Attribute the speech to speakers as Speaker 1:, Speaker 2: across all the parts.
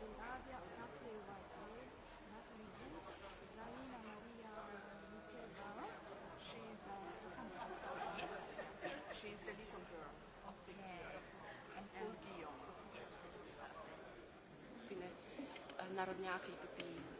Speaker 1: Bulgaria, Katie Whiteley, Natalie
Speaker 2: Wood, Zarina Maria Mikeva, she's uh, she's the little girl of six years, and Paul Guillaume.
Speaker 3: Narodňáky popíjí.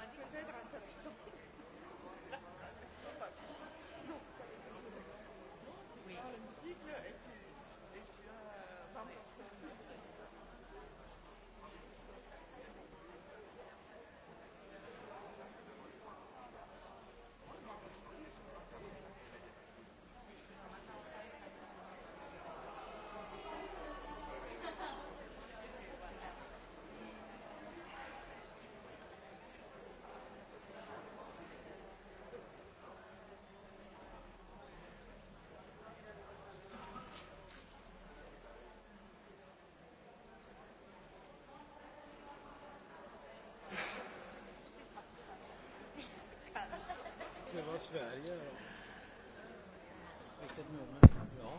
Speaker 2: se vad Sverige är. Vilket nummer? Ja.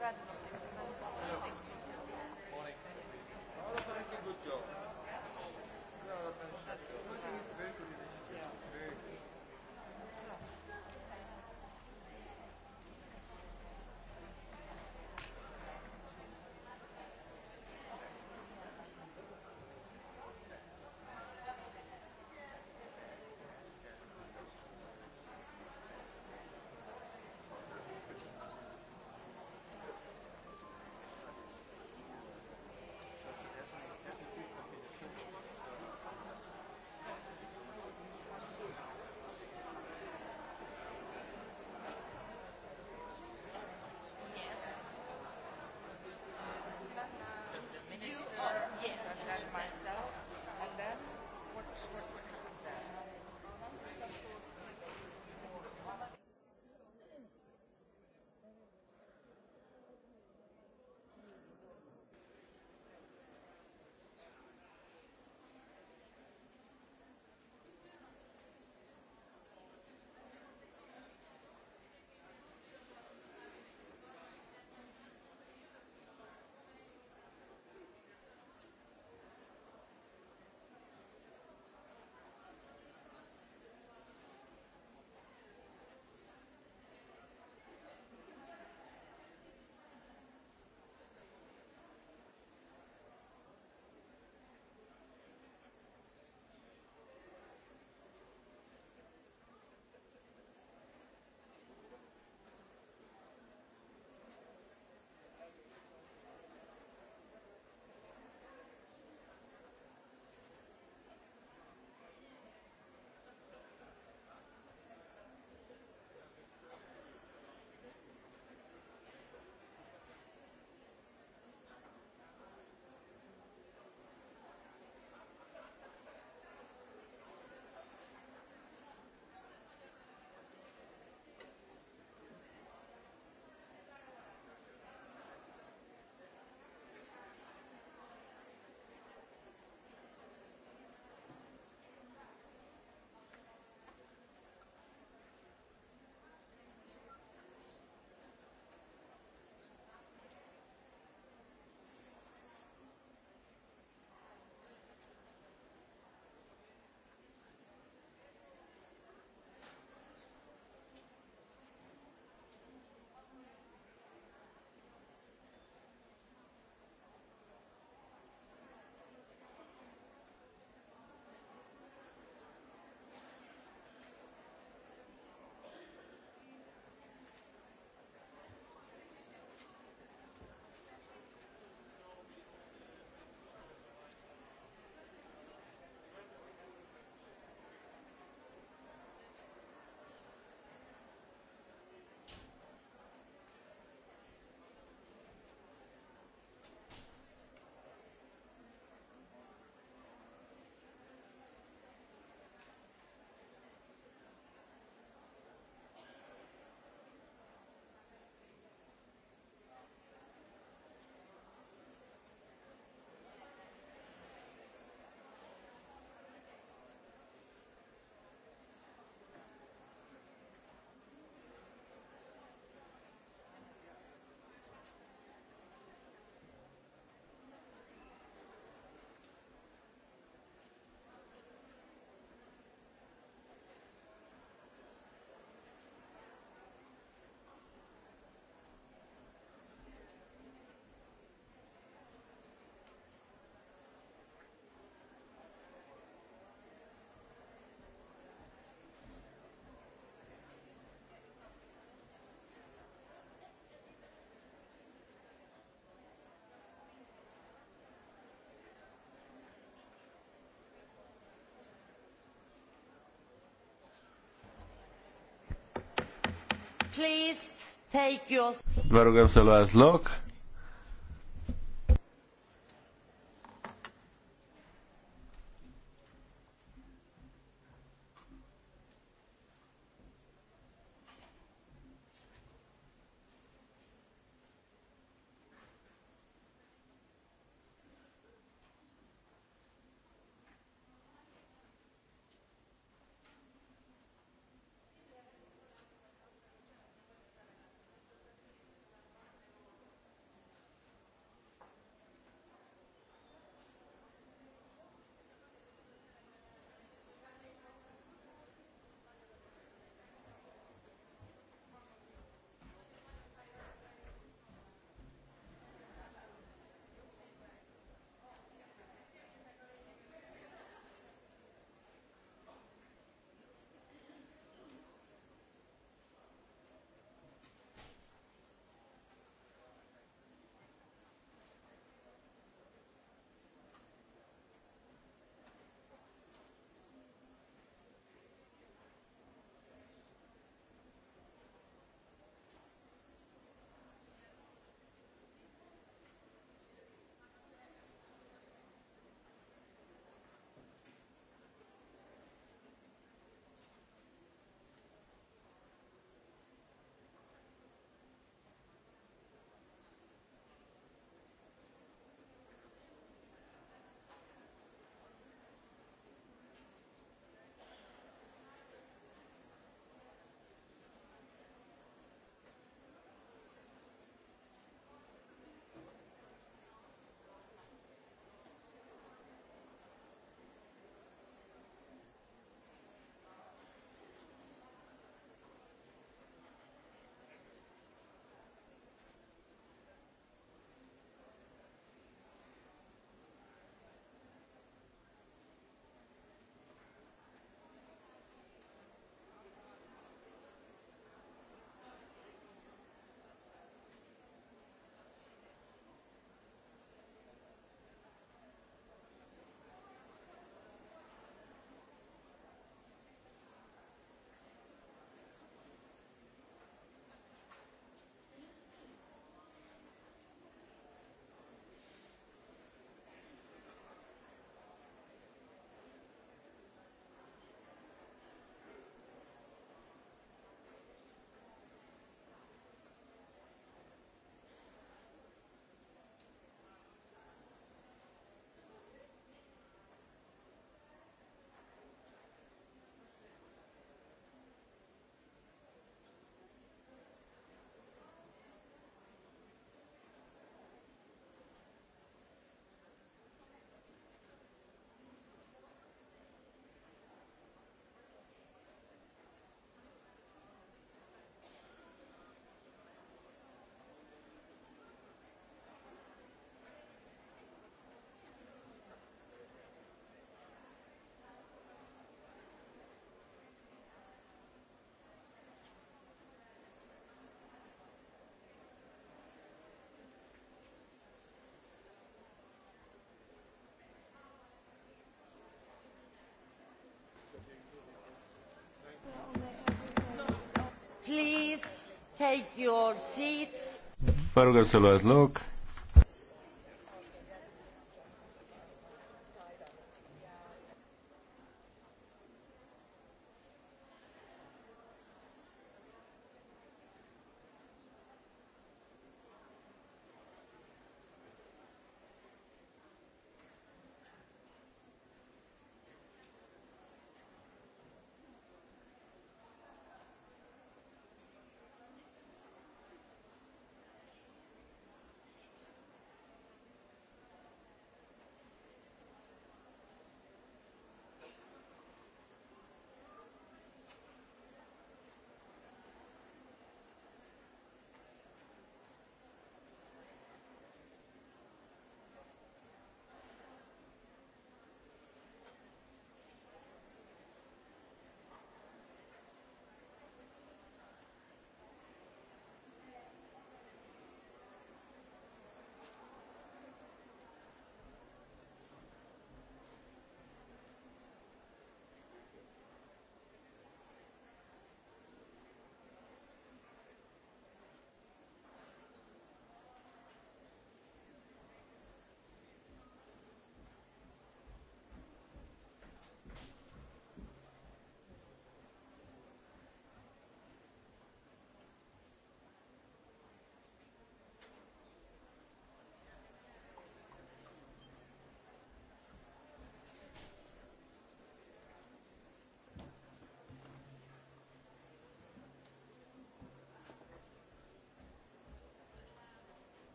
Speaker 2: Radnor.
Speaker 4: Vă rugăm să luați loc.
Speaker 1: Take
Speaker 4: Vă rugăm să luați loc.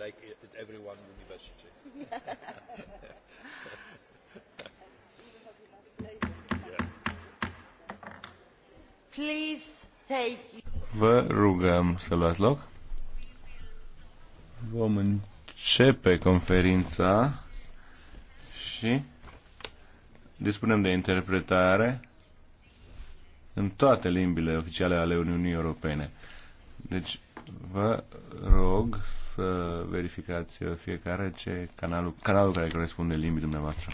Speaker 1: like at every one university. Please take...
Speaker 4: Vă rugăm să luați loc. Vom începe conferința și dispunem de interpretare în toate limbile oficiale ale Uniunii Europene. Deci, Vă rog să verificați fiecare ce canalul, canalul care corespunde limbii dumneavoastră.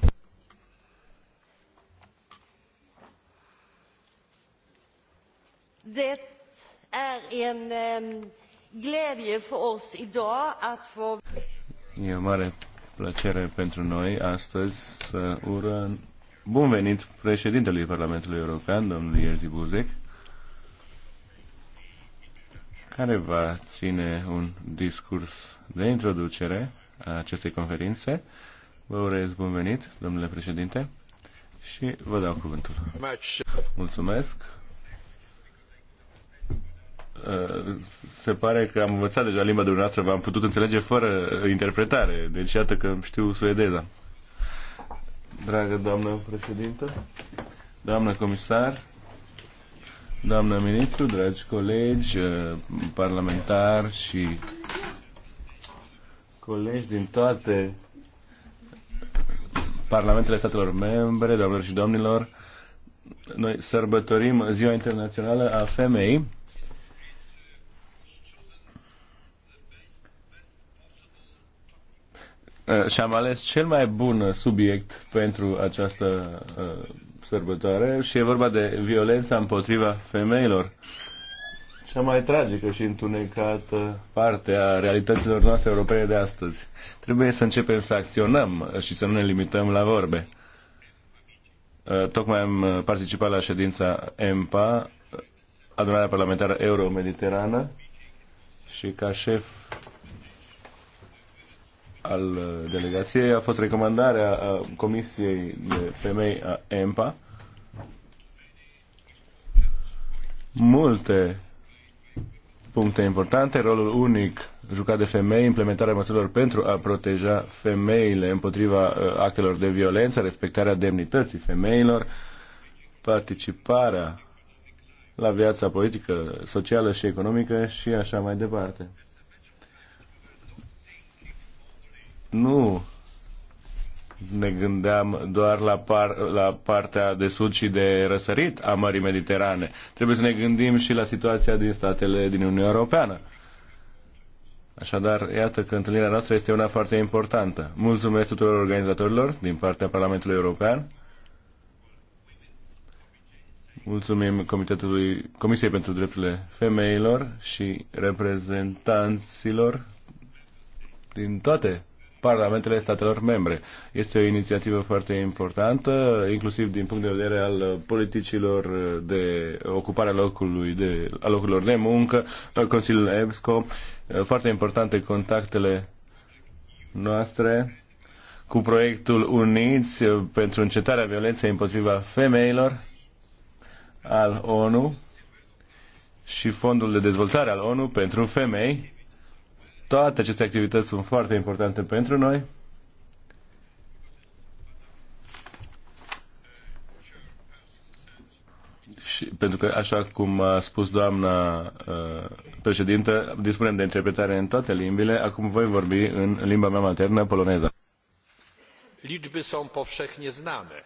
Speaker 1: Det är en glädje för oss idag att få...
Speaker 4: E o mare plăcere pentru noi astăzi să urăm bun venit președintelui Parlamentului European, domnul Jerzy Buzek care va ține un discurs de introducere a acestei conferințe. Vă urez bun venit, domnule președinte, și vă dau cuvântul. Mulțumesc. Uh, se pare că am învățat deja limba dumneavoastră, v-am putut înțelege fără interpretare, deci iată că știu suedeza. Dragă doamnă președintă, doamnă comisar, Doamnă ministru, dragi colegi, eh, parlamentari și colegi din toate parlamentele statelor membre, doamnelor și domnilor, noi sărbătorim Ziua Internațională a Femeii. Eh, și am ales cel mai bun subiect pentru această eh, sărbătoare și e vorba de violența împotriva femeilor. Cea mai tragică și întunecată parte a realităților noastre europene de astăzi. Trebuie să începem să acționăm și să nu ne limităm la vorbe. Uh, tocmai am participat la ședința EMPA, adunarea parlamentară euro-mediterană, și ca șef al uh, delegației a fost recomandarea a uh, Comisiei de Femei a EMPA. Multe puncte importante, rolul unic jucat de femei, implementarea măsurilor pentru a proteja femeile împotriva uh, actelor de violență, respectarea demnității femeilor, participarea la viața politică, socială și economică și așa mai departe. nu ne gândeam doar la, par, la partea de sud și de răsărit a Mării Mediterane. Trebuie să ne gândim și la situația din statele din Uniunea Europeană. Așadar, iată că întâlnirea noastră este una foarte importantă. Mulțumesc tuturor organizatorilor din partea Parlamentului European. Mulțumim Comitetului, Comisiei pentru Drepturile Femeilor și reprezentanților din toate parlamentele statelor membre. Este o inițiativă foarte importantă, inclusiv din punct de vedere al politicilor de ocupare a, locului de, a locurilor de muncă, Consiliul EBSCO, foarte importante contactele noastre cu proiectul Uniți pentru încetarea violenței împotriva femeilor al ONU și Fondul de Dezvoltare al ONU pentru Femei, toate aceste activități sunt foarte importante pentru noi. Și, pentru că, așa cum a spus doamna uh, președintă, dispunem de interpretare în toate limbile. Acum voi vorbi în limba mea maternă, poloneză.
Speaker 1: Liczby są powszechnie
Speaker 3: znane.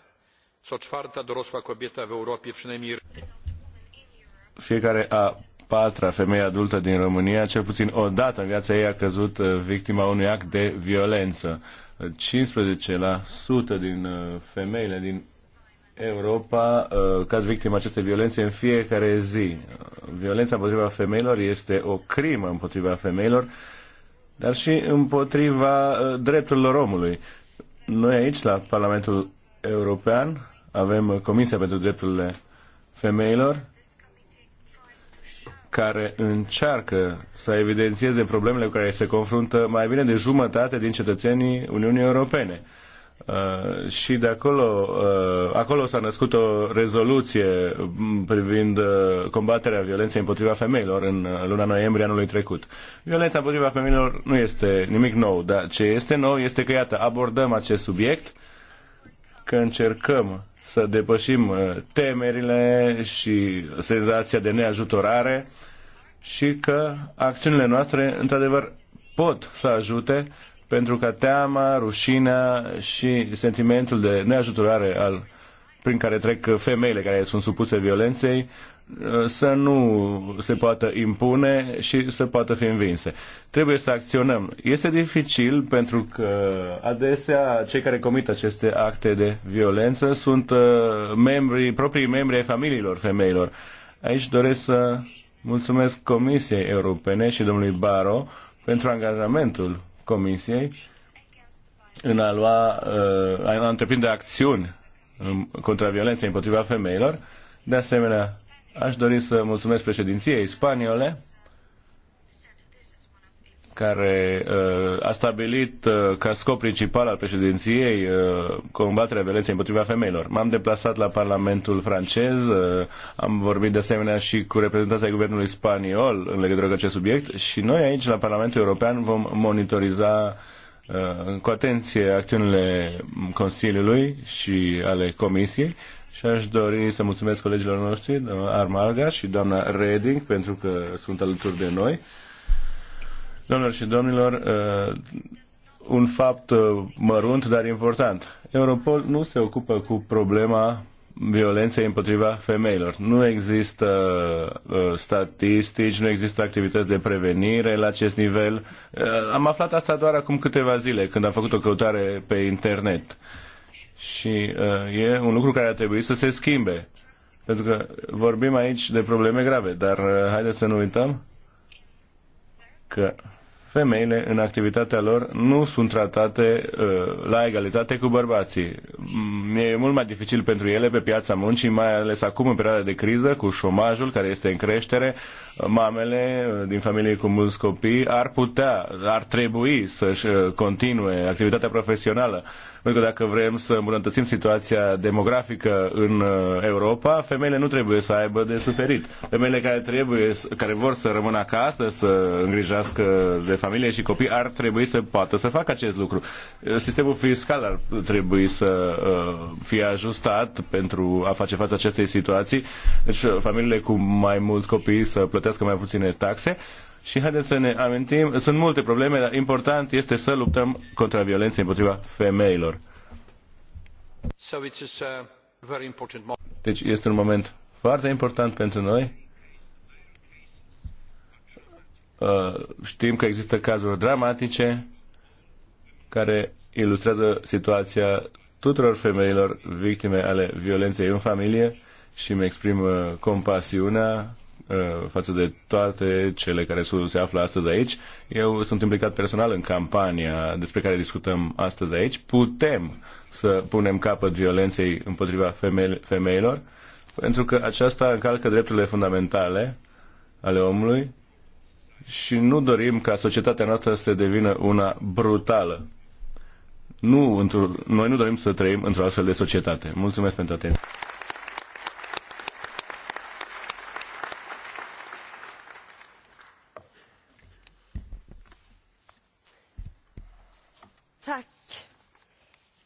Speaker 3: Co czwarta dorosła kobieta w Europie przynajmniej...
Speaker 4: Fiecare a patra femeie adultă din România, cel puțin o dată în viața ei a căzut uh, victima unui act de violență. 15% din uh, femeile din Europa uh, cad victima acestei violențe în fiecare zi. Violența împotriva femeilor este o crimă împotriva femeilor, dar și împotriva drepturilor omului. Noi aici, la Parlamentul European, avem Comisia pentru Drepturile Femeilor care încearcă să evidențieze problemele cu care se confruntă mai bine de jumătate din cetățenii Uniunii Europene. Uh, și de acolo, uh, acolo s-a născut o rezoluție privind uh, combaterea violenței împotriva femeilor în uh, luna noiembrie anului trecut. Violența împotriva femeilor nu este nimic nou, dar ce este nou este că, iată, abordăm acest subiect, că încercăm să depășim uh, temerile și senzația de neajutorare și că acțiunile noastre, într-adevăr, pot să ajute pentru ca teama, rușinea și sentimentul de neajutorare al, prin care trec femeile care sunt supuse violenței să nu se poată impune și să poată fi învinse. Trebuie să acționăm. Este dificil pentru că adesea cei care comit aceste acte de violență sunt uh, membri proprii membri ai familiilor femeilor. Aici doresc să mulțumesc Comisiei Europene și domnului Baro pentru angajamentul Comisiei în a lua, în uh, a întreprinde acțiuni contra violenței împotriva femeilor. De asemenea, Aș dori să mulțumesc președinției spaniole care uh, a stabilit uh, ca scop principal al președinției uh, combaterea violenței împotriva femeilor. M-am deplasat la Parlamentul francez, uh, am vorbit de asemenea și cu reprezentanții guvernului spaniol în legătură cu acest subiect și noi aici la Parlamentul European vom monitoriza uh, cu atenție acțiunile Consiliului și ale Comisiei și aș dori să mulțumesc colegilor noștri, Armalga și doamna Reding, pentru că sunt alături de noi. Doamnelor și domnilor, uh, un fapt uh, mărunt, dar important. Europol nu se ocupă cu problema violenței împotriva femeilor. Nu există uh, statistici, nu există activități de prevenire la acest nivel. Uh, am aflat asta doar acum câteva zile, când am făcut o căutare pe internet. Uh, și uh, e un lucru care a trebuit să se schimbe. Pentru că vorbim aici de probleme grave, dar uh, haideți să nu uităm că femeile în activitatea lor nu sunt tratate uh, la egalitate cu bărbații. Mm, e mult mai dificil pentru ele pe piața muncii, mai ales acum în perioada de criză, cu șomajul care este în creștere. Mamele uh, din familie cu mulți copii ar putea, ar trebui să-și uh, continue activitatea profesională. Uh, pentru că dacă vrem să îmbunătățim situația demografică în uh, Europa, femeile nu trebuie să aibă de suferit. Femeile care, trebuie, care vor să rămână acasă, să îngrijească de familie și copii, ar trebui să poată să facă acest lucru. Uh, sistemul fiscal ar trebui să uh, fie ajustat pentru a face față acestei situații. Deci familiile cu mai mulți copii să plătească mai puține taxe și haideți să ne amintim, sunt multe probleme, dar important este să luptăm contra violenței împotriva femeilor.
Speaker 5: Uh,
Speaker 4: deci este un moment foarte important pentru noi. Uh, știm că există cazuri dramatice care ilustrează situația tuturor femeilor victime ale violenței în familie și îmi exprim uh, compasiunea Uh, față de toate cele care se află astăzi aici. Eu sunt implicat personal în campania despre care discutăm astăzi aici. Putem să punem capăt violenței împotriva femeilor, pentru că aceasta încalcă drepturile fundamentale ale omului și nu dorim ca societatea noastră să devină una brutală. Nu, noi nu dorim să trăim într-o astfel de societate. Mulțumesc pentru atenție.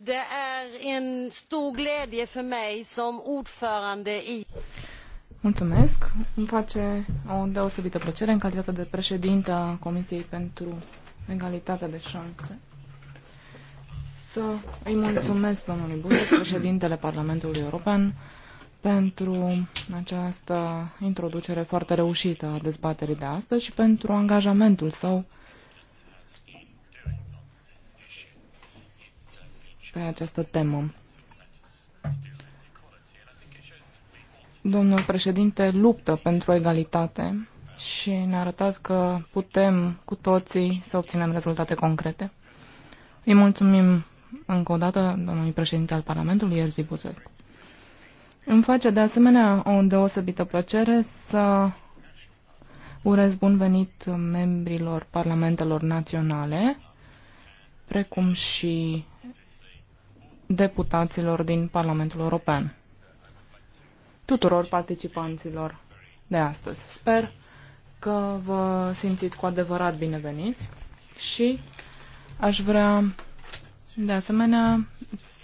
Speaker 1: Det är en stor glädje för mig som ordförande i
Speaker 6: Mulțumesc. Îmi face o deosebită plăcere în calitate de președinte a Comisiei pentru Egalitatea de Șanse să îi mulțumesc domnului Buzek, președintele Parlamentului European, pentru această introducere foarte reușită a dezbaterii de astăzi și pentru angajamentul său pe această temă. Domnul președinte luptă pentru egalitate și ne-a arătat că putem cu toții să obținem rezultate concrete. Îi mulțumim încă o dată domnului președinte al Parlamentului, Ierzi Buzek. Îmi face de asemenea o deosebită plăcere să urez bun venit membrilor parlamentelor naționale, precum și deputaților din Parlamentul European, tuturor participanților de astăzi. Sper că vă simțiți cu adevărat bineveniți și aș vrea de asemenea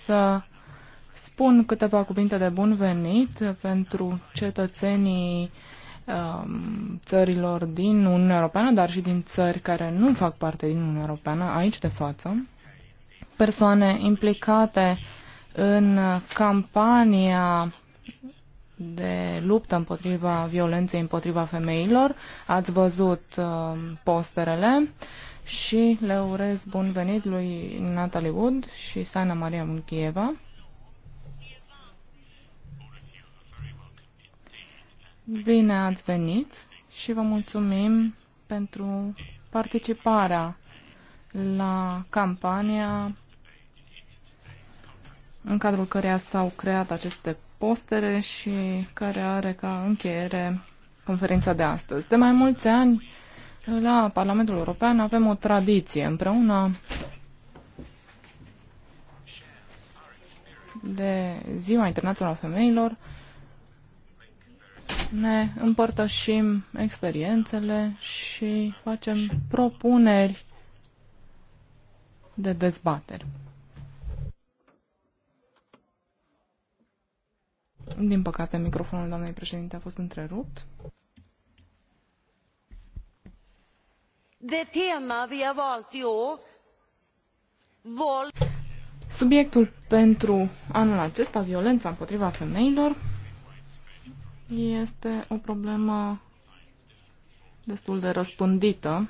Speaker 6: să spun câteva cuvinte de bun venit pentru cetățenii um, țărilor din Uniunea Europeană, dar și din țări care nu fac parte din Uniunea Europeană, aici de față persoane implicate în campania de luptă împotriva violenței împotriva femeilor. Ați văzut uh, posterele și le urez bun venit lui Natalie Wood și Sana Maria Munchieva. Bine ați venit și vă mulțumim pentru participarea la campania în cadrul căreia s-au creat aceste postere și care are ca încheiere conferința de astăzi. De mai mulți ani, la Parlamentul European avem o tradiție împreună de Ziua Internațională a Femeilor. Ne împărtășim experiențele și facem propuneri de dezbateri. Din păcate, microfonul doamnei președinte a fost întrerupt.
Speaker 1: De tema vi har valt
Speaker 6: Subiectul pentru anul acesta, violența împotriva femeilor, este o problemă destul de răspândită,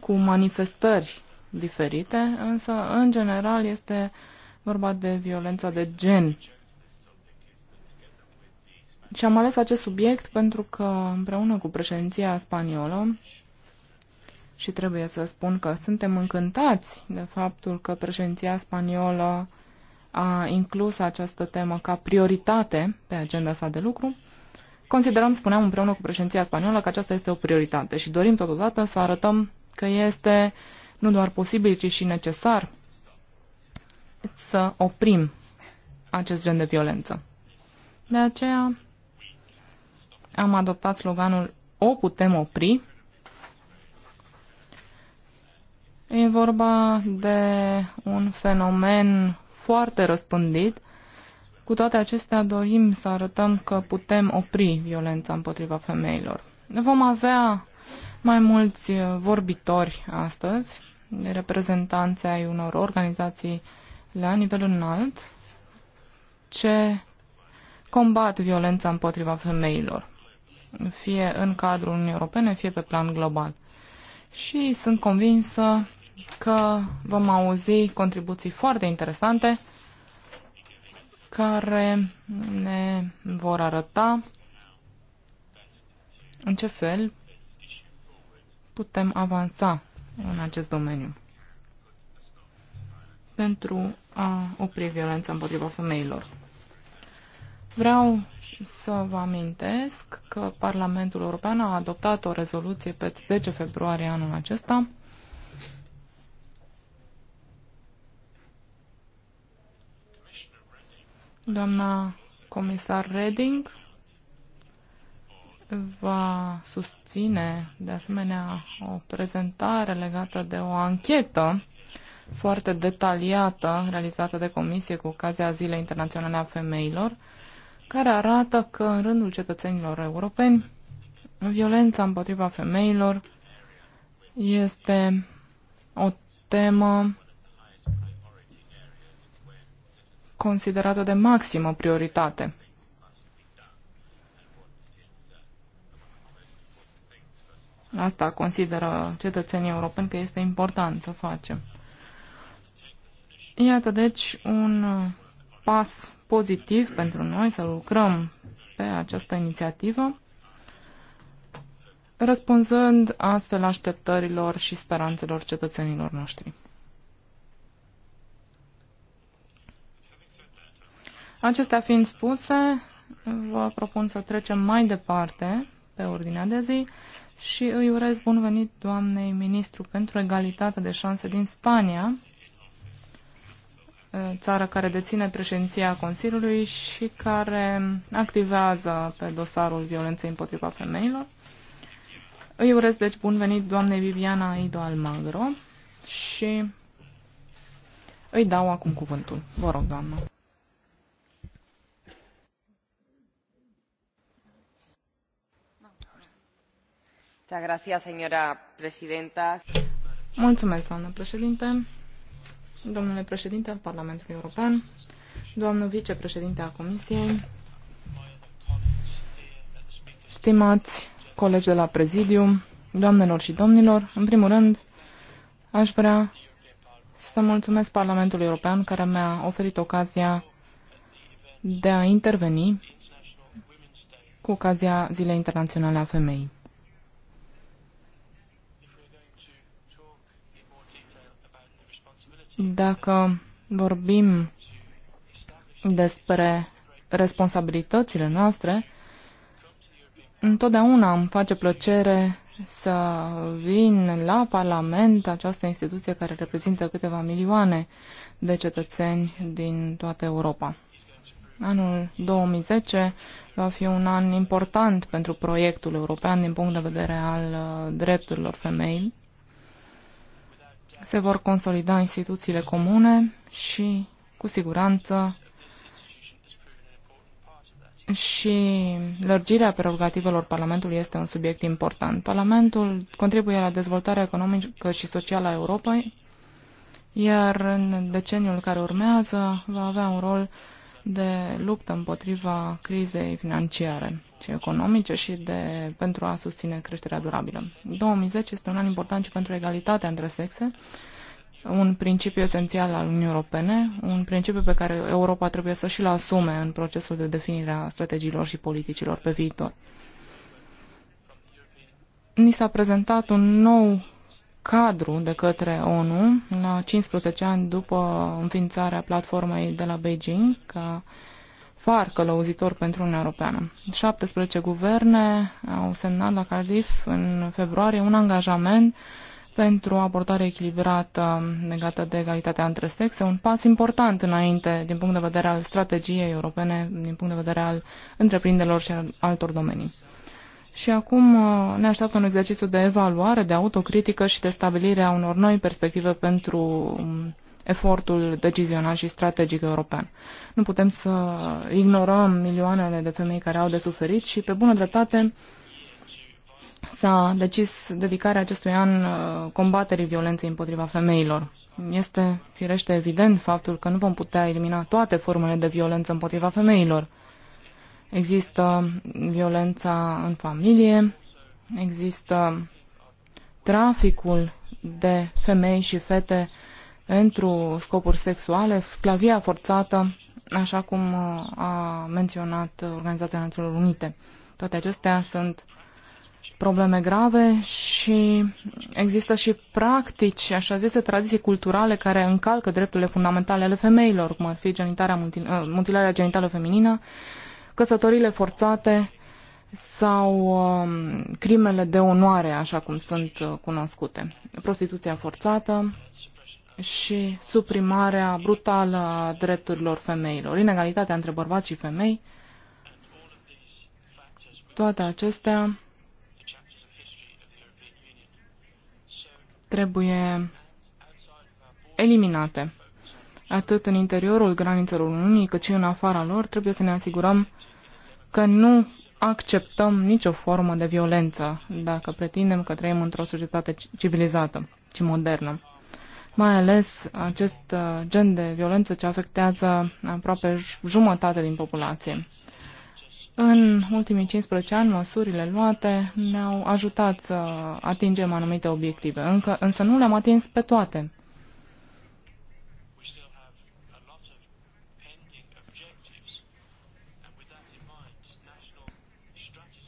Speaker 6: cu manifestări diferite, însă, în general, este vorba de violența de gen și am ales acest subiect pentru că împreună cu președinția spaniolă și trebuie să spun că suntem încântați de faptul că președinția spaniolă a inclus această temă ca prioritate pe agenda sa de lucru. Considerăm, spuneam împreună cu președinția spaniolă, că aceasta este o prioritate și dorim totodată să arătăm că este nu doar posibil, ci și necesar să oprim acest gen de violență. De aceea am adoptat sloganul O putem opri. E vorba de un fenomen foarte răspândit. Cu toate acestea dorim să arătăm că putem opri violența împotriva femeilor. Vom avea mai mulți uh, vorbitori astăzi, reprezentanți ai unor organizații la nivel înalt, ce combat violența împotriva femeilor fie în cadrul Uniunii Europene, fie pe plan global. Și sunt convinsă că vom auzi contribuții foarte interesante care ne vor arăta în ce fel putem avansa în acest domeniu pentru a opri violența împotriva femeilor. Vreau să vă amintesc că Parlamentul European a adoptat o rezoluție pe 10 februarie anul acesta Doamna comisar Reding va susține de asemenea o prezentare legată de o anchetă foarte detaliată realizată de comisie cu ocazia Zilei Internaționale a Femeilor care arată că în rândul cetățenilor europeni violența împotriva femeilor este o temă considerată de maximă prioritate. Asta consideră cetățenii europeni că este important să facem. Iată, deci, un pas pozitiv pentru noi să lucrăm pe această inițiativă, răspunzând astfel așteptărilor și speranțelor cetățenilor noștri. Acestea fiind spuse, vă propun să trecem mai departe pe ordinea de zi și îi urez bun venit doamnei ministru pentru egalitate de șanse din Spania, țară care deține președinția Consiliului și care activează pe dosarul violenței împotriva femeilor. Îi urez deci bun venit doamnei Viviana Ido Almagro și îi dau acum cuvântul. Vă rog, doamnă. Mulțumesc, doamnă președinte domnule președinte al Parlamentului European, doamnă vicepreședinte a Comisiei, stimați colegi de la prezidiu, doamnelor și domnilor, în primul rând, aș vrea să mulțumesc Parlamentului European care mi-a oferit ocazia de a interveni cu ocazia Zilei Internaționale a Femeii. Dacă vorbim despre responsabilitățile noastre, întotdeauna îmi face plăcere să vin la Parlament, această instituție care reprezintă câteva milioane de cetățeni din toată Europa. Anul 2010 va fi un an important pentru proiectul european din punct de vedere al uh, drepturilor femeilor se vor consolida instituțiile comune și, cu siguranță, și lărgirea prerogativelor Parlamentului este un subiect important. Parlamentul contribuie la dezvoltarea economică și socială a Europei, iar în deceniul care urmează va avea un rol de luptă împotriva crizei financiare și economice și de, pentru a susține creșterea durabilă. 2010 este un an important și pentru egalitatea între sexe, un principiu esențial al Uniunii Europene, un principiu pe care Europa trebuie să și-l asume în procesul de definire a strategiilor și politicilor pe viitor. Ni s-a prezentat un nou cadru de către ONU la 15 ani după înființarea platformei de la Beijing ca far călăuzitor pentru Uniunea Europeană. 17 guverne au semnat la Cardiff în februarie un angajament pentru o abordare echilibrată legată de egalitatea între sexe, un pas important înainte din punct de vedere al strategiei europene, din punct de vedere al întreprinderilor și al altor domenii. Și acum uh, ne așteaptă un exercițiu de evaluare, de autocritică și de stabilire a unor noi perspective pentru um, efortul decizional și strategic european. Nu putem să ignorăm milioanele de femei care au de suferit și, pe bună dreptate, s-a decis dedicarea acestui an uh, combaterii violenței împotriva femeilor. Este firește evident faptul că nu vom putea elimina toate formele de violență împotriva femeilor. Există violența în familie, există traficul de femei și fete pentru scopuri sexuale, sclavia forțată, așa cum uh, a menționat Organizația Națiunilor Unite. Toate acestea sunt probleme grave și există și practici, așa zise, tradiții culturale care încalcă drepturile fundamentale ale femeilor, cum ar fi genitarea, uh, mutilarea genitală feminină, căsătorile forțate sau um, crimele de onoare, așa cum sunt uh, cunoscute. Prostituția forțată și suprimarea brutală a drepturilor femeilor, inegalitatea între bărbați și femei, toate acestea trebuie eliminate. Atât în interiorul granițelor Uniunii, cât și în afara lor, trebuie să ne asigurăm că nu acceptăm nicio formă de violență dacă pretindem că trăim într-o societate civilizată și modernă. Mai ales acest uh, gen de violență ce afectează aproape jumătate din populație. În ultimii 15 ani, măsurile luate ne-au ajutat să atingem anumite obiective, încă, însă nu le-am atins pe toate.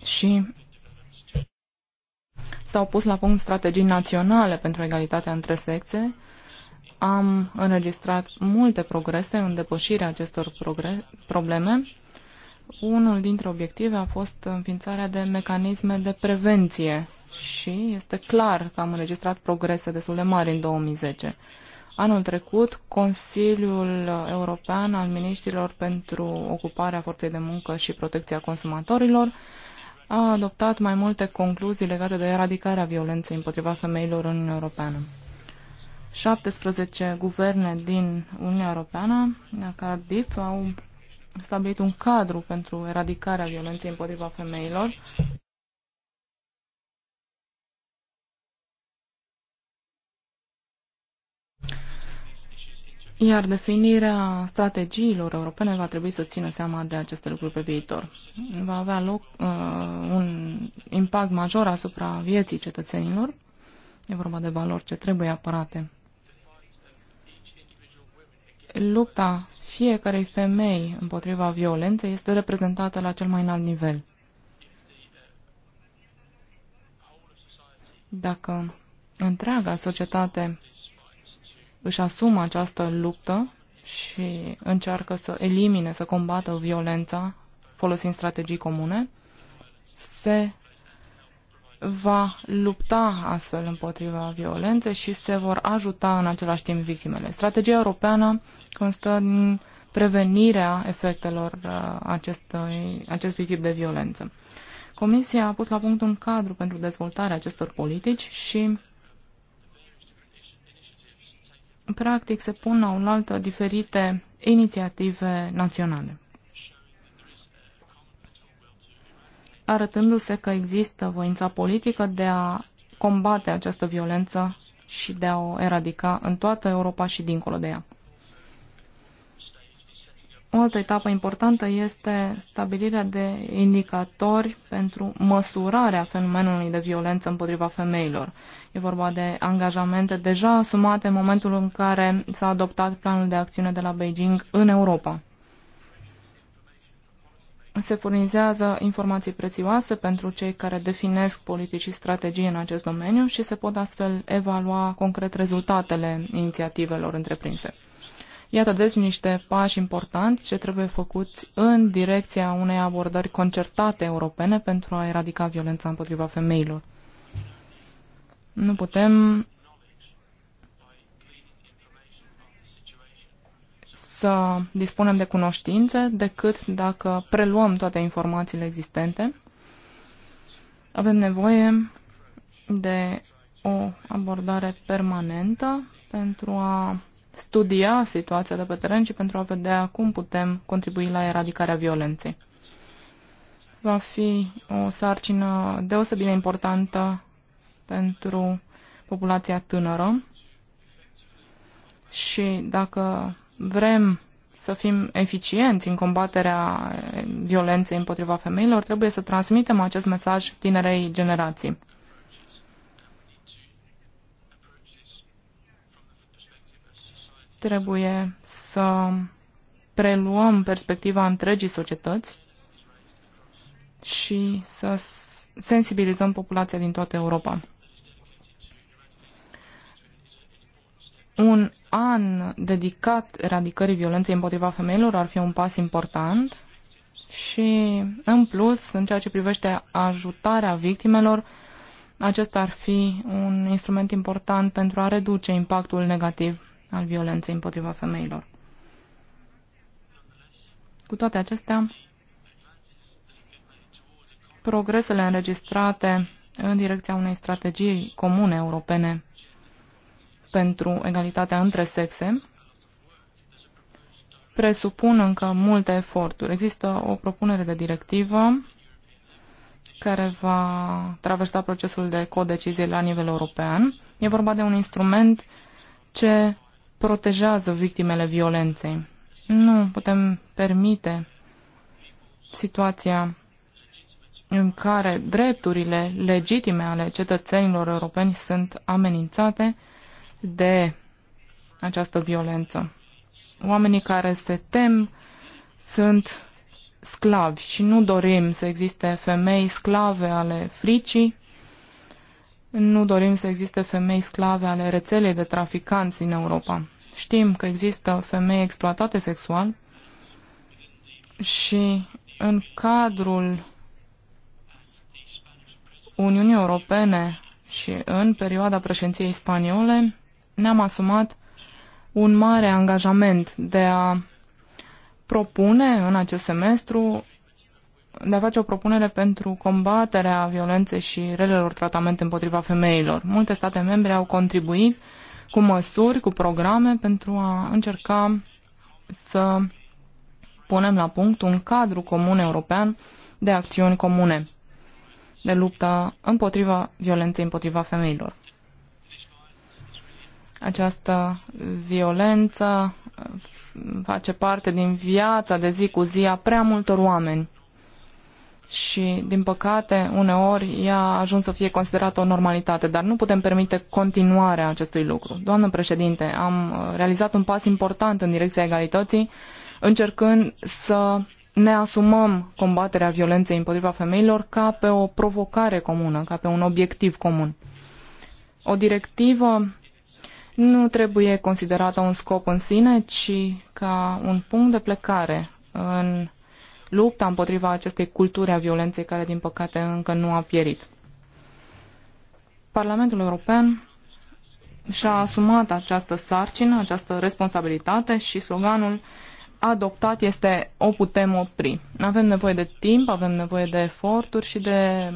Speaker 6: și s-au pus la punct strategii naționale pentru egalitatea între sexe. Am înregistrat multe progrese în depășirea acestor probleme. Unul dintre obiective a fost înființarea de mecanisme de prevenție și este clar că am înregistrat progrese destul de mari în 2010. Anul trecut, Consiliul European al Miniștrilor pentru Ocuparea Forței de Muncă și Protecția Consumatorilor a adoptat mai multe concluzii legate de eradicarea violenței împotriva femeilor în Uniunea Europeană. 17 guverne din Uniunea Europeană, la Cardiff, au stabilit un cadru pentru eradicarea violenței împotriva femeilor iar definirea strategiilor europene va trebui să țină seama de aceste lucruri pe viitor. Va avea loc uh, un impact major asupra vieții cetățenilor. E vorba de valori ce trebuie apărate. Lupta fiecarei femei împotriva violenței este reprezentată la cel mai înalt nivel. Dacă întreaga societate își asumă această luptă și încearcă să elimine, să combată violența folosind strategii comune, se va lupta astfel împotriva violenței și se vor ajuta în același timp victimele. Strategia europeană constă în prevenirea efectelor uh, acestui, acestui tip de violență. Comisia a pus la punct un cadru pentru dezvoltarea acestor politici și practic se pun la oaltă diferite inițiative naționale. arătându-se că există voința politică de a combate această violență și de a o eradica în toată Europa și dincolo de ea. O altă etapă importantă este stabilirea de indicatori pentru măsurarea fenomenului de violență împotriva femeilor. E vorba de angajamente deja asumate în momentul în care s-a adoptat planul de acțiune de la Beijing în Europa. Se furnizează informații prețioase pentru cei care definesc politici și strategii în acest domeniu și se pot astfel evalua concret rezultatele inițiativelor întreprinse. Iată deci niște pași importanți ce trebuie făcuți în direcția unei abordări concertate europene pentru a eradica violența împotriva femeilor. Nu putem să dispunem de cunoștințe decât dacă preluăm toate informațiile existente. Avem nevoie de o abordare permanentă pentru a studia situația de pe teren, și pentru a vedea cum putem contribui la eradicarea violenței. Va fi o sarcină deosebit de importantă pentru populația tânără și dacă vrem să fim eficienți în combaterea violenței împotriva femeilor, trebuie să transmitem acest mesaj tinerei generații. Trebuie să preluăm perspectiva întregii societăți și să sensibilizăm populația din toată Europa. Un an dedicat eradicării violenței împotriva femeilor ar fi un pas important și, în plus, în ceea ce privește ajutarea victimelor, acesta ar fi un instrument important pentru a reduce impactul negativ al violenței împotriva femeilor. Cu toate acestea, progresele înregistrate în direcția unei strategii comune europene pentru egalitatea între sexe presupun încă multe eforturi. Există o propunere de directivă care va traversa procesul de codecizie la nivel european. E vorba de un instrument ce protejează victimele violenței. Nu putem permite situația în care drepturile legitime ale cetățenilor europeni sunt amenințate de această violență. Oamenii care se tem sunt sclavi și nu dorim să existe femei sclave ale fricii, nu dorim să existe femei sclave ale rețelei de traficanți în Europa. Știm că există femei exploatate sexual și în cadrul Uniunii Europene și în perioada președinției spaniole ne-am asumat un mare angajament de a propune în acest semestru de a face o propunere pentru combaterea violenței și relelor tratamente împotriva femeilor. Multe state membre au contribuit cu măsuri, cu programe pentru a încerca să punem la punct un cadru comun european de acțiuni comune de luptă împotriva violenței împotriva femeilor. Această violență face parte din viața de zi cu zi a prea multor oameni și, din păcate, uneori ea a ajuns să fie considerată o normalitate, dar nu putem permite continuarea acestui lucru. Doamnă președinte, am uh, realizat un pas important în direcția egalității, încercând să ne asumăm combaterea violenței împotriva femeilor ca pe o provocare comună, ca pe un obiectiv comun. O directivă nu trebuie considerată un scop în sine, ci ca un punct de plecare în lupta împotriva acestei culturi a violenței care, din păcate, încă nu a pierit. Parlamentul European și-a asumat această sarcină, această responsabilitate și sloganul adoptat este o putem opri. Avem nevoie de timp, avem nevoie de eforturi și de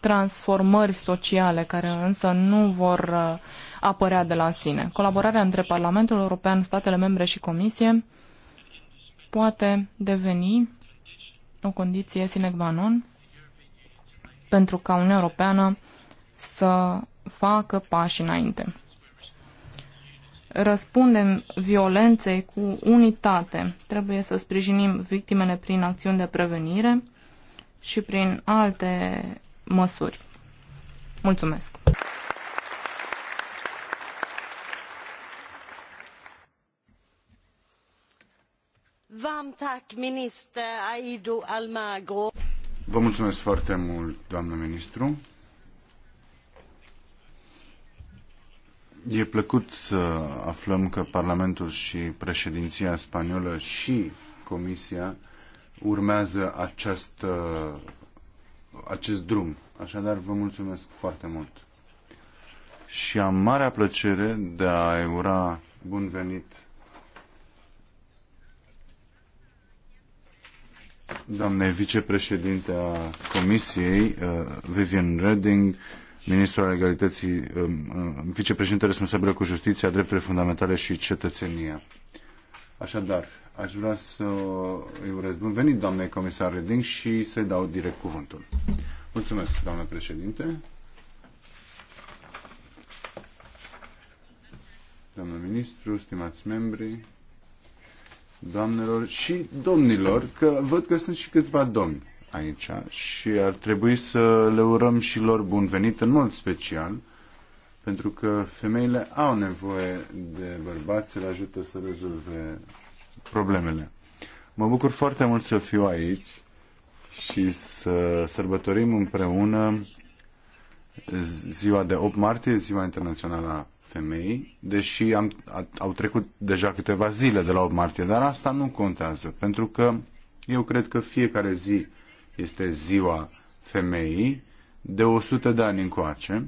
Speaker 6: transformări sociale care însă nu vor uh, apărea de la sine. Colaborarea între Parlamentul European, statele membre și Comisie poate deveni o condiție sine qua non pentru ca Uniunea Europeană să facă pași înainte. Răspundem violenței cu unitate. Trebuie să sprijinim victimele prin acțiuni de prevenire și prin alte măsuri. Mulțumesc!
Speaker 5: Vă mulțumesc foarte mult, doamnă ministru. E plăcut să aflăm că Parlamentul și președinția spaniolă și Comisia urmează acest acest drum. Așadar, vă mulțumesc foarte mult. Și am marea plăcere de a ura bun venit doamnei vicepreședinte a Comisiei, uh, Vivian Redding, ministrul al egalității, um, uh, vicepreședinte responsabilă cu justiția, drepturile fundamentale și cetățenia. Așadar, aș vrea să îi urez bun venit, doamnei comisar Reding, și să-i dau direct cuvântul. Mulțumesc, doamnă președinte. Doamnă ministru, stimați membri, doamnelor și domnilor, că văd că sunt și câțiva domni aici și ar trebui să le urăm și lor bun venit în mod special, pentru că femeile au nevoie de bărbați, le ajută să rezolve problemele. Mă bucur foarte mult să fiu aici și să sărbătorim împreună ziua de 8 martie, ziua internațională a femei, deși am, a, au trecut deja câteva zile de la 8 martie, dar asta nu contează, pentru că eu cred că fiecare zi este ziua femeii de 100 de ani încoace,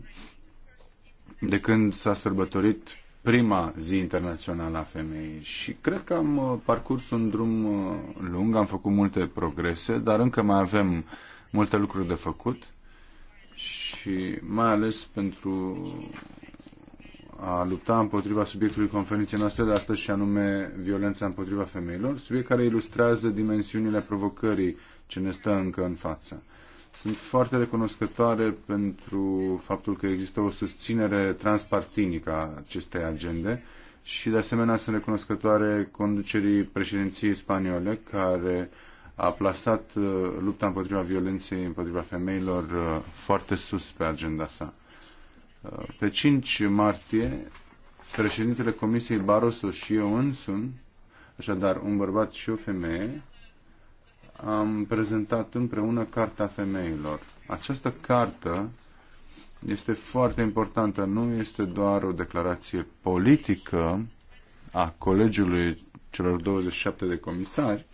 Speaker 5: de când s-a sărbătorit prima zi internațională a femeii și cred că am uh, parcurs un drum uh, lung, am făcut multe progrese, dar încă mai avem multe lucruri de făcut și mai ales pentru a lupta împotriva subiectului conferinței noastre de astăzi și anume violența împotriva femeilor, subiect care ilustrează dimensiunile provocării ce ne stă încă în față. Sunt foarte recunoscătoare pentru faptul că există o susținere transpartinică a acestei agende și de asemenea sunt recunoscătoare conducerii președinției spaniole care a plasat uh, lupta împotriva violenței împotriva femeilor uh, foarte sus pe agenda sa. Uh, pe 5 martie, președintele Comisiei Barroso și eu însumi, așadar un bărbat și o femeie, am prezentat împreună Carta Femeilor. Această carte este foarte importantă, nu este doar o declarație politică a colegiului celor 27 de comisari,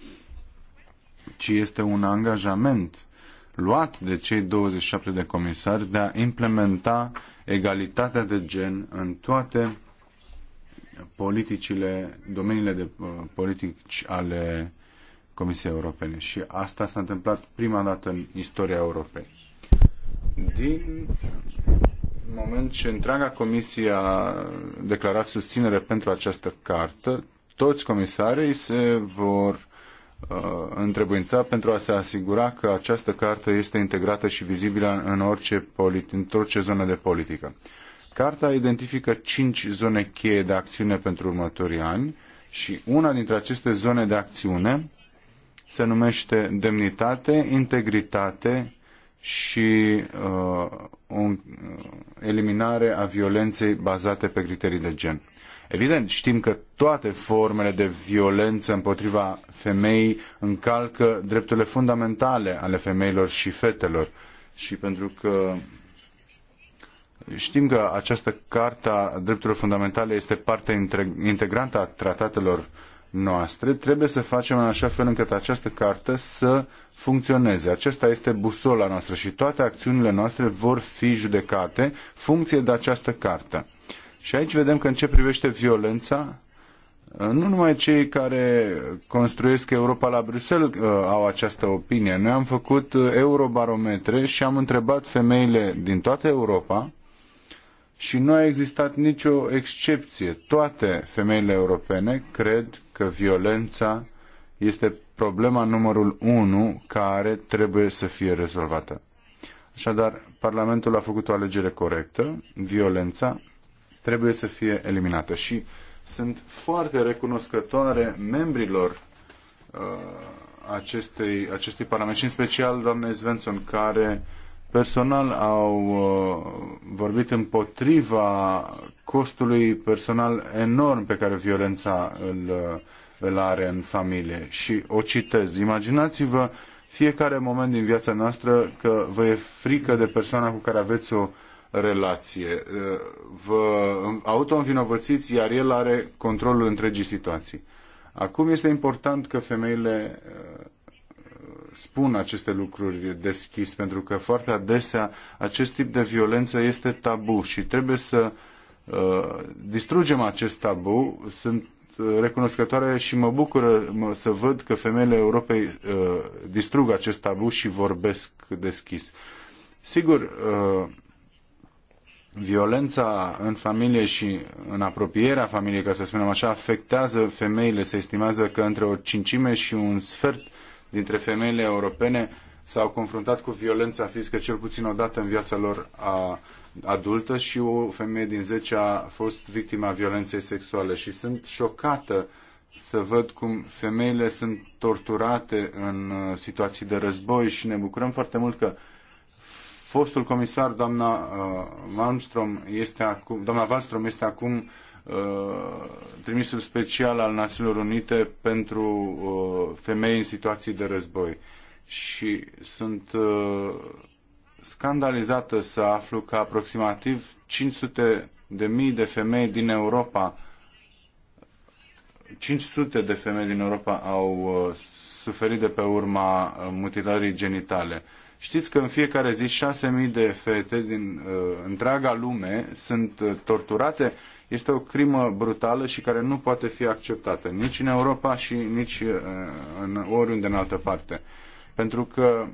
Speaker 5: ci este un angajament luat de cei 27 de comisari de a implementa egalitatea de gen în toate politicile, domeniile de uh, politici ale Comisiei Europene. Și asta s-a întâmplat prima dată în istoria Europei. Din moment ce întreaga comisie a declarat susținere pentru această cartă, toți comisarii se vor Uh, întrebuința pentru a se asigura că această carte este integrată și vizibilă în orice, politi- în orice zonă de politică. Carta identifică cinci zone cheie de acțiune pentru următorii ani și una dintre aceste zone de acțiune se numește demnitate, integritate și uh, o uh, eliminare a violenței bazate pe criterii de gen. Evident, știm că toate formele de violență împotriva femeii încalcă drepturile fundamentale ale femeilor și fetelor. Și pentru că știm că această Carta Drepturilor Fundamentale este parte integrantă a tratatelor noastre, trebuie să facem în așa fel încât această carte să funcționeze. Aceasta este busola noastră și toate acțiunile noastre vor fi judecate funcție de această carte. Și aici vedem că în ce privește violența, nu numai cei care construiesc Europa la Bruxelles uh, au această opinie. Noi am făcut uh, eurobarometre și am întrebat femeile din toată Europa și nu a existat nicio excepție. Toate femeile europene cred că violența este problema numărul unu care trebuie să fie rezolvată. Așadar, Parlamentul a făcut o alegere corectă. Violența trebuie să fie eliminată. Și sunt foarte recunoscătoare membrilor uh, acestei, acestui parlament și în special doamnei Svensson, care personal au uh, vorbit împotriva costului personal enorm pe care violența îl, uh, îl are în familie. Și o citez. Imaginați-vă fiecare moment din viața noastră că vă e frică de persoana cu care aveți o uh, relație. Eh, vă auto-învinovățiți, iar el are controlul întregii situații. Acum este important că femeile eh, spun aceste lucruri deschis, pentru că foarte adesea acest tip de violență este tabu și trebuie să eh, distrugem acest tabu. Sunt recunoscătoare și mă bucură să văd că femeile Europei distrug acest tabu și vorbesc deschis. Sigur, violența în familie și în apropierea familiei, ca să spunem așa, afectează femeile. Se estimează că între o cincime și un sfert dintre femeile europene s-au confruntat cu violența fizică cel puțin o dată în viața lor a, adultă și o femeie din 10 a fost victima violenței sexuale și sunt șocată să văd cum femeile sunt torturate în uh, situații de război și ne bucurăm foarte mult că Fostul comisar, doamna uh, Malmström, este acum, doamna Wallström este acum uh, trimisul special al Națiunilor Unite pentru uh, femei în situații de război. Și sunt scandalizată să aflu că aproximativ 500 de mii de femei din Europa 500 de femei din Europa au suferit de pe urma mutilării genitale. Uh, Știți că în fiecare zi 6.000 de fete din uh, întreaga lume sunt uh, torturate. Este o crimă brutală și care nu poate fi acceptată nici în Europa și nici uh, în oriunde în altă parte. Pentru că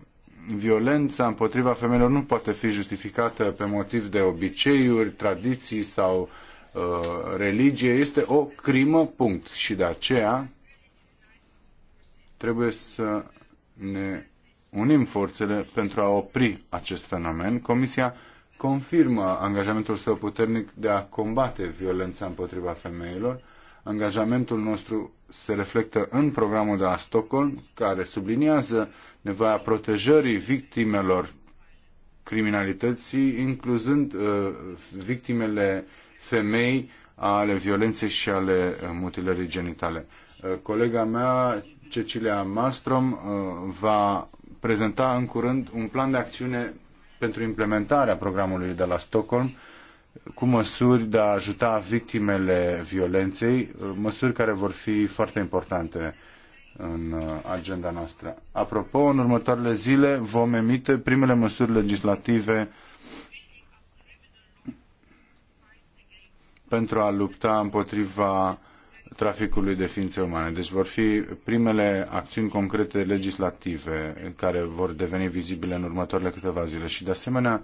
Speaker 5: violența împotriva femeilor nu poate fi justificată pe motiv de obiceiuri, tradiții sau uh, religie. Este o crimă, punct. Și de aceea trebuie să ne unim forțele pentru a opri acest fenomen. Comisia confirmă angajamentul său puternic de a combate violența împotriva femeilor. Angajamentul nostru se reflectă în programul de la Stockholm, care subliniază nevoia protejării victimelor criminalității, incluzând uh, victimele femei ale violenței și ale uh, mutilării genitale. Uh, colega mea, Cecilia Mastrom, uh, va prezenta în curând un plan de acțiune pentru implementarea programului de la Stockholm cu măsuri de a ajuta victimele violenței, măsuri care vor fi foarte importante în uh, agenda noastră. Apropo, în următoarele zile vom emite primele măsuri legislative pentru a lupta împotriva traficului de ființe umane. Deci vor fi primele acțiuni concrete legislative care vor deveni vizibile în următoarele câteva zile. Și de asemenea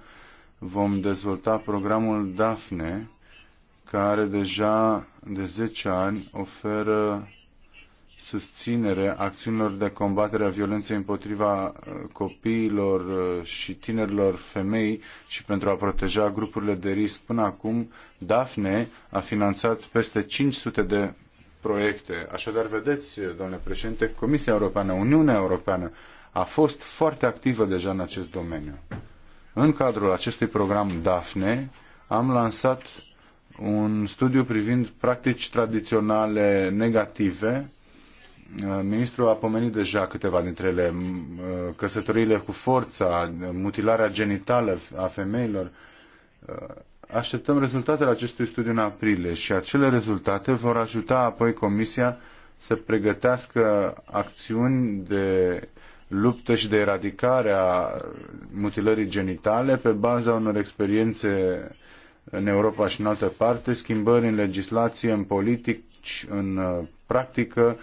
Speaker 5: vom dezvolta programul DAFNE, care deja de 10 ani oferă susținere acțiunilor de combatere a violenței împotriva uh, copiilor uh, și tinerilor femei și pentru a proteja grupurile de risc. Până acum, DAFNE a finanțat peste 500 de proiecte. Așadar, vedeți, domnule președinte, Comisia Europeană, Uniunea Europeană a fost foarte activă deja în acest domeniu. În cadrul acestui program DAFNE am lansat un studiu privind practici tradiționale negative. Ministrul a pomenit deja câteva dintre ele, căsătoriile cu forța, mutilarea genitală a femeilor, Așteptăm rezultatele acestui studiu în aprilie și acele rezultate vor ajuta apoi Comisia să pregătească acțiuni de luptă și de eradicare a mutilării genitale pe baza unor experiențe în Europa și în altă parte, schimbări în legislație, în politici, în uh, practică,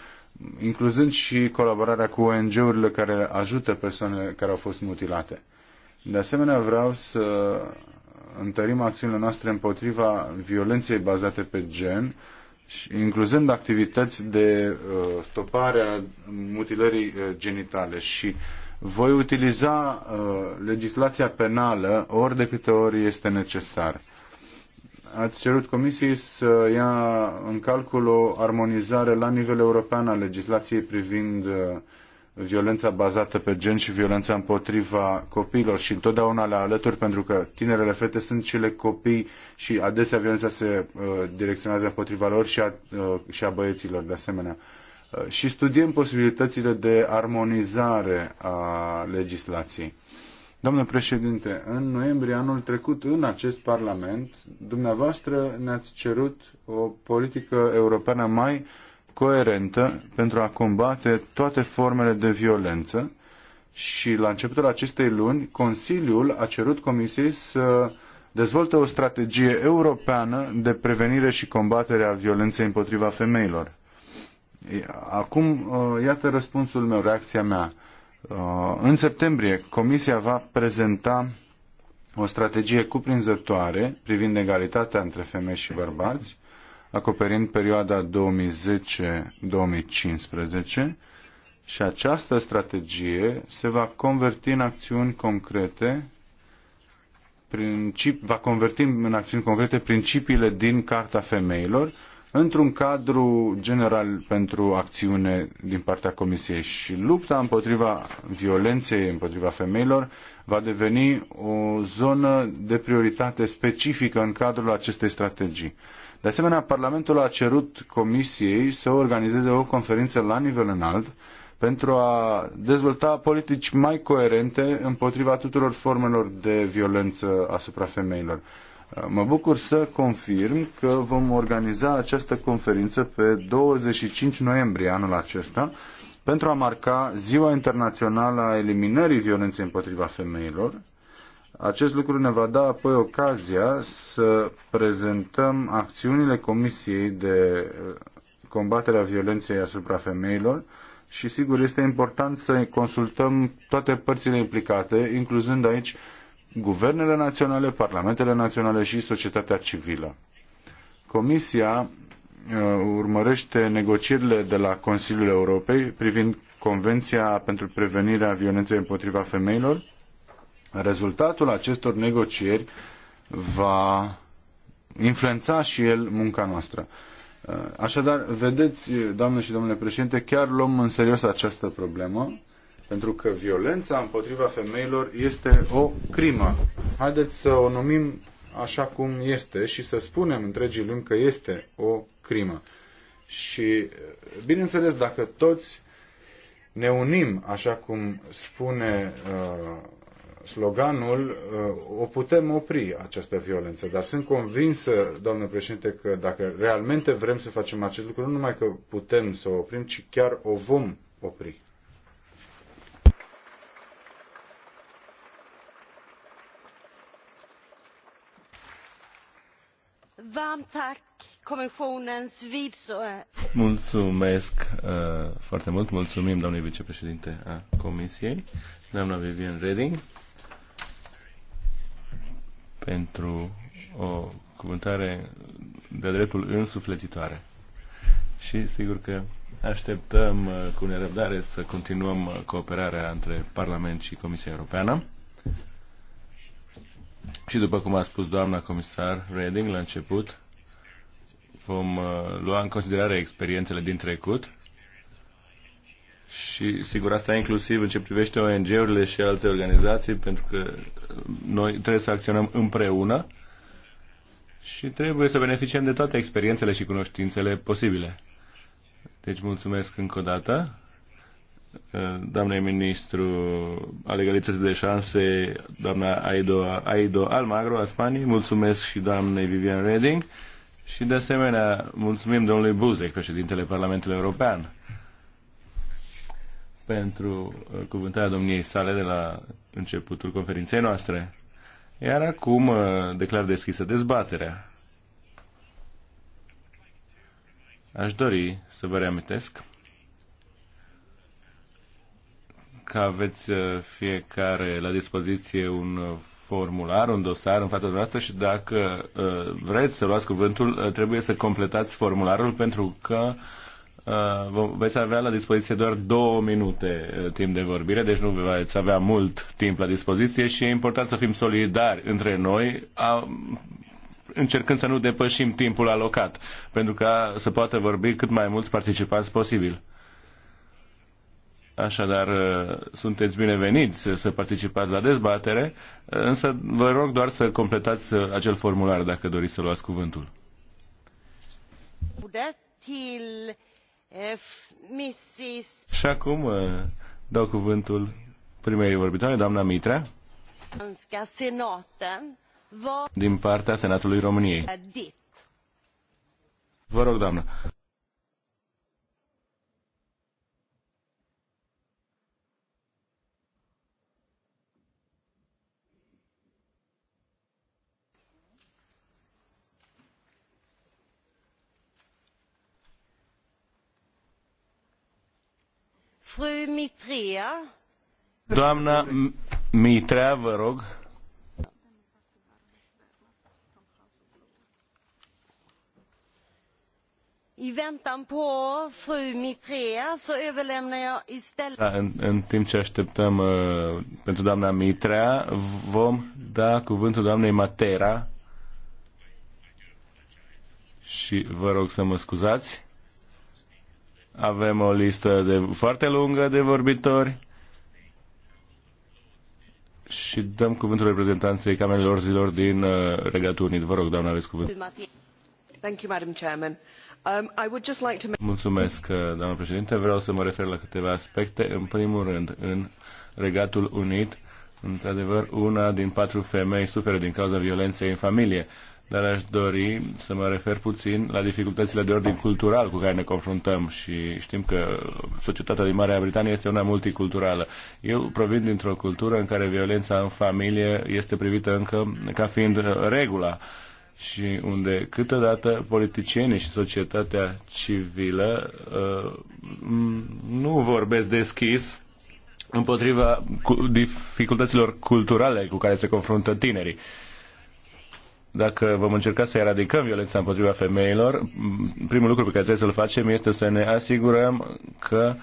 Speaker 5: incluzând și colaborarea cu ONG-urile care ajută persoanele care au fost mutilate. De asemenea, vreau să întărim acțiunile noastre împotriva violenței bazate pe gen, incluzând activități de uh, stopare a mutilării uh, genitale și voi utiliza uh, legislația penală ori de câte ori este necesar. Ați cerut comisiei să ia în calcul o armonizare la nivel european a legislației privind violența bazată pe gen și violența împotriva copiilor și întotdeauna la alături pentru că tinerele fete sunt cele copii și adesea violența se uh, direcționează împotriva lor și a, uh, și a băieților de asemenea. Uh, și studiem posibilitățile de armonizare a legislației. Domnule președinte, în noiembrie anul trecut, în acest Parlament, dumneavoastră ne-ați cerut o politică europeană mai uh, coerentă pentru a combate toate formele de violență și la începutul acestei luni Consiliul a cerut Comisiei să dezvolte o strategie europeană de prevenire și combatere a violenței împotriva femeilor. Acum, uh, iată răspunsul meu, reacția mea. Uh, în septembrie, Comisia va prezenta o strategie cuprinzătoare privind egalitatea între femei și bărbați acoperind perioada 2010-2015 și această strategie se va converti în acțiuni concrete princip, va converti în acțiuni concrete principiile din Carta Femeilor într-un cadru general pentru acțiune din partea Comisiei și lupta împotriva violenței împotriva femeilor va deveni o zonă de prioritate specifică în cadrul acestei strategii. De asemenea, Parlamentul a cerut Comisiei să organizeze o conferință la nivel înalt pentru a dezvolta politici mai coerente împotriva tuturor formelor de violență asupra femeilor. Mă bucur să confirm că vom organiza această conferință pe 25 noiembrie anul acesta pentru a marca Ziua Internațională a Eliminării Violenței împotriva Femeilor acest lucru ne va da apoi ocazia să prezentăm acțiunile Comisiei de uh, combaterea violenței asupra femeilor și sigur este important să consultăm toate părțile implicate, incluzând aici guvernele naționale, parlamentele naționale și societatea civilă. Comisia uh, urmărește negocierile de la Consiliul Europei privind Convenția pentru prevenirea violenței împotriva femeilor Rezultatul acestor negocieri va influența și el munca noastră. Uh, așadar, vedeți, doamne și domnule președinte, chiar luăm în serios această problemă, pentru că violența împotriva femeilor este o crimă. Haideți să o numim așa cum este și să spunem întregii lumi că este o crimă. Și, uh, bineînțeles, dacă toți ne unim, așa cum spune uh, sloganul o putem opri această violență, dar sunt convinsă, doamnă președinte, că dacă realmente vrem să facem acest lucru, nu numai că putem să o oprim, ci chiar o vom opri.
Speaker 4: Mulțumesc uh, foarte mult. Mulțumim, domnului vicepreședinte a Comisiei, doamna Vivian Reding pentru o cuvântare de dreptul însuflețitoare. Și sigur că așteptăm uh, cu nerăbdare să continuăm uh, cooperarea între Parlament și Comisia Europeană. Și după cum a spus doamna comisar Reding la început, vom uh, lua în considerare experiențele din trecut și sigur asta inclusiv în ce privește ONG-urile și alte organizații, pentru că noi trebuie să acționăm împreună și trebuie să beneficiem de toate experiențele și cunoștințele posibile. Deci mulțumesc încă o dată doamnei ministru al legalității de șanse, doamna Aido, Aido Almagro a Spaniei, mulțumesc și doamnei Vivian Reding și de asemenea mulțumim domnului Buzek, președintele Parlamentului European pentru uh, cuvântarea domniei sale de la începutul conferinței noastre. Iar acum uh, declar deschisă dezbaterea. Aș dori să vă reamintesc că aveți uh, fiecare la dispoziție un formular, un dosar în fața dumneavoastră și dacă vreți să luați cuvântul, trebuie să completați formularul pentru că Uh, veți avea la dispoziție doar două minute uh, timp de vorbire, deci nu veți avea mult timp la dispoziție și e important să fim solidari între noi, a, încercând să nu depășim timpul alocat, pentru ca să poată vorbi cât mai mulți participanți posibil. Așadar, uh, sunteți bineveniți să participați la dezbatere, însă vă rog doar să completați acel formular dacă doriți să luați cuvântul.
Speaker 1: Til F. Mrs.
Speaker 4: Și acum uh, dau cuvântul primei vorbitoare, doamna Mitra. Din partea Senatului României. Vă rog, doamnă.
Speaker 1: Doamnă Mitrea.
Speaker 4: Doamna Mitrea, vă rog.
Speaker 1: I väntan på fru Mitrea så överlämnar jag istället... Da, în,
Speaker 4: în timp ce așteptăm uh, pentru doamna Mitrea, vom da cuvântul doamnei Matera și vă rog să mă scuzați. Avem o listă de, foarte lungă de vorbitori și dăm cuvântul reprezentanței Camerelor Zilor din uh, Regatul Unit. Vă rog, doamna, aveți cuvântul.
Speaker 1: Thank you, Madam Chairman. Um,
Speaker 5: I would just like to
Speaker 4: Mulțumesc, uh, doamna președinte. Vreau să mă refer la câteva aspecte. În primul rând, în Regatul Unit, într-adevăr, una din patru femei suferă din cauza violenței în familie dar aș dori să mă refer puțin la dificultățile de ordin cultural cu care ne confruntăm și știm că societatea din Marea Britanie este una multiculturală. Eu provin dintr-o cultură în care violența în familie este privită încă ca fiind uh, regula și unde câteodată politicienii și societatea civilă uh, nu vorbesc deschis împotriva dificultăților culturale cu care se confruntă tinerii. Uh, dacă vom încerca să eradicăm violența împotriva femeilor, primul lucru pe care trebuie să-l facem este să ne asigurăm că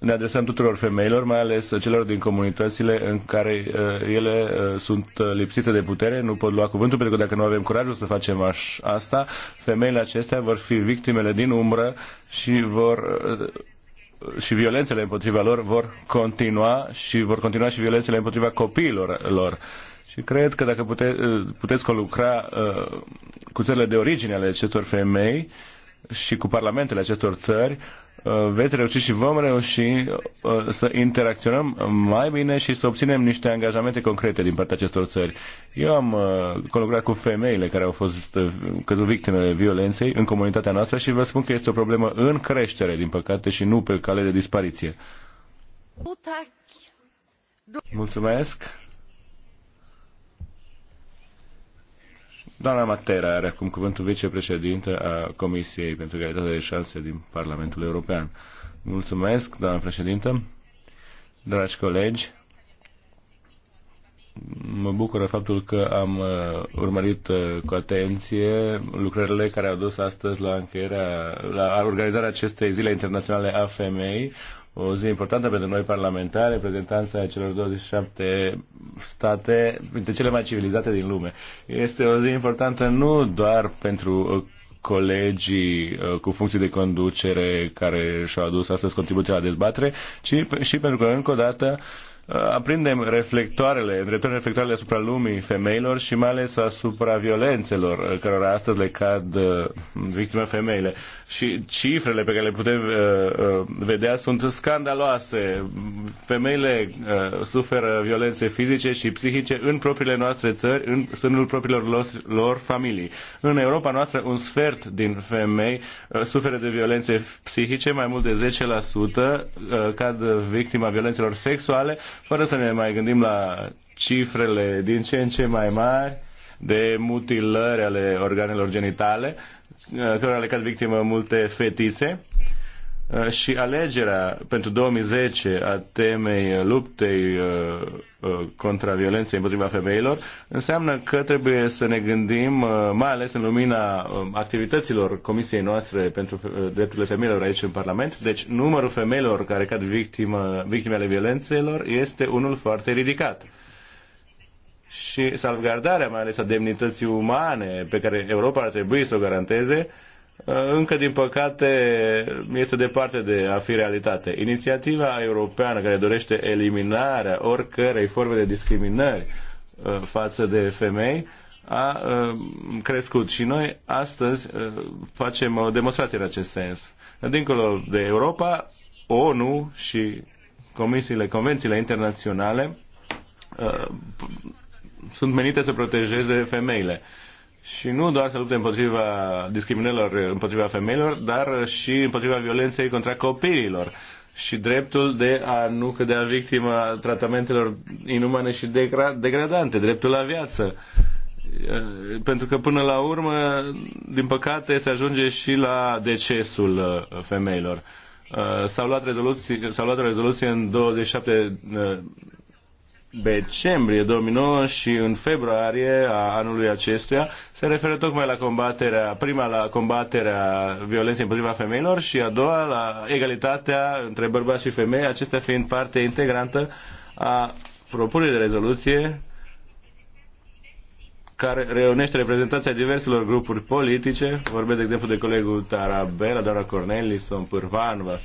Speaker 4: ne adresăm tuturor femeilor, mai ales celor din comunitățile în care uh, ele uh, sunt uh, lipsite de putere, nu pot lua cuvântul, pentru că dacă nu avem curajul să facem aș, asta, femeile acestea vor fi victimele din umbră și vor uh, și violențele împotriva lor vor continua și vor continua și violențele împotriva copiilor lor. Uh, și cred că dacă pute, uh, puteți colucra uh, cu țările de origine ale acestor femei și cu parlamentele acestor țări, uh, veți reuși și vom reuși uh, să interacționăm mai bine și să obținem niște angajamente concrete din partea acestor țări. Eu am uh, colucrat cu femeile care au fost uh, căzut victimele violenței în comunitatea noastră și vă spun că este o problemă în creștere, din păcate, și nu pe cale de dispariție. Mulțumesc! Doamna Matera are acum cuvântul vicepreședintă a Comisiei pentru Egalitatea de Șanse din Parlamentul European. Mulțumesc, doamna președintă. Dragi colegi, mă bucură faptul că am uh, urmărit uh, cu atenție lucrările care au dus astăzi la încheierea, la organizarea acestei zile internaționale a femei, o zi importantă pentru noi parlamentari, reprezentanța celor 27 state, dintre cele mai civilizate din lume. Este o zi importantă nu doar pentru uh, colegii uh, cu funcții de conducere care și-au adus astăzi contribuția la dezbatere, ci și pentru că, încă o dată, uh, Uh, aprindem reflectoarele, îndreptăm reflectoarele asupra lumii femeilor și mai ales asupra violențelor uh, cărora astăzi le cad uh, victime femeile. Și cifrele pe care le putem vedea sunt scandaloase. Femeile suferă violențe fizice și psihice în propriile noastre țări, în sânul propriilor lor familii. În Europa noastră, un sfert din femei suferă de violențe psihice, mai mult de 10% cad victima violențelor sexuale fără să ne mai gândim la cifrele din ce în ce mai mari de mutilări ale organelor genitale, care le cad victimă multe fetițe Uh, și alegerea pentru 2010 a temei luptei uh, uh, contra violenței împotriva femeilor înseamnă că trebuie să ne gândim, mai ales în lumina activităților Comisiei noastre pentru drepturile femeilor aici în Parlament, deci numărul femeilor care cad victimă, victime ale violențelor este unul foarte ridicat și salvgardarea mai ales a demnității umane pe care Europa ar trebui să o garanteze Uh, încă din păcate este departe de a fi realitate. Inițiativa europeană care dorește eliminarea oricărei forme de discriminări uh, față de femei a uh, crescut și noi astăzi facem o demonstrație în acest sens. Dincolo de Europa, ONU și comisiile, convențiile internaționale sunt menite să protejeze femeile. Uh, și nu doar să lupte împotriva discriminărilor împotriva femeilor, dar și împotriva violenței contra copiilor și dreptul de a nu cădea victima tratamentelor inumane și degradante, dreptul la viață. Uh, pentru că până la urmă, din păcate, se ajunge și la decesul uh, femeilor. Uh, s-au luat, rezoluții, s-au luat o rezoluție în 27 decembrie 2009 și în februarie a anului acestuia se referă tocmai la combaterea, prima la combaterea violenței împotriva femeilor și a doua la egalitatea între bărbați și femei, acestea fiind parte integrantă a propunerii de rezoluție care reunește reprezentanța diverselor grupuri politice. Vorbesc, de exemplu, de colegul Dora doamna Cornelison, Pârvan, va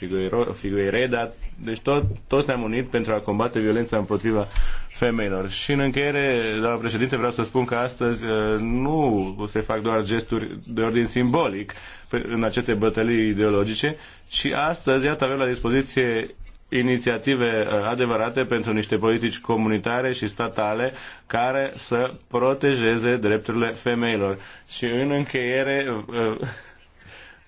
Speaker 4: Figuereda. Deci tot, toți ne-am unit pentru a combate violența împotriva femeilor. Și în încheiere, doamna președinte, vreau să spun că astăzi uh, nu se fac doar gesturi de ordin simbolic în aceste bătălii ideologice, ci astăzi, iată, avem la dispoziție inițiative uh, adevărate pentru niște politici comunitare și statale care să protejeze drepturile femeilor. Și în încheiere uh,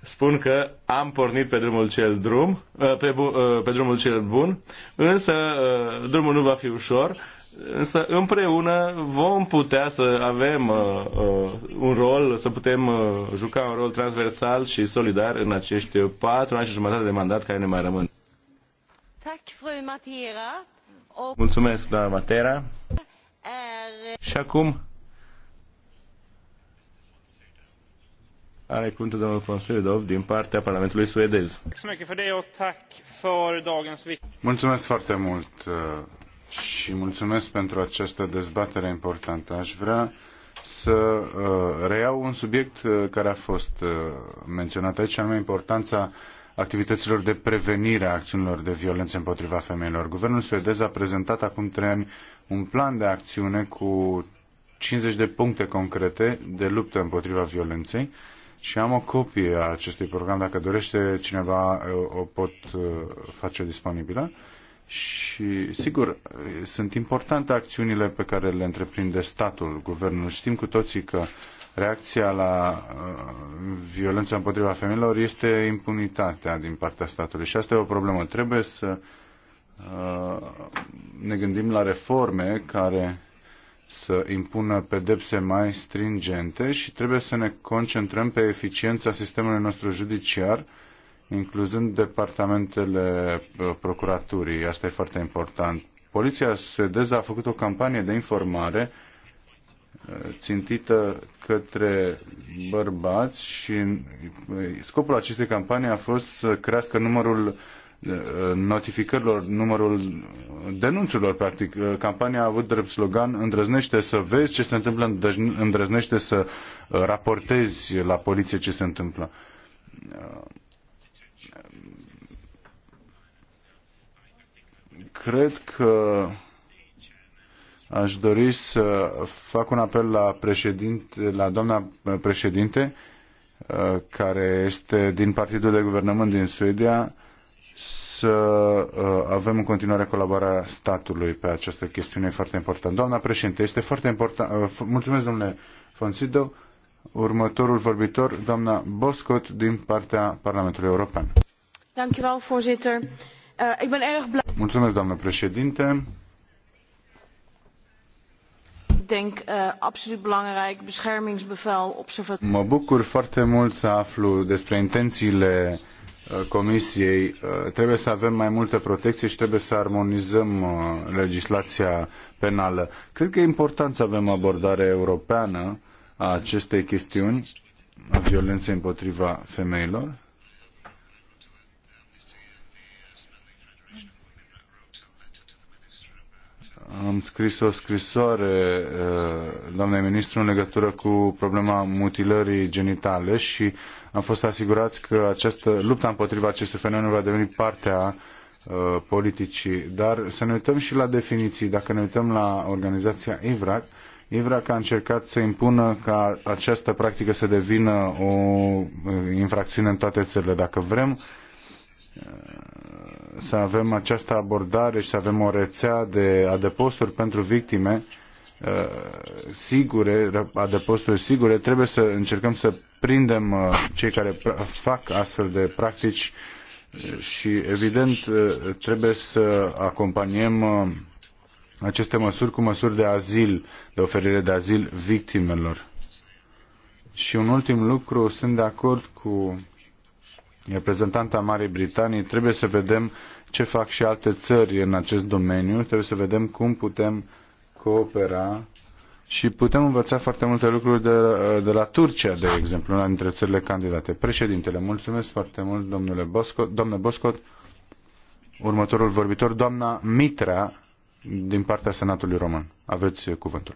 Speaker 4: spun că am pornit pe drumul cel drum, uh, pe, pe drumul cel bun, însă drumul nu va fi ușor, însă împreună vom putea să avem un rol, să putem juca un rol transversal și solidar în acești patru ani și jumătate de mandat care ne mai rămân. Mulțumesc, doamna Matera. Și acum are cuvântul domnul Fonsuidov din partea Parlamentului suedez. Mulțumesc foarte mult uh,
Speaker 5: și mulțumesc pentru această dezbatere importantă. Aș vrea să uh, reiau un subiect uh, care a fost menționat aici, anume importanța activităților de prevenire a acțiunilor de violență împotriva femeilor. Guvernul suedez a prezentat acum trei ani un plan de acțiune cu 50 de puncte concrete de luptă împotriva violenței și am o copie a acestui program. Dacă dorește cineva, uh, o pot uh, face disponibilă. Și, sigur, sunt importante acțiunile pe care le întreprinde statul, guvernul. Știm cu toții că reacția la uh, violența împotriva femeilor este impunitatea din partea statului. Și asta e o problemă. Trebuie să uh, ne gândim la reforme care să impună pedepse mai stringente și trebuie să ne concentrăm pe eficiența sistemului nostru judiciar, incluzând departamentele uh, procuraturii. Asta e foarte important. Poliția suedeză a făcut o campanie de informare țintită către bărbați și uh, scopul acestei campanii a fost să crească numărul uh, notificărilor, numărul denunțurilor, practic. Uh, campania a avut drept slogan îndrăznește să vezi ce se întâmplă, îndrăznește să raportezi la poliție ce se întâmplă. Cred că Aș dori să fac un apel la, președinte, la doamna uh, președinte, uh, care este din Partidul de Guvernământ din Suedia, să uh, avem în continuare colaborarea statului pe această chestiune foarte importantă. Doamna președinte, este foarte important. Mulțumesc, domnule Fonsido. Următorul vorbitor, doamna Boscot, din partea Parlamentului European. Mulțumesc, doamnă președinte
Speaker 1: denk uh, absoluut belangrijk, beschermingsbevel,
Speaker 5: Mă bucur foarte mult să aflu despre intențiile eh, Comisiei. Eh, trebuie să avem mai multă protecție și trebuie să armonizăm legislația penală. Cred că e important să avem abordare europeană a acestei chestiuni, a violenței împotriva femeilor. am scris o scrisoare, uh, doamne ministru, în legătură cu problema mutilării genitale și am fost asigurați că această lupta împotriva acestui fenomen va deveni parte a uh, politicii. Dar să ne uităm și la definiții. Dacă ne uităm la organizația IVRAC, IVRAC a încercat să impună ca această practică să devină o uh, infracțiune în toate țările. Dacă vrem Eh, să avem această abordare și să avem o rețea de adăposturi pentru victime eh, sigure, adăposturi sigure, trebuie să încercăm să prindem eh, cei care fac astfel de practici și evident trebuie să acompaniem aceste măsuri cu măsuri de azil, de oferire de azil victimelor. Și un ultim lucru, sunt de acord cu reprezentant Marii Britanii, trebuie să vedem ce fac și alte țări în acest domeniu, trebuie să vedem cum putem coopera și putem învăța foarte multe lucruri de, de la Turcia, de exemplu, una dintre țările candidate. Președintele, mulțumesc foarte mult, domnule Bosco. domnule Boscot. Următorul vorbitor, doamna Mitra, din partea Senatului Român. Aveți cuvântul.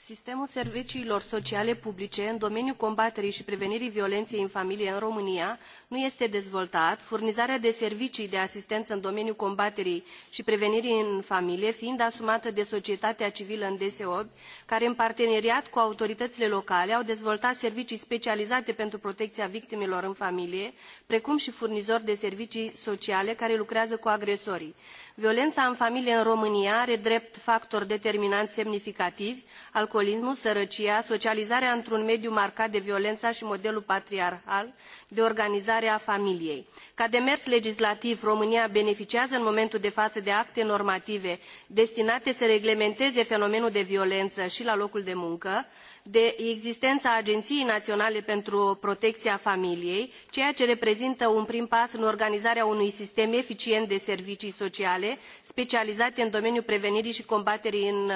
Speaker 3: Sistemul serviciilor sociale publice în domeniul combaterii și prevenirii violenței în familie în România nu este dezvoltat, furnizarea de servicii de asistență în domeniul combaterii și prevenirii în familie fiind asumată de societatea civilă în deseori, care în parteneriat cu autoritățile locale au dezvoltat servicii specializate pentru protecția victimelor în familie, precum și furnizori de servicii sociale care lucrează cu agresorii. Violența în familie în România are drept factor determinant semnificativ al alcoolismul sărăcia socializarea într un mediu marcat de violena i modelul patriarhal de organizare a familiei. ca demers legislativ românia beneficiază în momentul de faă de acte normative destinate să reglementeze fenomenul de violenă i la locul de muncă i de existența Agenției Naționale pentru Protecția Familiei, ceea ce reprezintă un prim pas în organizarea unui sistem eficient de servicii sociale specializate în domeniul prevenirii și combaterii în uh,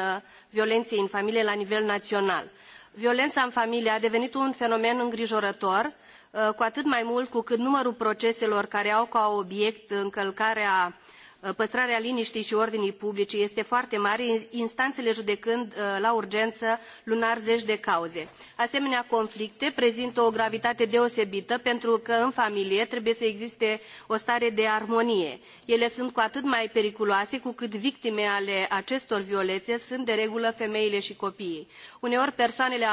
Speaker 3: violenței în familie la nivel național. Violența în familie a devenit un fenomen îngrijorător, uh, cu atât mai mult cu cât numărul proceselor care au ca obiect încălcarea uh, Uh, păstrarea liniștii și ordinii publice este foarte mare, instanțele judecând uh, la urgență lunar zeci de cauze. Asemenea, conflicte prezintă o gravitate deosebită pentru că în familie trebuie să existe o stare de armonie. Ele sunt cu atât mai periculoase cu cât victime ale acestor violețe sunt de regulă femeile și copiii. Uneori persoanele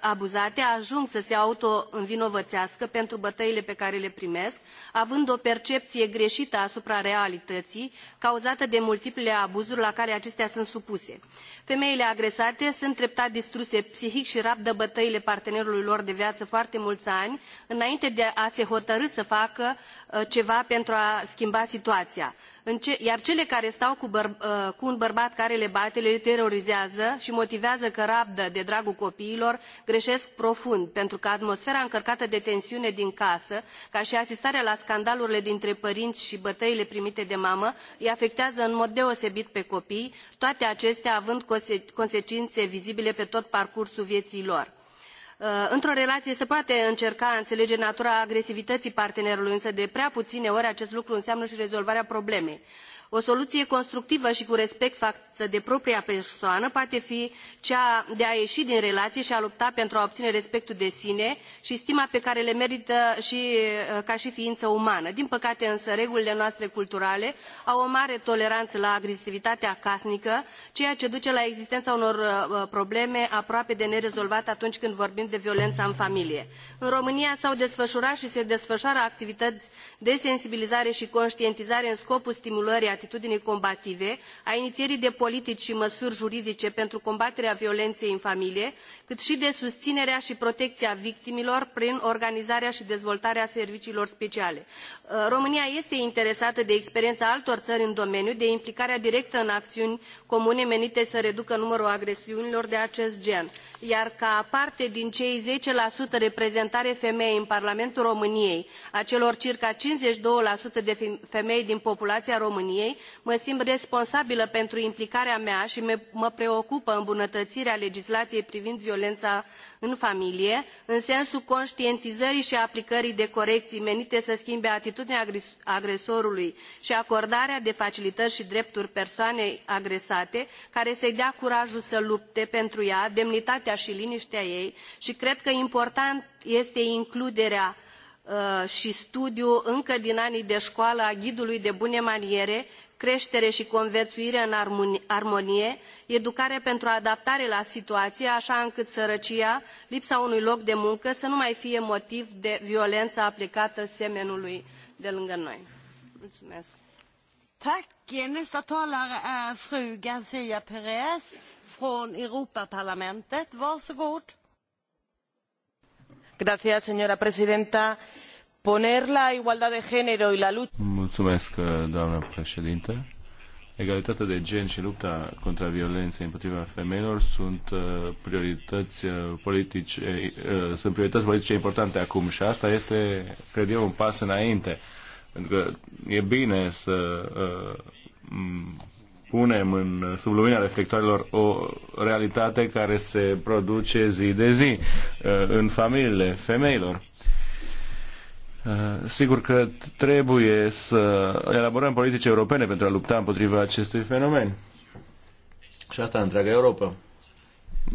Speaker 3: abuzate ajung să se autoînvinovățească pentru bătăile pe care le primesc, având o percepție greșită asupra realității cauzată de multiplele abuzuri la care acestea sunt supuse. femeile agresate sunt treptat distruse psihic i rabdă bătăile partenerului lor de viaă foarte muli ani înainte de a se hotărî să facă uh, ceva pentru a schimba situaia iar cele care stau cu, băr, uh, cu un bărbat care le bate, le terorizează și motivează că rabdă de dragul copiilor, greșesc profund, pentru că atmosfera încărcată de tensiune din casă, ca și asistarea la scandalurile dintre părinți și bătăile primite de mamă, îi afectează în mod deosebit pe copii, toate acestea având conse consecințe vizibile pe tot parcursul vieții lor Uh, într o relaie se poate încerca a înelege natura agresivităii partenerului însă de prea puine ori acest lucru înseamnă i rezolvarea problemei o soluie constructivă i cu respect faă de propria persoană poate fi cea de a iei din relaie i a lupta pentru a obine respectul de sine i stima pe care le merită uh, ca i fiină umană. din păcate însă regulile noastre culturale au o mare tolerană la agresivitatea casnică ceea ce duce la existena unor uh, uh, probleme aproape de nerezolvat atunci când vorbim de violena în familie. în românia s au desfăurat i se desfăoară activităi de sensibilizare i contientizare în scopul stimulării atitudinii combative, a inițierii de politici și măsuri juridice pentru combaterea violenței în familie, cât și de susținerea și protecția victimilor prin organizarea și dezvoltarea serviciilor speciale. Uh, România este interesată de experiența altor țări în domeniu, de implicarea directă în acțiuni comune menite să reducă numărul agresiunilor de acest gen iar ca parte din cei zece reprezentare femei în parlamentul româniei a celor circa cincizeci și doi de femei din populaia româniei mă simt responsabilă pentru implicarea mea i mă preocupă îmbunătăirea legislaiei privind violena în familie în sensul contientizării i aplicării de corecii menite să schimbe atitudinea agresorului i acordarea de facilităi i drepturi persoanei agresate care să i dea curajul să lupte pentru ea demnitatea pacea și liniștea ei și cred că important este includerea uh, și studiu încă din anii de școală a ghidului de bune maniere, creștere și conviețuire în armonie, educare pentru adaptare la situație, așa încât sărăcia, lipsa unui loc de muncă să nu mai fie motiv de violență aplicată semenului de lângă noi. Mulțumesc! Tack! señora presidenta. Poner la igualdad de género y la lucha...
Speaker 4: Mulțumesc, doamnă președintă. Egalitatea de gen și lupta contra violenței împotriva femeilor sunt uh, priorități uh, politice, uh, sunt priorități politice importante acum și asta este, cred eu, un pas înainte. Pentru că e bine să punem în lumina reflectoarelor o realitate care se produce zi de zi uh, în familiile femeilor. Uh, sigur că trebuie să elaborăm politici europene pentru a lupta împotriva acestui fenomen. Și asta în întreaga Europa.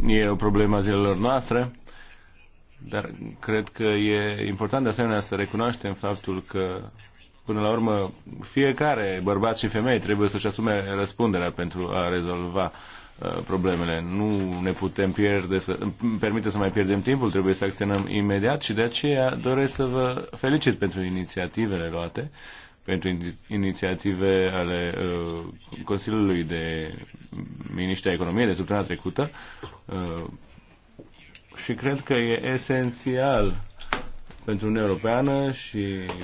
Speaker 4: E o problemă a zilelor noastre, dar cred că e important de asemenea să recunoaștem faptul că până la urmă, fiecare bărbat și femeie trebuie să-și asume răspunderea pentru a rezolva uh, problemele. Nu ne putem pierde să, permite să mai pierdem timpul, trebuie să acționăm imediat și de aceea doresc să vă felicit pentru inițiativele luate, pentru inițiative ale uh, Consiliului de Miniștri a Economiei de săptămâna trecută uh, și cred că e esențial pentru Uniunea Europeană și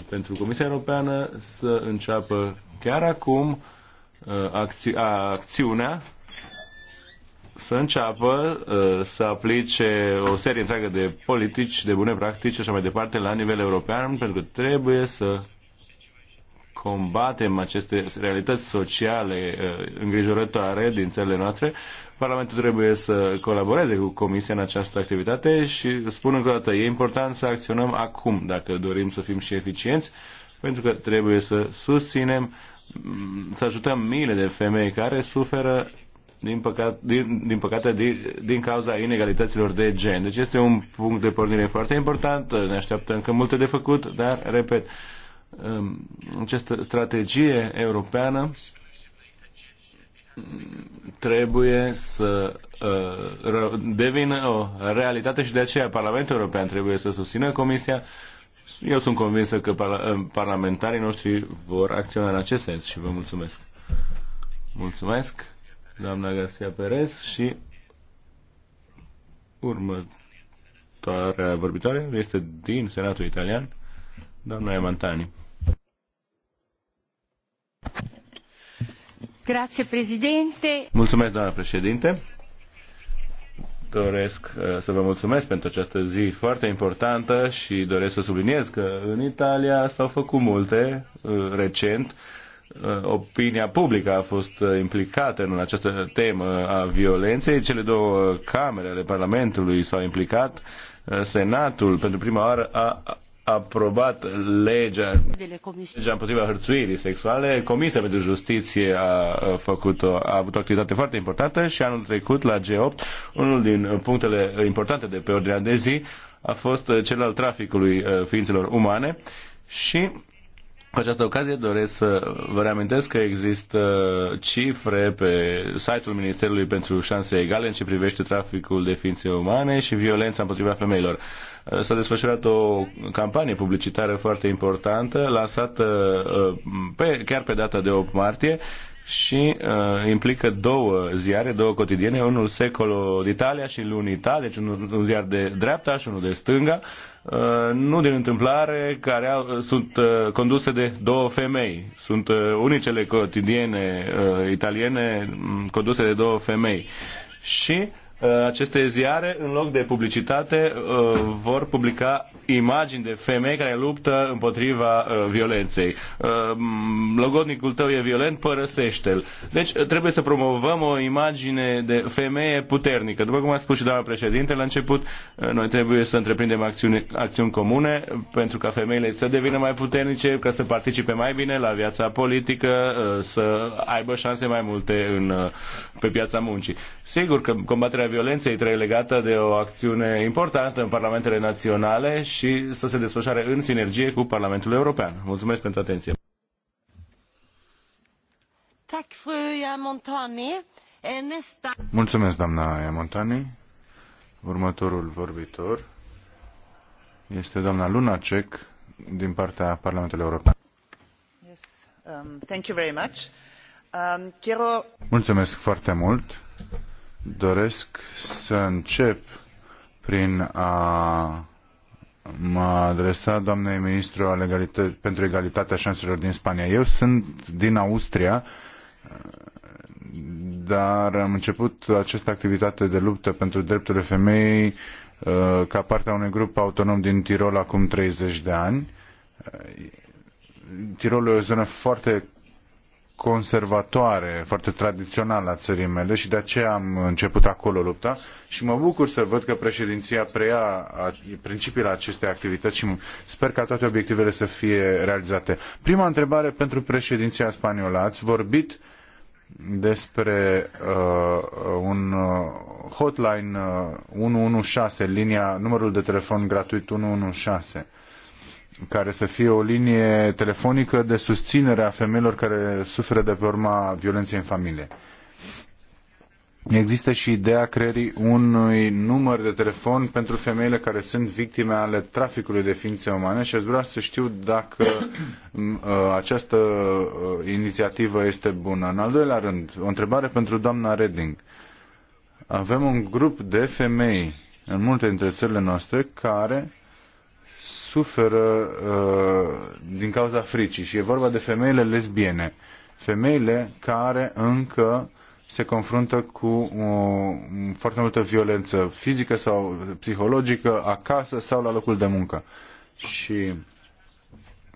Speaker 4: pentru Comisia Europeană să înceapă chiar acum uh, acți- a, acțiunea să înceapă uh, să aplice o serie întreagă de politici, de bune practici și așa mai departe la nivel european, pentru că trebuie să combatem aceste realități sociale uh, îngrijorătoare din țările noastre, Parlamentul trebuie să colaboreze cu Comisia în această activitate și spun încă o dată, e important să acționăm acum dacă dorim să fim și eficienți, pentru că trebuie să susținem, mm, să ajutăm miile de femei care suferă din, păcat, din, din păcate din, din cauza inegalităților de gen. Deci este un punct de pornire foarte important, ne așteaptă încă multe de făcut, dar, repet, Um, această strategie europeană trebuie să uh, devină o realitate și de aceea Parlamentul European trebuie să susțină Comisia. Eu sunt convinsă că uh, parlamentarii noștri vor acționa în acest sens și vă mulțumesc. Mulțumesc, doamna Garcia Perez și următoarea vorbitoare este din Senatul Italian, doamna Emantani. Mulțumesc, doamna președinte. Doresc uh, să vă mulțumesc pentru această zi foarte importantă și doresc să subliniez că în Italia s-au făcut multe uh, recent uh, opinia publică a fost implicată în această temă a violenței. Cele două camere ale Parlamentului s-au implicat. Senatul pentru prima oară a aprobat legea, legea împotriva hărțuirii sexuale. Comisia pentru Justiție a, făcut o, a avut o activitate foarte importantă și anul trecut la G8, unul din punctele importante de pe ordinea de zi a fost cel al traficului uh, ființelor umane și cu această ocazie doresc să vă reamintesc că există cifre pe site-ul Ministerului pentru Șanse Egale în ce privește traficul de ființe umane și violența împotriva femeilor s-a desfășurat o campanie publicitară foarte importantă, lansată uh, pe, chiar pe data de 8 martie, și uh, implică două ziare, două cotidiene, unul Secolo d'Italia și L'Unità, deci un, un ziar de dreapta și unul de stânga, uh, nu din întâmplare, care au, sunt uh, conduse de două femei. Sunt uh, unicele cotidiene uh, italiene um, conduse de două femei. Și uh, Uh, aceste ziare, în loc de publicitate, uh, vor publica imagini de femei care luptă împotriva uh, violenței. Logodnicul tău e violent, părăsește-l. Deci trebuie să promovăm o imagine de femeie puternică. După cum a spus și doamna președinte la început, noi trebuie să întreprindem acțiuni, acțiuni comune pentru ca femeile să devină mai puternice, ca să participe mai bine la viața politică, să aibă șanse mai multe în, pe piața muncii. Sigur că combaterea a violenței trebuie legată de o acțiune importantă în parlamentele naționale și să se desfășoare în sinergie cu Parlamentul European. Mulțumesc pentru atenție. Mulțumesc, doamna Montani. Următorul
Speaker 5: vorbitor este doamna Lunacek din partea Parlamentului European.
Speaker 6: Yes. Um, thank you very much. Um, quiero...
Speaker 5: Mulțumesc foarte mult doresc să încep prin a mă adresa doamnei ministru pentru egalitatea șanselor din Spania. Eu sunt din Austria, dar am început această activitate de luptă pentru drepturile femeii uh, ca parte a unui grup autonom din Tirol acum 30 de ani. Tirolul e o zonă foarte conservatoare, foarte tradițională a țării mele și de aceea am început acolo lupta și mă bucur să văd că președinția preia principiile acestei activități și sper ca toate obiectivele să fie realizate. Prima întrebare pentru președinția spaniolă. Ați vorbit despre uh, un uh, hotline 116, uh, linia, numărul de telefon gratuit 116 care să fie o linie telefonică de susținere a femeilor care suferă de pe urma violenței în familie. Există și ideea creării unui număr de telefon pentru femeile care sunt victime ale traficului de ființe umane și aș vrea să știu dacă mm, ă, această ă, inițiativă este bună. În al doilea rând, o întrebare pentru doamna Reding. Avem un grup de femei în multe dintre țările noastre care suferă uh, din cauza fricii și e vorba de femeile lesbiene. Femeile care încă se confruntă cu uh, foarte multă violență fizică sau psihologică acasă sau la locul de muncă. Și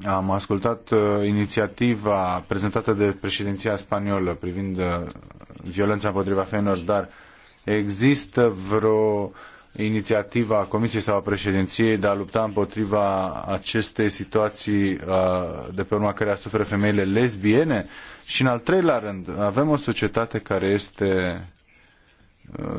Speaker 5: am ascultat uh, inițiativa prezentată de președinția spaniolă privind uh, violența împotriva femeilor, dar există vreo uh, inițiativa Comisiei sau a președinției de a lupta împotriva acestei situații de pe urma care suferă femeile lesbiene? Și în al treilea rând, avem o societate care este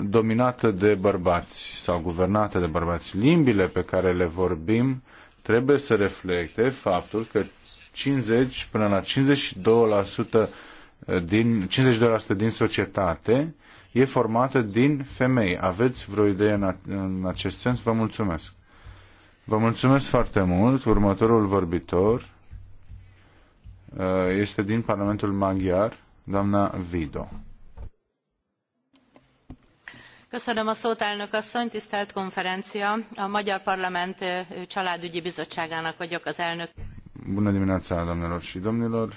Speaker 5: dominată de bărbați sau guvernată de bărbați. Limbile pe care le vorbim trebuie să reflecte faptul că 50 până la 52% din, 52% din societate e formată din femei. Aveți vreo idee în, în acest sens? Vă mulțumesc. Vă mulțumesc foarte mult. Următorul vorbitor uh, este din Parlamentul Maghiar, doamna Vido.
Speaker 3: Köszönöm a szót, elnök asszony, tisztelt konferencia. A Magyar Parlament Családügyi Bizottságának vagyok az elnök.
Speaker 5: Bună dimineața, doamnelor și domnilor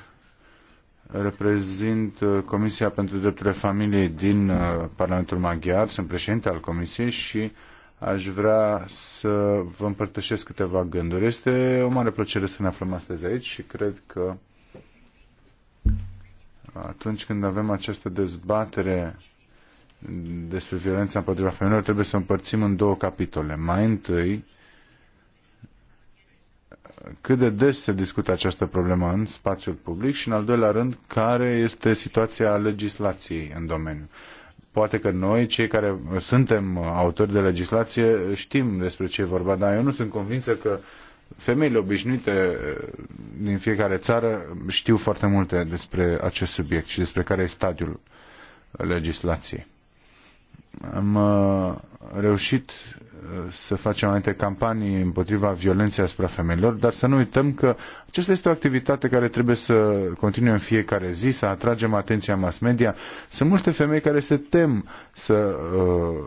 Speaker 5: reprezint uh, Comisia pentru Drepturile Familiei din uh, Parlamentul Maghiar, sunt președinte al Comisiei și aș vrea să vă împărtășesc câteva gânduri. Este o mare plăcere să ne aflăm astăzi aici și cred că atunci când avem această dezbatere despre violența împotriva femeilor, trebuie să împărțim în două capitole. Mai întâi, cât de des se discută această problemă în spațiul public și, în al doilea rând, care este situația legislației în domeniu. Poate că noi, cei care suntem autori de legislație, știm despre ce e vorba, dar eu nu sunt convinsă că femeile obișnuite eh, din fiecare țară știu foarte multe despre acest subiect și despre care e stadiul legislației. Am eh, reușit să facem anumite campanii împotriva violenței asupra femeilor, dar să nu uităm că aceasta este o activitate care trebuie să continue în fiecare zi, să atragem atenția mass media. Sunt multe femei care se tem să uh,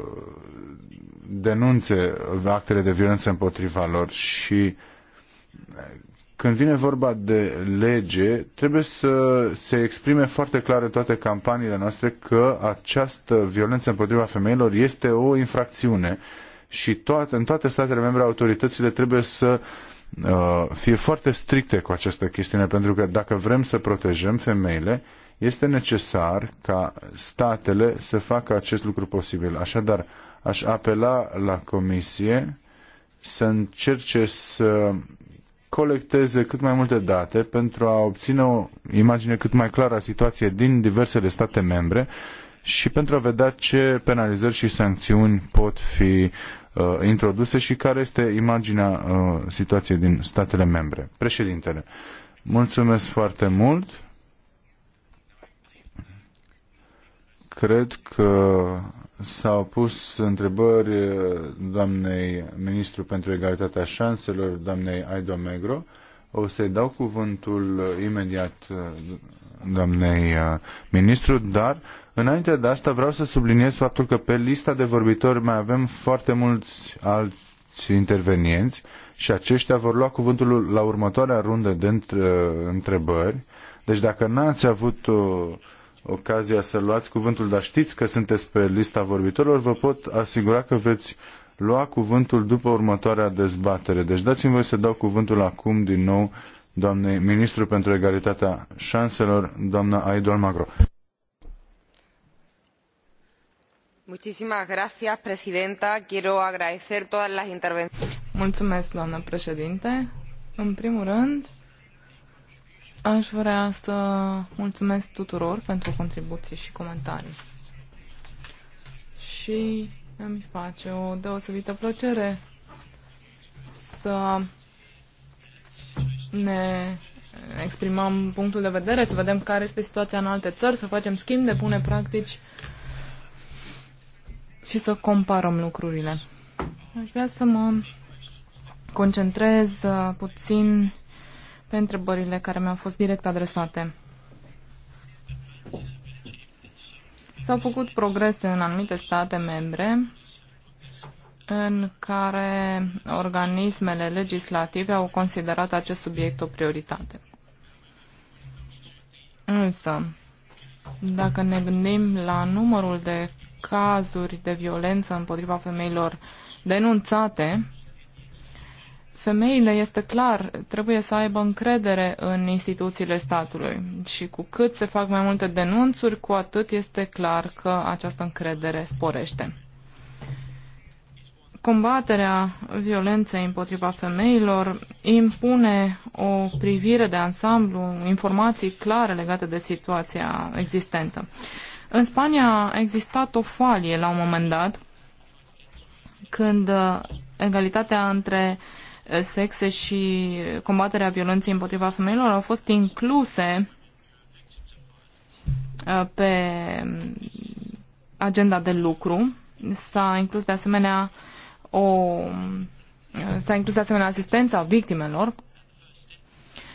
Speaker 5: denunțe actele de violență împotriva lor și uh, când vine vorba de lege, trebuie să se exprime foarte clar în toate campaniile noastre că această violență împotriva femeilor este o infracțiune uh, și toate, în toate statele membre autoritățile trebuie să uh, fie foarte stricte cu această chestiune, pentru că dacă vrem să protejăm femeile, este necesar ca statele să facă acest lucru posibil. Așadar, aș apela la Comisie să încerce să colecteze cât mai multe date pentru a obține o imagine cât mai clară a situației din diversele state membre și pentru a vedea ce penalizări și sancțiuni pot fi uh, introduse și care este imaginea uh, situației din statele membre. Președintele, mulțumesc foarte mult. Cred că s-au pus întrebări uh, doamnei ministru pentru egalitatea șanselor, doamnei Aido Megro. O să-i dau cuvântul uh, imediat uh, doamnei ministru, dar Înainte de asta vreau să subliniez faptul că pe lista de vorbitori mai avem foarte mulți alți intervenienți și aceștia vor lua cuvântul la următoarea rundă de întrebări. Deci dacă n-ați avut o, uh, ocazia să luați cuvântul, dar știți că sunteți pe lista vorbitorilor, vă pot asigura că veți lua cuvântul după următoarea dezbatere. Deci dați-mi voi să dau cuvântul acum din nou doamnei ministru pentru egalitatea șanselor, doamna Aidol Magro.
Speaker 6: Mulțumesc, doamnă președinte. În primul rând, aș vrea să mulțumesc tuturor pentru contribuții și comentarii. Și îmi face o deosebită plăcere să ne exprimăm punctul de vedere, să vedem care este situația în alte țări, să facem schimb de bune practici și să comparăm lucrurile. Aș vrea să mă concentrez uh, puțin pe întrebările care mi-au fost direct adresate. S-au făcut progrese în anumite state membre în care organismele legislative au considerat acest subiect o prioritate. Însă, dacă ne gândim la numărul de cazuri de violență împotriva femeilor denunțate, femeile, este clar, trebuie să aibă încredere în instituțiile statului și cu cât se fac mai multe denunțuri, cu atât este clar că această încredere sporește. Combaterea violenței împotriva femeilor impune o privire de ansamblu, informații clare legate de situația existentă. În Spania a existat o foalie la un moment dat când uh, egalitatea între uh, sexe și combaterea violenței împotriva femeilor au fost incluse uh, pe mm, agenda de lucru. S-a inclus de asemenea o mm, s-a inclus de asemenea asistența victimelor.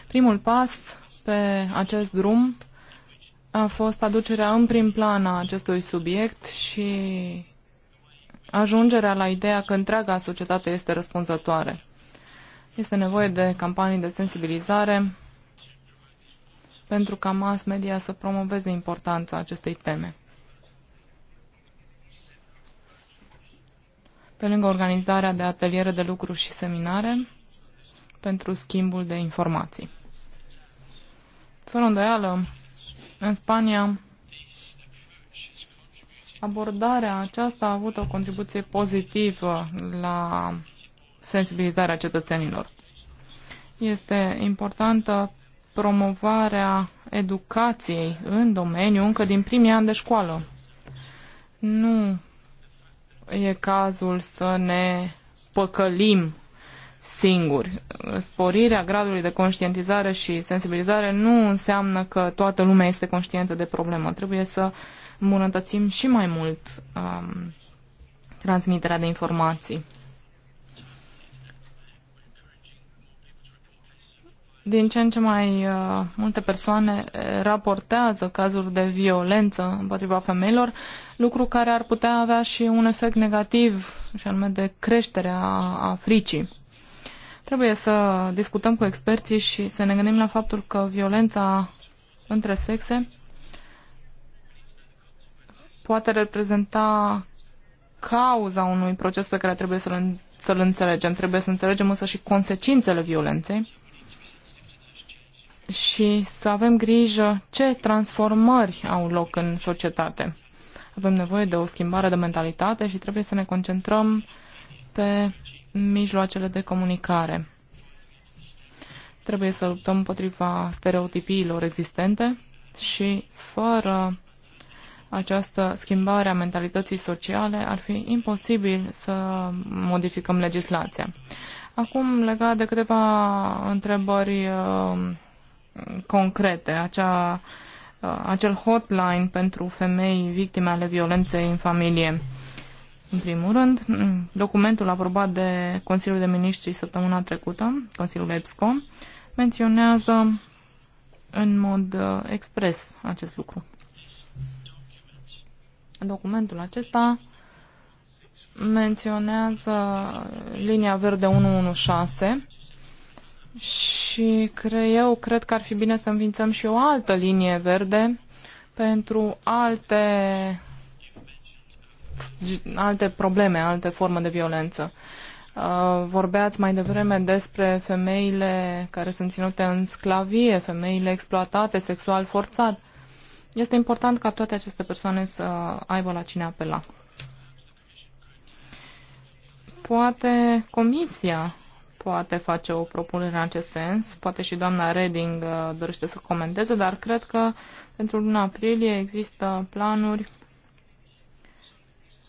Speaker 6: Primul pas pe acest drum a fost aducerea în prim plan a acestui subiect și ajungerea la ideea că întreaga societate este răspunzătoare. Este nevoie de campanii de sensibilizare pentru ca mass media să promoveze importanța acestei teme. Pe lângă organizarea de ateliere de lucru și seminare pentru schimbul de informații. Fără îndoială, în Spania, abordarea aceasta a avut o contribuție pozitivă la sensibilizarea cetățenilor. Este importantă promovarea educației în domeniu încă din primii ani de școală. Nu e cazul să ne păcălim singuri. Sporirea gradului de conștientizare și sensibilizare nu înseamnă că toată lumea este conștientă de problemă. Trebuie să îmbunătățim și mai mult um, transmiterea de informații. Din ce în ce mai uh, multe persoane uh, raportează cazuri de violență împotriva femeilor, lucru care ar putea avea și un efect negativ, și anume de creșterea a fricii. Trebuie să discutăm cu experții și să ne gândim la faptul că violența între sexe poate reprezenta cauza unui proces pe care trebuie să-l, să-l înțelegem. Trebuie să înțelegem însă și consecințele violenței și să avem grijă ce transformări au loc în societate. Avem nevoie de o schimbare de mentalitate și trebuie să ne concentrăm pe mijloacele de comunicare. Trebuie să luptăm împotriva stereotipiilor existente și fără această schimbare a mentalității sociale ar fi imposibil să modificăm legislația. Acum, legat de câteva întrebări uh, concrete, acea, uh, acel hotline pentru femei victime ale violenței în familie. În primul rând, documentul aprobat de Consiliul de Ministri săptămâna trecută, Consiliul EPSCO, menționează în mod uh, expres acest lucru. Documentul acesta menționează linia verde 116 și cre, eu cred că ar fi bine să înființăm și o altă linie verde pentru alte alte probleme, alte forme de violență. Uh, vorbeați mai devreme despre femeile care sunt ținute în sclavie, femeile exploatate sexual forțat. Este important ca toate aceste persoane să aibă la cine apela. Poate comisia poate face o propunere în acest sens, poate și doamna Reding uh, dorește să comenteze, dar cred că pentru luna aprilie există planuri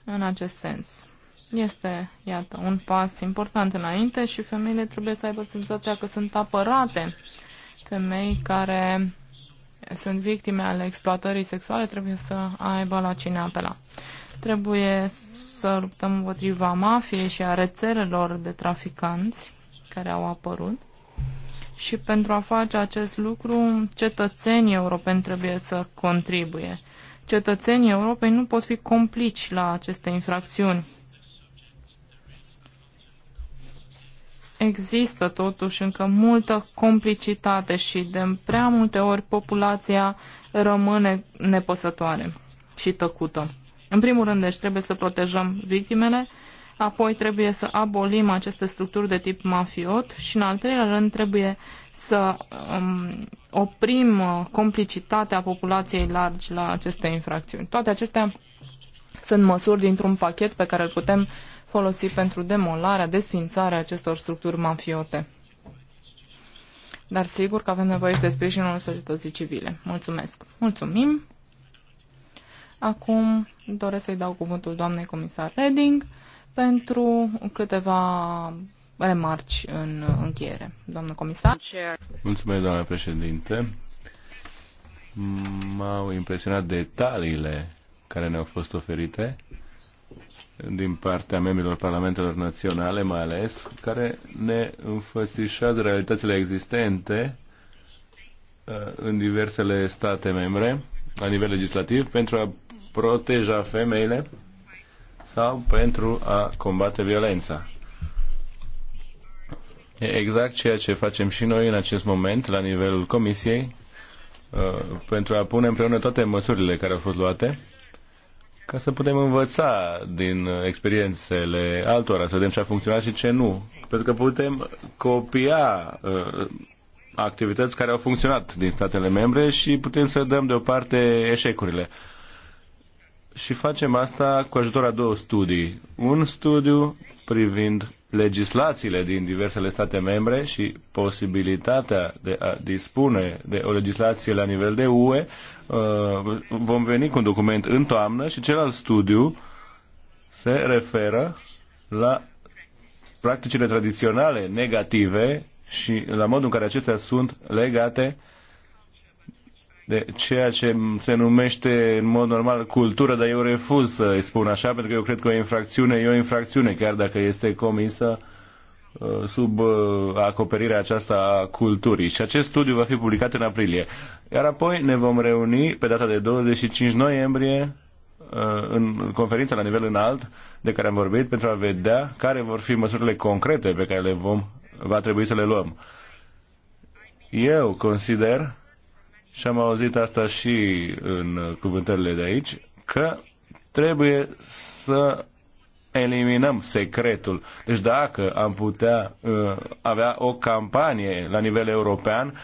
Speaker 6: în acest sens. Este, iată, un pas important înainte și femeile trebuie să aibă senzația că sunt apărate. Femei care sunt victime ale exploatării sexuale trebuie să aibă la cine apela. Trebuie să luptăm împotriva mafiei și a rețelelor de traficanți care au apărut. Și pentru a face acest lucru, cetățenii europeni trebuie să contribuie cetățenii Europei nu pot fi complici la aceste infracțiuni. Există totuși încă multă complicitate și de prea multe ori populația rămâne nepăsătoare și tăcută. În primul rând, deci, trebuie să protejăm victimele, apoi trebuie să abolim aceste structuri de tip mafiot și, în al treilea rând, trebuie să um, oprim uh, complicitatea populației largi la aceste infracțiuni. Toate acestea sunt măsuri dintr-un pachet pe care îl putem folosi pentru demolarea, desfințarea acestor structuri mafiote. Dar sigur că avem nevoie și de sprijinul societății civile. Mulțumesc! Mulțumim! Acum doresc să-i dau cuvântul doamnei comisar Reding pentru câteva remarci în încheiere. Doamnă comisar.
Speaker 4: Mulțumesc, doamnă președinte. M-au impresionat detaliile care ne-au fost oferite din partea membrilor parlamentelor naționale, mai ales, care ne înfățișează realitățile existente uh, în diversele state membre, la nivel legislativ, pentru a proteja femeile sau pentru a combate violența. E exact ceea ce facem și noi în acest moment la nivelul Comisiei uh, pentru a pune împreună toate măsurile care au fost luate ca să putem învăța din experiențele altora, să vedem ce a funcționat și ce nu. Pentru că putem copia uh, activități care au funcționat din statele membre și putem să dăm deoparte eșecurile și facem asta cu ajutorul a două studii. Un studiu privind legislațiile din diversele state membre și posibilitatea de a dispune de o legislație la nivel de UE. Uh, vom veni cu un document în toamnă și celălalt studiu se referă la practicile tradiționale negative și la modul în care acestea sunt legate de ceea ce se numește în mod normal cultură, dar eu refuz să îi spun așa, pentru că eu cred că o infracțiune e o infracțiune, chiar dacă este comisă uh, sub uh, acoperirea aceasta a culturii. Și acest studiu va fi publicat în aprilie. Iar apoi ne vom reuni pe data de 25 noiembrie uh, în conferința la nivel înalt de care am vorbit pentru a vedea care vor fi măsurile concrete pe care le vom, va trebui să le luăm. Eu consider și am auzit asta și în cuvântările de aici, că trebuie să eliminăm secretul. Deci dacă am putea uh, avea o campanie la nivel european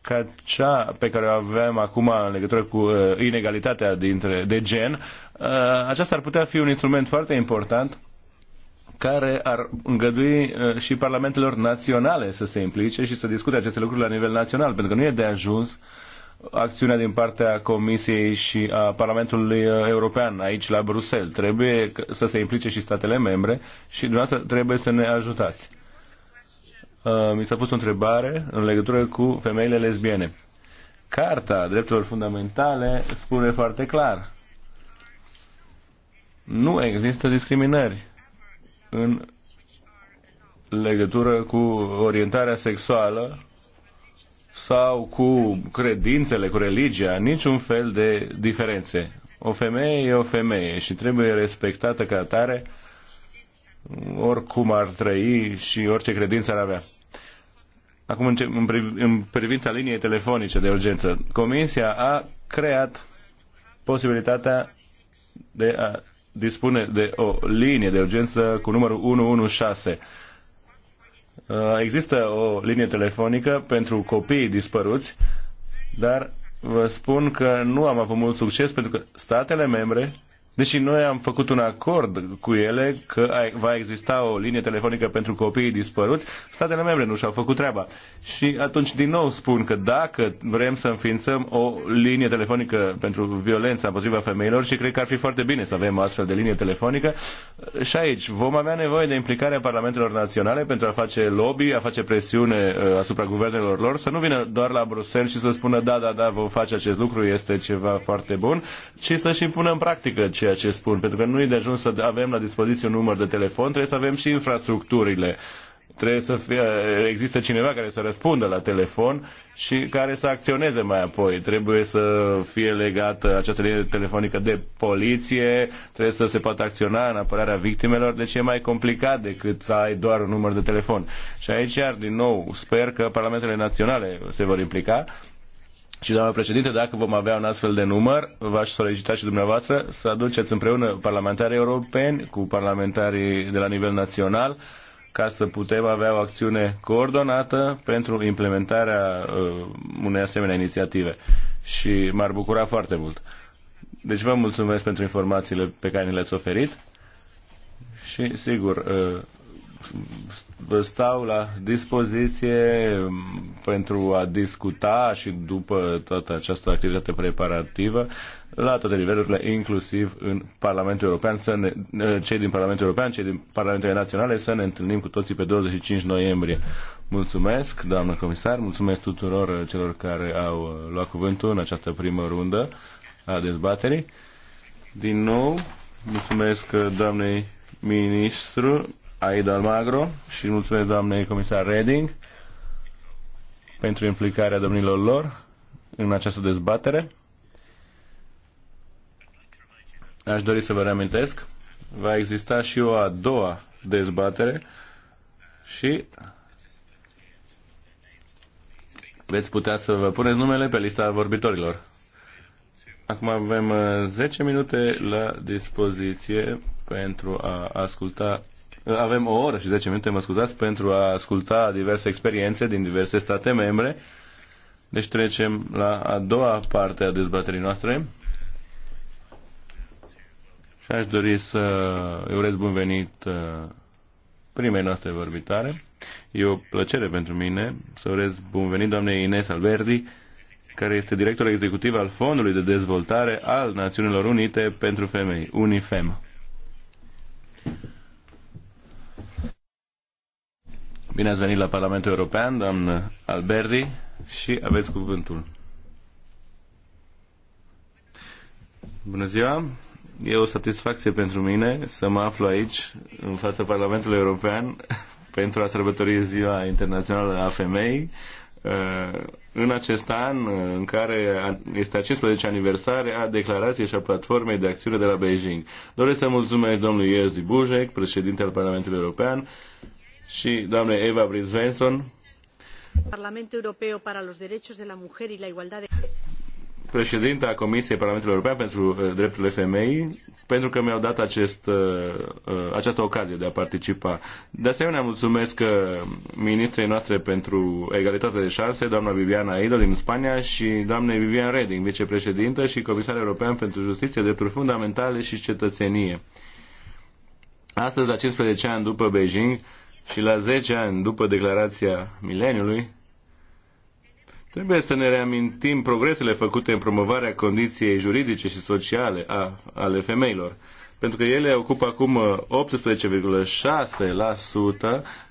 Speaker 4: ca cea pe care o avem acum în legătură cu uh, inegalitatea dintre, de gen, uh, aceasta ar putea fi un instrument foarte important care ar îngădui uh, și parlamentelor naționale să se implice și să discute aceste lucruri la nivel național, pentru că nu e de ajuns uh, acțiunea din partea Comisiei și a Parlamentului uh, European aici la Bruxelles. Trebuie să se implice și statele membre și dumneavoastră trebuie să ne ajutați. Uh, mi s-a pus o întrebare în legătură cu femeile lesbiene. Carta drepturilor fundamentale spune foarte clar. Nu există discriminări în legătură cu orientarea sexuală sau cu credințele, cu religia, niciun fel de diferențe. O femeie e o femeie și trebuie respectată ca atare oricum ar trăi și orice credință ar avea. Acum, în, în privința liniei telefonice de urgență, Comisia a creat posibilitatea de a dispune de o linie de urgență cu numărul 116 Uh, există o linie telefonică pentru copiii dispăruți, dar vă spun că nu am avut mult succes pentru că statele membre Deși noi am făcut un acord cu ele că va exista o linie telefonică pentru copiii dispăruți, statele membre nu și-au făcut treaba. Și atunci din nou spun că dacă vrem să înființăm o linie telefonică pentru violența împotriva femeilor și cred că ar fi foarte bine să avem o astfel de linie telefonică, și aici vom avea nevoie de implicarea parlamentelor naționale pentru a face lobby, a face presiune uh, asupra guvernelor lor, să nu vină doar la Bruxelles și să spună da, da, da, vom face acest lucru, este ceva foarte bun, ci să și impună în practică ceea ce spun, pentru că nu e de ajuns să avem la dispoziție un număr de telefon, trebuie să avem și infrastructurile trebuie să fie, există cineva care să răspundă la telefon și care să acționeze mai apoi. Trebuie să fie legată această linie telefonică de poliție, trebuie să se poată acționa în apărarea victimelor, deci e mai complicat decât să ai doar un număr de telefon. Și aici, iar, din nou, sper că parlamentele naționale se vor implica și, doamnă președinte, dacă vom avea un astfel de număr, v-aș solicita și dumneavoastră să aduceți împreună parlamentarii europeni cu parlamentarii de la nivel național ca să putem avea o acțiune coordonată pentru implementarea uh, unei asemenea inițiative. Și m-ar bucura foarte mult. Deci vă mulțumesc pentru informațiile pe care ni le-ați oferit și, sigur, uh, vă stau la dispoziție um, pentru a discuta și după toată această activitate preparativă la toate nivelurile, inclusiv în Parlamentul European, să ne, cei din Parlamentul European, cei din Parlamentele Naționale, să ne întâlnim cu toții pe 25 noiembrie. Mulțumesc, doamnă comisar, mulțumesc tuturor celor care au luat cuvântul în această primă rundă a dezbaterii. Din nou, mulțumesc doamnei ministru Aida Almagro și mulțumesc doamnei comisar Reding pentru implicarea domnilor lor în această dezbatere. Aș dori să vă reamintesc, va exista și o a doua dezbatere și veți putea să vă puneți numele pe lista vorbitorilor. Acum avem 10 uh, minute la dispoziție pentru a asculta avem o oră și 10 minute, mă scuzați, pentru a asculta diverse experiențe din diverse state membre. Deci trecem la a doua parte a dezbaterii noastre. Și aș dori să îi urez bun venit uh, primei noastre vorbitare. E o plăcere pentru mine să urez bun venit doamnei Ines Alberdi, care este director executiv al Fondului de Dezvoltare al Națiunilor Unite pentru Femei, UNIFEM. Bine ați venit la Parlamentul European, doamnă Alberdi, și aveți cuvântul. Bună ziua! E o satisfacție pentru mine să mă aflu aici, în fața Parlamentului European, pentru a sărbători Ziua Internațională a Femeii, uh, în acest an uh, în care este a 15 aniversare a declarației și a platformei de acțiune de la Beijing. Doresc să mulțumesc domnului Iezi Buzek, președinte al Parlamentului European, și doamnei Eva Brisvenson.
Speaker 3: Parlamentul European para los Derechos de la Mujer y la Igualdad
Speaker 4: de Comisiei Parlamentului European pentru uh, Drepturile Femeii, pentru că mi-au dat acest, uh, uh, această ocazie de a participa. De asemenea, mulțumesc ministrei noastre pentru egalitate de șanse, doamna Viviana Eido din Spania și doamnei Vivian Reding, vicepreședintă și comisar european pentru justiție, drepturi fundamentale și cetățenie. Astăzi, la 15 ani după Beijing, și la 10 ani după declarația mileniului, trebuie să ne reamintim progresele făcute în promovarea condiției juridice și sociale a, ale femeilor, pentru că ele ocupă acum 18,6% uh,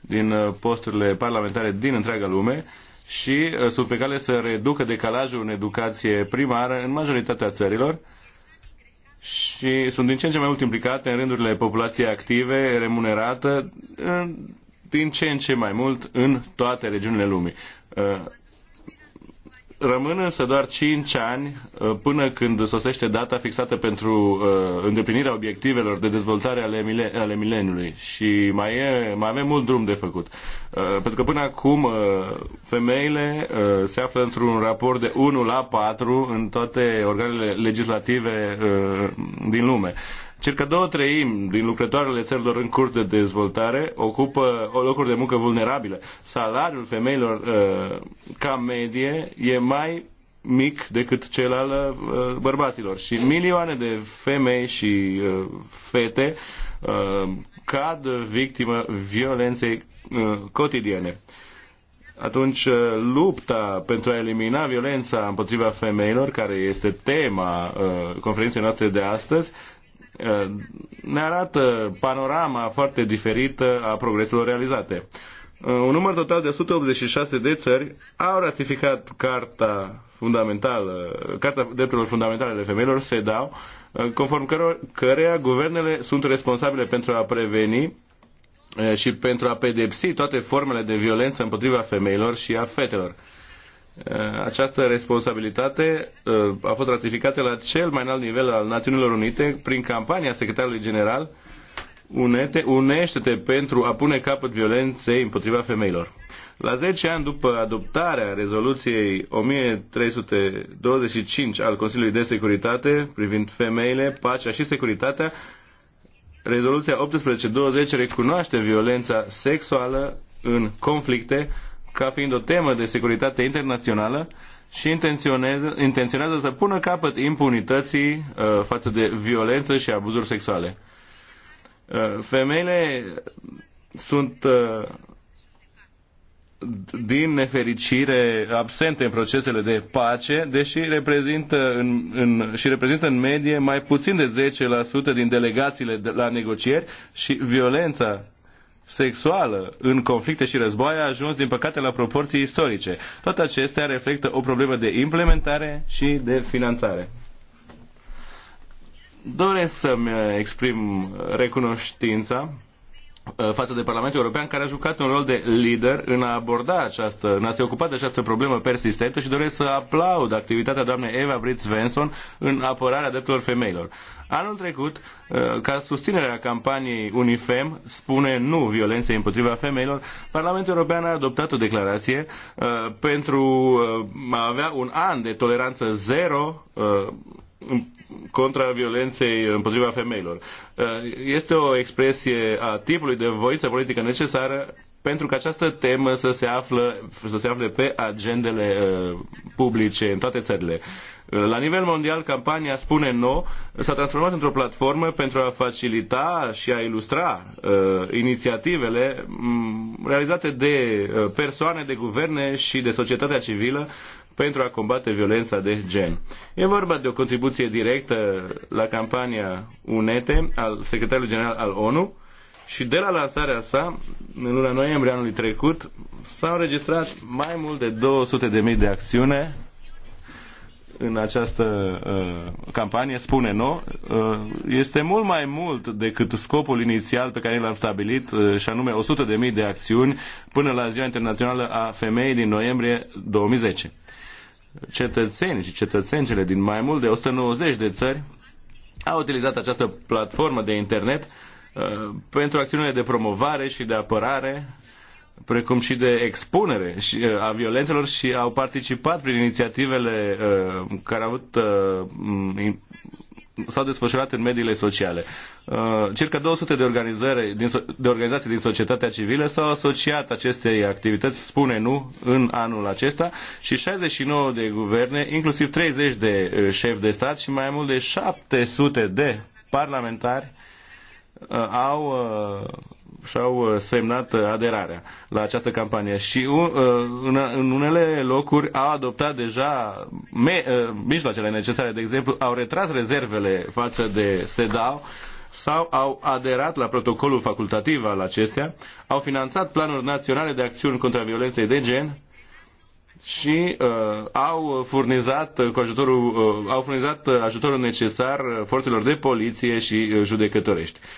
Speaker 4: din uh, posturile parlamentare din întreaga lume și uh, sunt pe cale să reducă decalajul în educație primară în majoritatea țărilor, și sunt din ce în ce mai mult implicate în rândurile populației active, remunerată, din ce în ce mai mult în toate regiunile lumii. Uh, rămân însă doar 5 ani uh, până când sosește data fixată pentru uh, îndeplinirea obiectivelor de dezvoltare ale, milen- ale mileniului și mai, e, mai avem mult drum de făcut. Pentru că până acum femeile se află într-un raport de 1 la 4 în toate organele legislative din lume. Circa două treimi din lucrătoarele țărilor în curs de dezvoltare ocupă o locuri de muncă vulnerabile. Salariul femeilor uh, ca medie e mai mic decât cel al uh, bărbaților și milioane de femei și uh, fete cad victimă violenței cotidiene. Atunci, lupta pentru a elimina violența împotriva femeilor, care este tema conferinței noastre de astăzi, ne arată panorama foarte diferită a progreselor realizate. Uh, un număr total de 186 de țări au ratificat Carta fundamentală, Carta Drepturilor Fundamentale ale Femeilor, SEDAW, uh, conform căreia guvernele sunt responsabile pentru a preveni uh, și pentru a pedepsi toate formele de violență împotriva femeilor și a fetelor. Eh, această responsabilitate eh, a fost ratificată la cel mai înalt nivel al Națiunilor Unite prin campania secretarului general Unete, unește-te pentru a pune capăt violenței împotriva femeilor. La 10 ani după adoptarea rezoluției 1325 al Consiliului de Securitate privind femeile, pacea și securitatea, rezoluția 1820 recunoaște violența sexuală în conflicte ca fiind o temă de securitate internațională și intenționează să pună capăt impunității uh, față de violență și abuzuri sexuale. Uh, femeile sunt uh, din nefericire absente în procesele de pace, deși reprezintă în, în, și reprezintă în medie mai puțin de 10% din delegațiile de la negocieri și violența sexuală în conflicte și războaie a ajuns, din păcate, la proporții istorice. Toate acestea reflectă o problemă de implementare și de finanțare. Doresc să-mi eh, exprim recunoștința Eh, față de Parlamentul European, care a jucat un rol de lider în a aborda această, în a se ocupa de această problemă persistentă și doresc să aplaud activitatea doamnei Eva britz Svensson în apărarea drepturilor femeilor. Anul trecut, eh, ca susținerea campaniei UNIFEM spune nu violenței împotriva femeilor, Parlamentul European a adoptat o declarație eh, pentru a avea un an de toleranță zero contra violenței împotriva femeilor. Uh, este o expresie a tipului de voință politică necesară pentru că această temă să se, află, să se afle pe agendele uh, publice în toate țările. Uh, la nivel mondial, campania Spune No s-a transformat într-o platformă pentru a facilita și a ilustra uh, inițiativele um, realizate de uh, persoane, de guverne și de societatea civilă pentru a combate violența de gen. E vorba de o contribuție directă la campania UNETE al secretarului general al ONU și de la lansarea sa, în luna noiembrie anului trecut, s-au înregistrat mai mult de 200.000 de acțiune în această uh, campanie, spune nu, uh, este mult mai mult decât scopul inițial pe care l-am stabilit, uh, și anume 100.000 de acțiuni până la Ziua Internațională a Femeii din noiembrie 2010 cetățeni și cetățencele din mai mult de 190 de țări au utilizat această platformă de internet uh, pentru acțiunile de promovare și de apărare, precum și de expunere uh, a violențelor și au participat prin inițiativele uh, care au avut s-au desfășurat în mediile sociale. Uh, circa 200 de, organizări, de organizații din societatea civilă s-au asociat acestei activități, spune nu, în anul acesta și 69 de guverne, inclusiv 30 de uh, șefi de stat și mai mult de 700 de parlamentari uh, au și-au uh, semnat uh, aderarea la această campanie și uh, în unele locuri au adoptat deja me, mijloacele necesare, de exemplu, au retras rezervele față de SEDAO sau au aderat la protocolul facultativ al acestea, au finanțat planuri naționale de acțiuni contra violenței de gen și uh, au furnizat cu ajutorul, uh, au furnizat ajutorul necesar forțelor de poliție și judecătorești. Uh,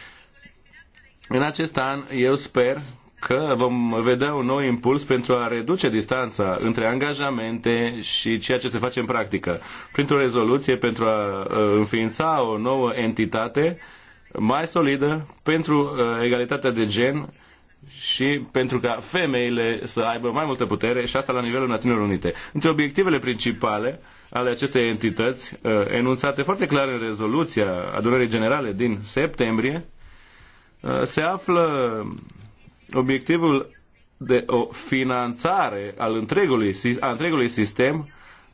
Speaker 4: în acest an, eu sper că vom vedea un nou impuls pentru a reduce distanța între angajamente și ceea ce se face în practică, printr-o rezoluție pentru a uh, înființa o nouă entitate mai solidă pentru uh, egalitatea de gen și pentru ca femeile să aibă mai multă putere și asta la nivelul Națiunilor Unite. Între obiectivele principale ale acestei entități, uh, enunțate foarte clar în rezoluția adunării generale din septembrie, Uh, se află obiectivul de o finanțare al întregului, a întregului sistem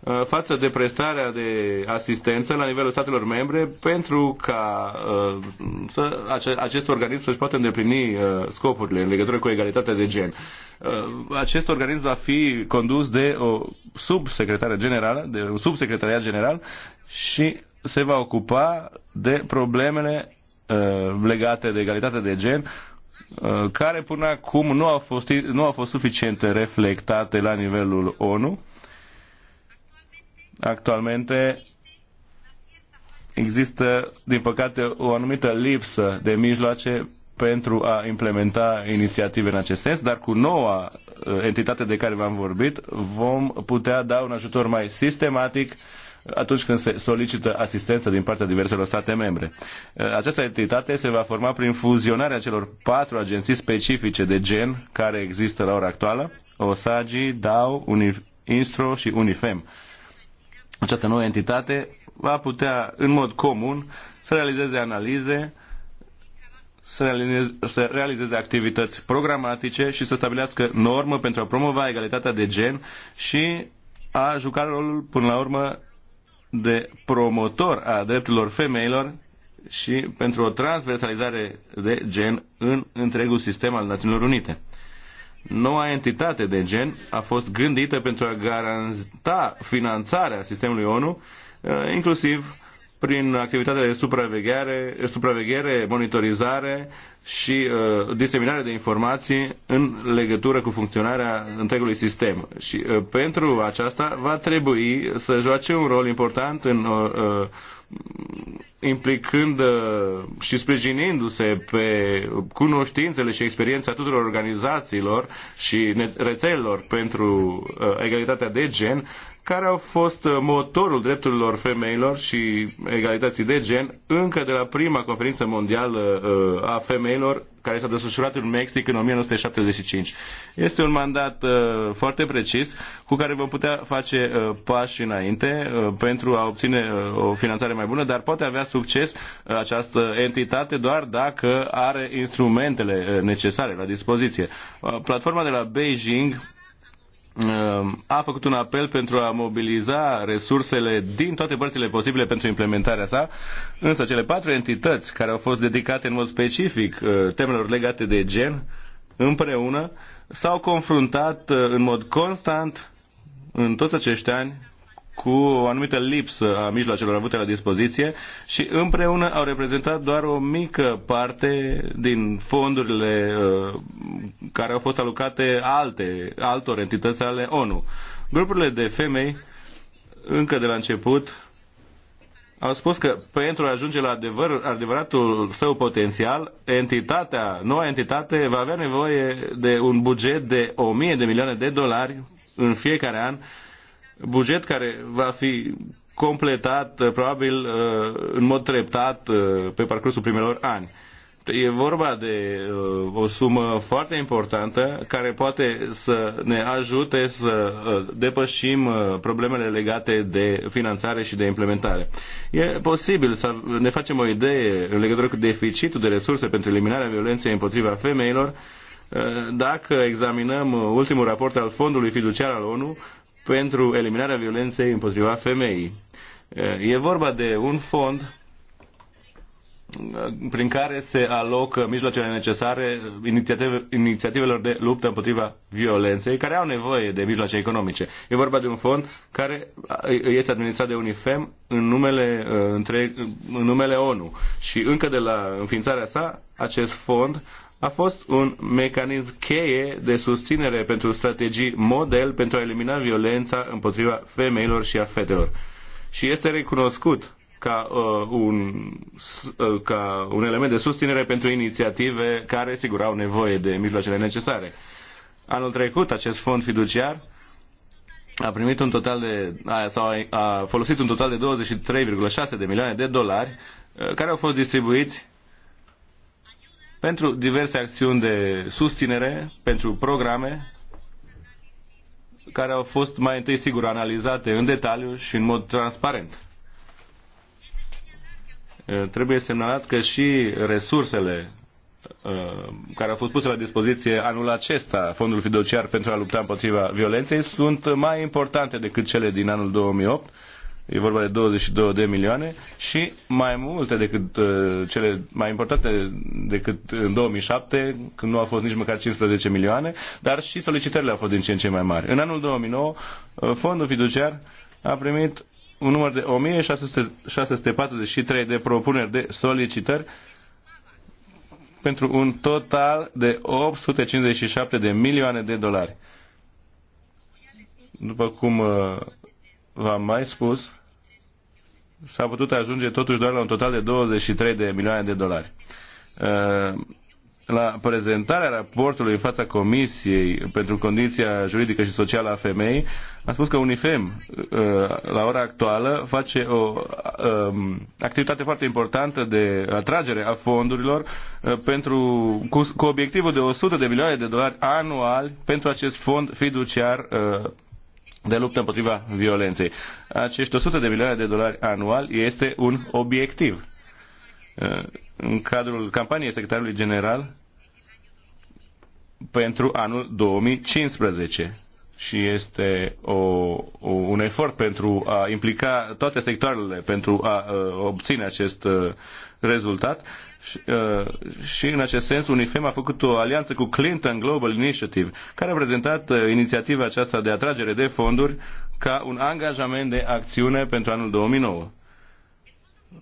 Speaker 4: uh, față de prestarea de asistență la nivelul statelor membre pentru ca uh, să, acest organism să-și poată îndeplini scopurile în legătură cu egalitatea de gen. Acest organism va fi condus de o subsecretară generală, de un subsecretariat general și se va ocupa de problemele Uh, legate de egalitate de gen, uh, care până acum nu au fost, nu au fost suficient reflectate la nivelul ONU. Actualmente există, din păcate, o anumită lipsă de mijloace pentru a implementa inițiative în acest sens, dar cu noua uh, entitate de care v-am vorbit vom putea da un ajutor mai sistematic uh, atunci când se solicită asistență din partea diverselor state membre. Uh, această entitate se va forma prin fuzionarea celor patru agenții specifice de gen care există la ora actuală, OSAGI, DAO, Unif- Instro și Unifem. Această nouă entitate va putea, în mod comun, să realizeze analize, să realizeze, să realizeze activități programatice și să stabilească normă pentru a promova egalitatea de gen și a juca rolul, până la urmă, de promotor a drepturilor femeilor și pentru o transversalizare de gen în întregul sistem al Națiunilor Unite. Noua entitate de gen a fost gândită pentru a garanta finanțarea sistemului ONU, eh, inclusiv prin activitatea de supraveghere, supraveghere monitorizare și uh, diseminare de informații în legătură cu funcționarea întregului sistem. Și uh, pentru aceasta va trebui să joace un rol important în uh, uh, implicând uh, și sprijinindu-se pe cunoștințele și experiența tuturor organizațiilor și rețelelor pentru uh, egalitatea de gen, care au fost uh, motorul drepturilor femeilor și egalității de gen încă de la prima conferință mondială uh, a femeilor care s-a desfășurat în Mexic în 1975. Este un mandat uh, foarte precis cu care vom putea face pași înainte pentru a obține o finanțare mai bună, dar poate avea succes această entitate doar dacă are instrumentele necesare la dispoziție. Platforma de la Beijing Ehm, a făcut un apel pentru a mobiliza resursele din toate părțile posibile pentru implementarea sa, însă cele patru entități care au fost dedicate în mod specific eh, temelor legate de gen, împreună, s-au confruntat eh, în mod constant în toți acești ani cu o anumită lipsă a mijloacelor avute la dispoziție și împreună au reprezentat doar o mică parte din fondurile uh, care au fost alocate alte, altor entități ale ONU. Grupurile de femei, încă de la început, au spus că pentru a ajunge la adevăr, adevăratul său potențial, entitatea, noua entitate va avea nevoie de un buget de 1000 de milioane de dolari în fiecare an buget care va fi completat uh, probabil uh, în mod treptat uh, pe parcursul primelor ani. E vorba de o sumă foarte importantă care poate să ne ajute să depășim problemele legate de finanțare și de implementare. E posibil să ne facem o idee în legătură cu deficitul de resurse pentru eliminarea violenței împotriva femeilor dacă examinăm ultimul raport al Fondului Fiduciar al ONU, pentru eliminarea violenței împotriva femeii. E vorba de un fond prin care se alocă mijloacele necesare inițiative, inițiativelor de luptă împotriva violenței, care au nevoie de mijloace economice. E vorba de un fond care este administrat de UNIFEM în numele, uh, între, în numele ONU. Și încă de la înființarea sa, acest fond a fost un mecanism cheie de susținere pentru strategii model pentru a elimina violența împotriva femeilor și a fetelor. Și este recunoscut ca, uh, un, uh, ca un element de susținere pentru inițiative care, sigur, au nevoie de mijloacele necesare. Anul trecut, acest fond fiduciar a primit un total de, a, sau a, a folosit un total de 23,6 de milioane de dolari uh, care au fost distribuiți pentru diverse acțiuni de susținere, pentru programe care au fost mai întâi, sigur, analizate în detaliu și în mod transparent. Trebuie semnalat că și resursele care au fost puse la dispoziție anul acesta, Fondul Fiduciar pentru a lupta împotriva violenței, sunt mai importante decât cele din anul 2008 e vorba de 22 de milioane și mai multe decât uh, cele mai importante decât în 2007, când nu a fost nici măcar 15 milioane, dar și solicitările au fost din ce în ce mai mari. În anul 2009, uh, fondul fiduciar a primit un număr de 1643 de propuneri de solicitări pentru un total de 857 de milioane de dolari. După cum uh, v-am mai spus, s-a putut ajunge totuși doar la un total de 23 de milioane de dolari. Uh, la prezentarea raportului în fața Comisiei pentru Condiția Juridică și Socială a Femeii, a spus că UNIFEM, uh, la ora actuală, face o uh, activitate foarte importantă de atragere a fondurilor pentru, cu, cu obiectivul de 100 de milioane de dolari anual pentru acest fond fiduciar de luptă împotriva violenței. Acești 100 de milioane de dolari anual este un obiectiv. Uh, în cadrul campaniei secretarului general pentru anul 2015 și este o, o, un efort pentru a implica toate sectoarele pentru a, a uh, obține acest uh, rezultat uh, și, în acest sens UNIFEM a făcut o alianță cu Clinton Global Initiative, care a prezentat uh, inițiativa aceasta de atragere de fonduri ca un angajament de acțiune pentru anul 2009.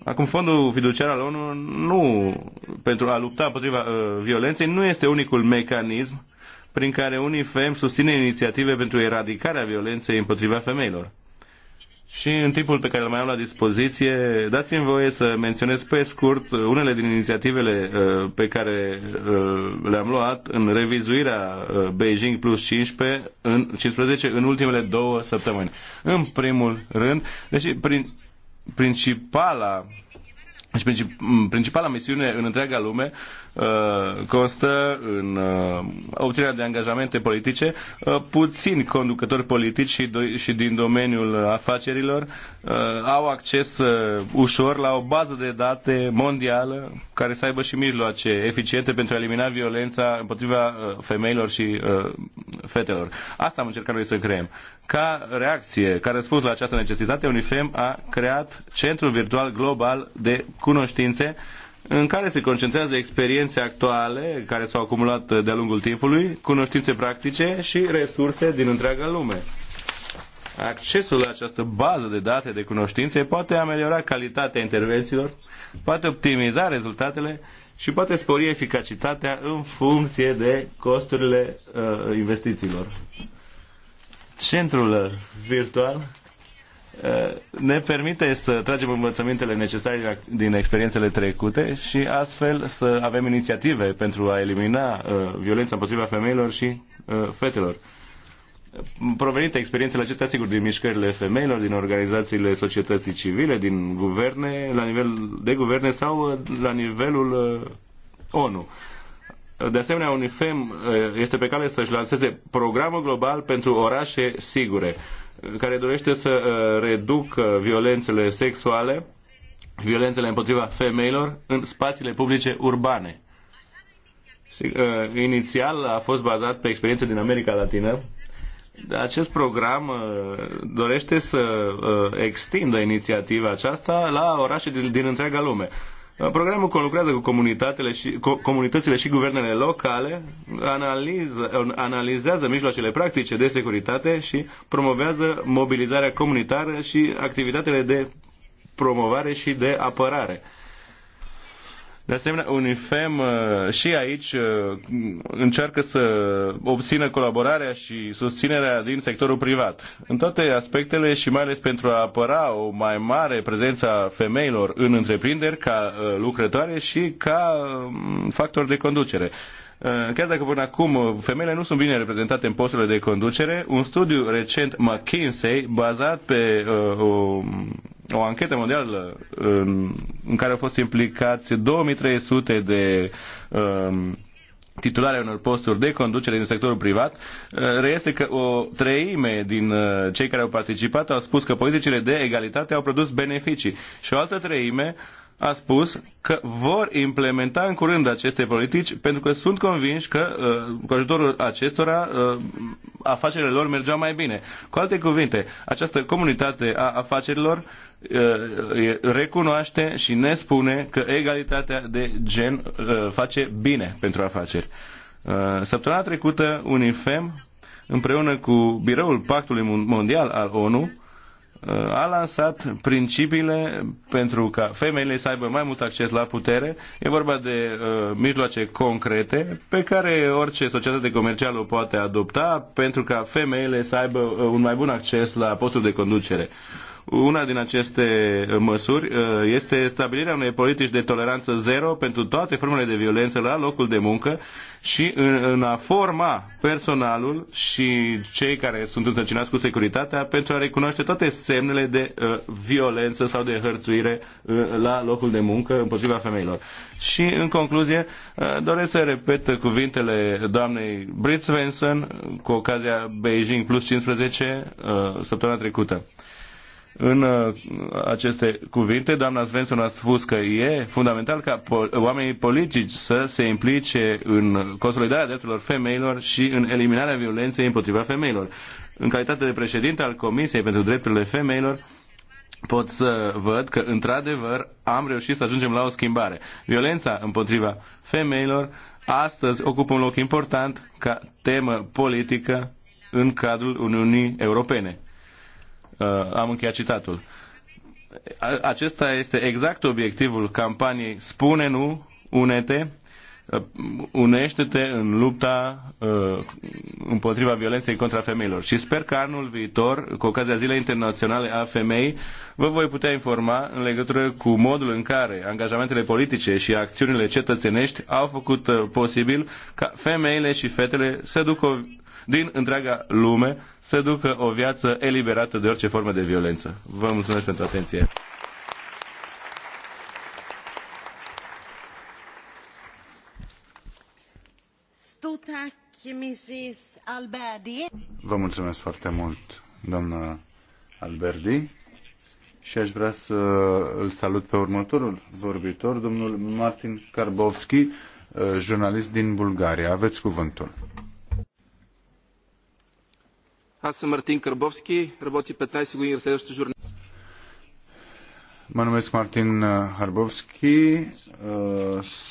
Speaker 4: Acum, fondul fiduciar al ONU nu, pentru a lupta împotriva uh, violenței nu este unicul mecanism prin care UNIFEM susține inițiative pentru eradicarea violenței împotriva femeilor. Și în timpul pe care îl mai am la dispoziție, dați-mi voie să menționez pe scurt unele din inițiativele uh, pe care uh, le-am luat în revizuirea uh, Beijing plus 15 în, 15 în ultimele două săptămâni. În primul rând, deci prin, principala deci principala misiune în întreaga lume uh, constă în uh, obținerea de angajamente politice. Uh, puțini conducători politici și, din domeniul afacerilor au acces ușor la o bază de date mondială care să aibă și mijloace eficiente pentru a elimina violența împotriva femeilor și fetelor. Asta am încercat noi să creăm. Ca reacție, ca răspuns la această necesitate, UNIFEM a creat Centrul Virtual Global de Cunoștințe în care se concentrează experiențe actuale care s-au acumulat de-a lungul timpului, cunoștințe practice și resurse din întreaga lume. Accesul la această bază de date de cunoștințe poate ameliora calitatea intervențiilor, poate optimiza rezultatele și poate spori eficacitatea în funcție de costurile uh, investițiilor. Centrul virtual eh, ne permite să tragem învățămintele necesare din experiențele trecute și astfel să avem inițiative pentru a elimina eh, violența împotriva femeilor și eh, fetelor. Provenite experiențele acestea, sigur, din mișcările femeilor, din organizațiile societății civile, din guverne, la nivel de guverne sau la nivelul ONU. De asemenea, UNIFEM eh, este pe cale să-și lanseze programul global pentru orașe sigure, care dorește să eh, reducă violențele sexuale, violențele împotriva femeilor în spațiile publice urbane. Eh, inițial a fost bazat pe experiențe din America Latină. Acest program dorește să extindă inițiativa aceasta la orașe din, din întreaga lume. Programul conlucrează cu comunitățile și, cu comunitățile și guvernele locale, analiză, analizează mijloacele practice de securitate și promovează mobilizarea comunitară și activitatele de promovare și de apărare. De asemenea, UNIFEM uh, și aici uh, încearcă să obțină colaborarea și susținerea din sectorul privat. În toate aspectele și mai ales pentru a apăra o mai mare prezență a femeilor în întreprinderi ca uh, lucrătoare și ca um, factor de conducere. Eh, chiar dacă până acum eh, femeile nu sunt bine reprezentate în posturile de conducere, un studiu recent McKinsey, bazat pe uh, o, o anchetă mondială în care au fost implicați 2300 de uh, ehm, titularea unor posturi de conducere din sectorul privat, reiese că o treime din cei care au participat au spus că politicile de egalitate au produs beneficii și o altă treime uh, a spus că vor implementa în curând aceste politici pentru că sunt convinși că uh, cu ajutorul acestora uh, afacerile lor mergeau mai bine. Cu alte cuvinte, această comunitate a afacerilor uh, recunoaște și ne spune că egalitatea de gen face bine pentru afaceri. Săptămâna trecută, UNIFEM, împreună cu Biroul Pactului Mondial al ONU, Uh, a lansat principiile pentru ca femeile să aibă mai mult acces la putere. E vorba de uh, mijloace concrete pe care orice societate comercială o poate adopta pentru ca femeile să aibă uh, un mai bun acces la postul de conducere. Uh, una din aceste uh, măsuri uh, este stabilirea unei politici de toleranță zero pentru toate formele de violență la locul de muncă și în a forma personalul și cei care sunt însăcinați cu securitatea pentru a recunoaște toate semnele de uh, violență sau de hărțuire la locul de muncă împotriva femeilor. Și în concluzie doresc să repet cuvintele doamnei Brit Svensson cu ocazia Beijing plus 15 săptămâna trecută. În uh, aceste cuvinte, doamna Svensson a spus că e fundamental ca oamenii politici să se implice în consolidarea drepturilor femeilor și în eliminarea violenței împotriva femeilor. În calitate de președinte al Comisiei pentru Drepturile Femeilor, pot să văd că, într-adevăr, am reușit să ajungem la o schimbare. Violența împotriva femeilor astăzi ocupă un loc important ca temă politică în cadrul Uniunii Europene. Uh, am încheiat citatul. Acesta este exact obiectivul campaniei Spune nu, unete, uh, unește-te în lupta uh, împotriva violenței contra femeilor. Și sper că anul viitor, cu ocazia Zilei Internaționale a Femei, vă voi putea informa în legătură cu modul în care angajamentele politice și acțiunile cetățenești au făcut uh, posibil ca femeile și fetele să ducă o din întreaga lume să ducă o viață eliberată de orice formă de violență. Vă mulțumesc pentru atenție.
Speaker 5: Vă mulțumesc foarte mult, doamnă Alberdi. Și aș vrea să îl salut pe următorul vorbitor, domnul Martin Karbovski, eh, jurnalist din Bulgaria. Aveți cuvântul.
Speaker 3: Аз съм Мартин Карбовски, работи 15 години разследваща журналист.
Speaker 5: Mă numesc Martin Harbovski,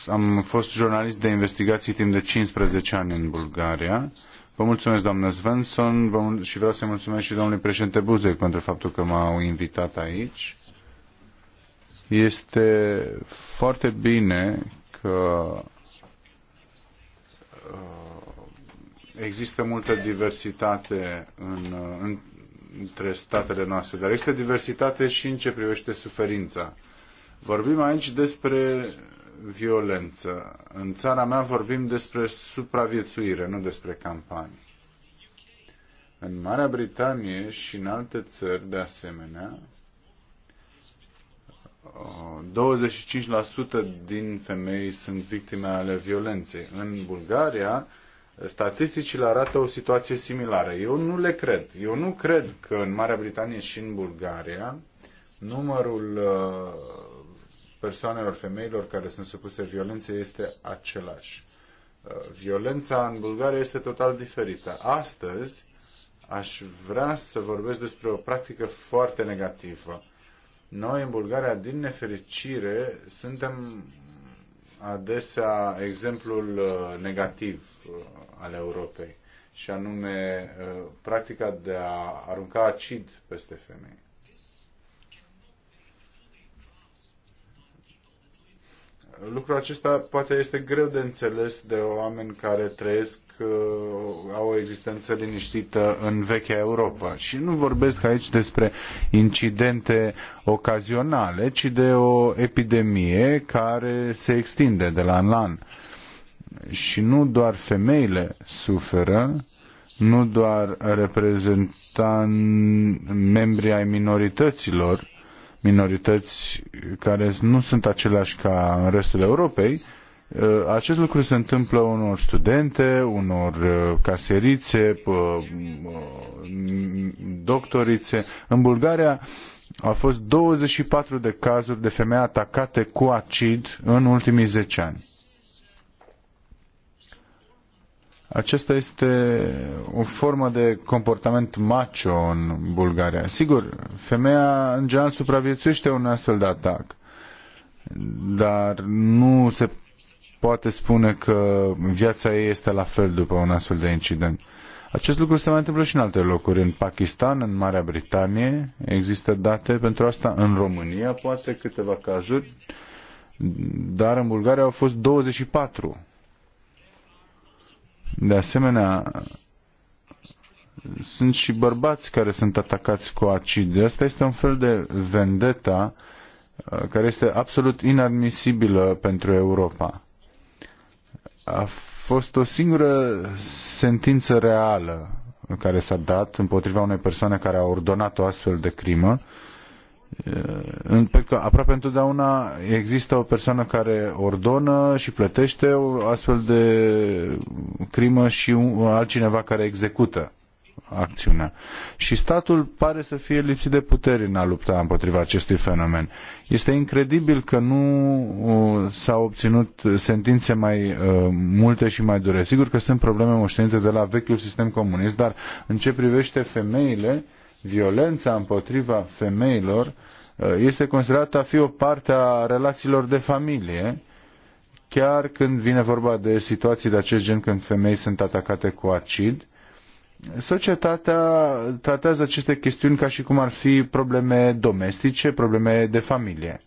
Speaker 5: am fost jurnalist de investigații timp de 15 ani în Bulgaria. Vă mulțumesc, doamnă Svensson, și vreau să mulțumesc și domnului președinte Buzek pentru faptul că m-au invitat aici. Este foarte bine că Există multă diversitate în, în, între statele noastre, dar există diversitate și în ce privește suferința. Vorbim aici despre violență. În țara mea vorbim despre supraviețuire, nu despre campanii. În Marea Britanie și în alte țări, de asemenea, 25% din femei sunt victime ale violenței. În Bulgaria, statisticile arată o situație similară. Eu nu le cred. Eu nu cred că în Marea Britanie și în Bulgaria numărul uh, persoanelor, femeilor care sunt supuse violenței este același. Uh, violența în Bulgaria este total diferită. Astăzi aș vrea să vorbesc despre o practică foarte negativă. Noi în Bulgaria, din nefericire, suntem adesea exemplul uh, negativ uh, al Europei și anume uh, practica de a arunca acid peste femei. Lucrul acesta poate este greu de înțeles de oameni care trăiesc au o existență liniștită în vechea Europa. Și nu vorbesc aici despre incidente ocazionale, ci de o epidemie care se extinde de la an la an. Și nu doar femeile suferă, nu doar reprezentan membrii ai minorităților, minorități care nu sunt aceleași ca în restul Europei, Uh, acest lucru se întâmplă unor studente, unor uh, caserițe, uh, doctorițe. În Bulgaria au fost 24 de cazuri de femei atacate cu acid în ultimii 10 ani. Aceasta este o formă de comportament macho în Bulgaria. Sigur, femeia în general supraviețuiește un astfel de atac, dar nu se poate spune că viața ei este la fel după un astfel de incident. Acest lucru se mai întâmplă și în alte locuri. În Pakistan, în Marea Britanie, există date pentru asta. În România, poate câteva cazuri, dar în Bulgaria au fost 24. De asemenea, sunt și bărbați care sunt atacați cu acid. Asta este un fel de vendeta uh, care este absolut inadmisibilă pentru Europa a fost o singură sentință reală care s-a dat împotriva unei persoane care a ordonat o astfel de crimă. Pentru că aproape întotdeauna există o persoană care ordonă și plătește o astfel de crimă și altcineva care execută acțiunea. Și statul pare să fie lipsit de puteri în a lupta împotriva acestui fenomen. Este incredibil că nu uh, s-au obținut sentințe mai uh, multe și mai dure. Sigur că sunt probleme moștenite de la vechiul sistem comunist, dar în ce privește femeile, violența împotriva femeilor uh, este considerată a fi o parte a relațiilor de familie, chiar când vine vorba de situații de acest gen când femei sunt atacate cu acid societatea tratează aceste chestiuni ca și cum ar fi probleme domestice, probleme de familie,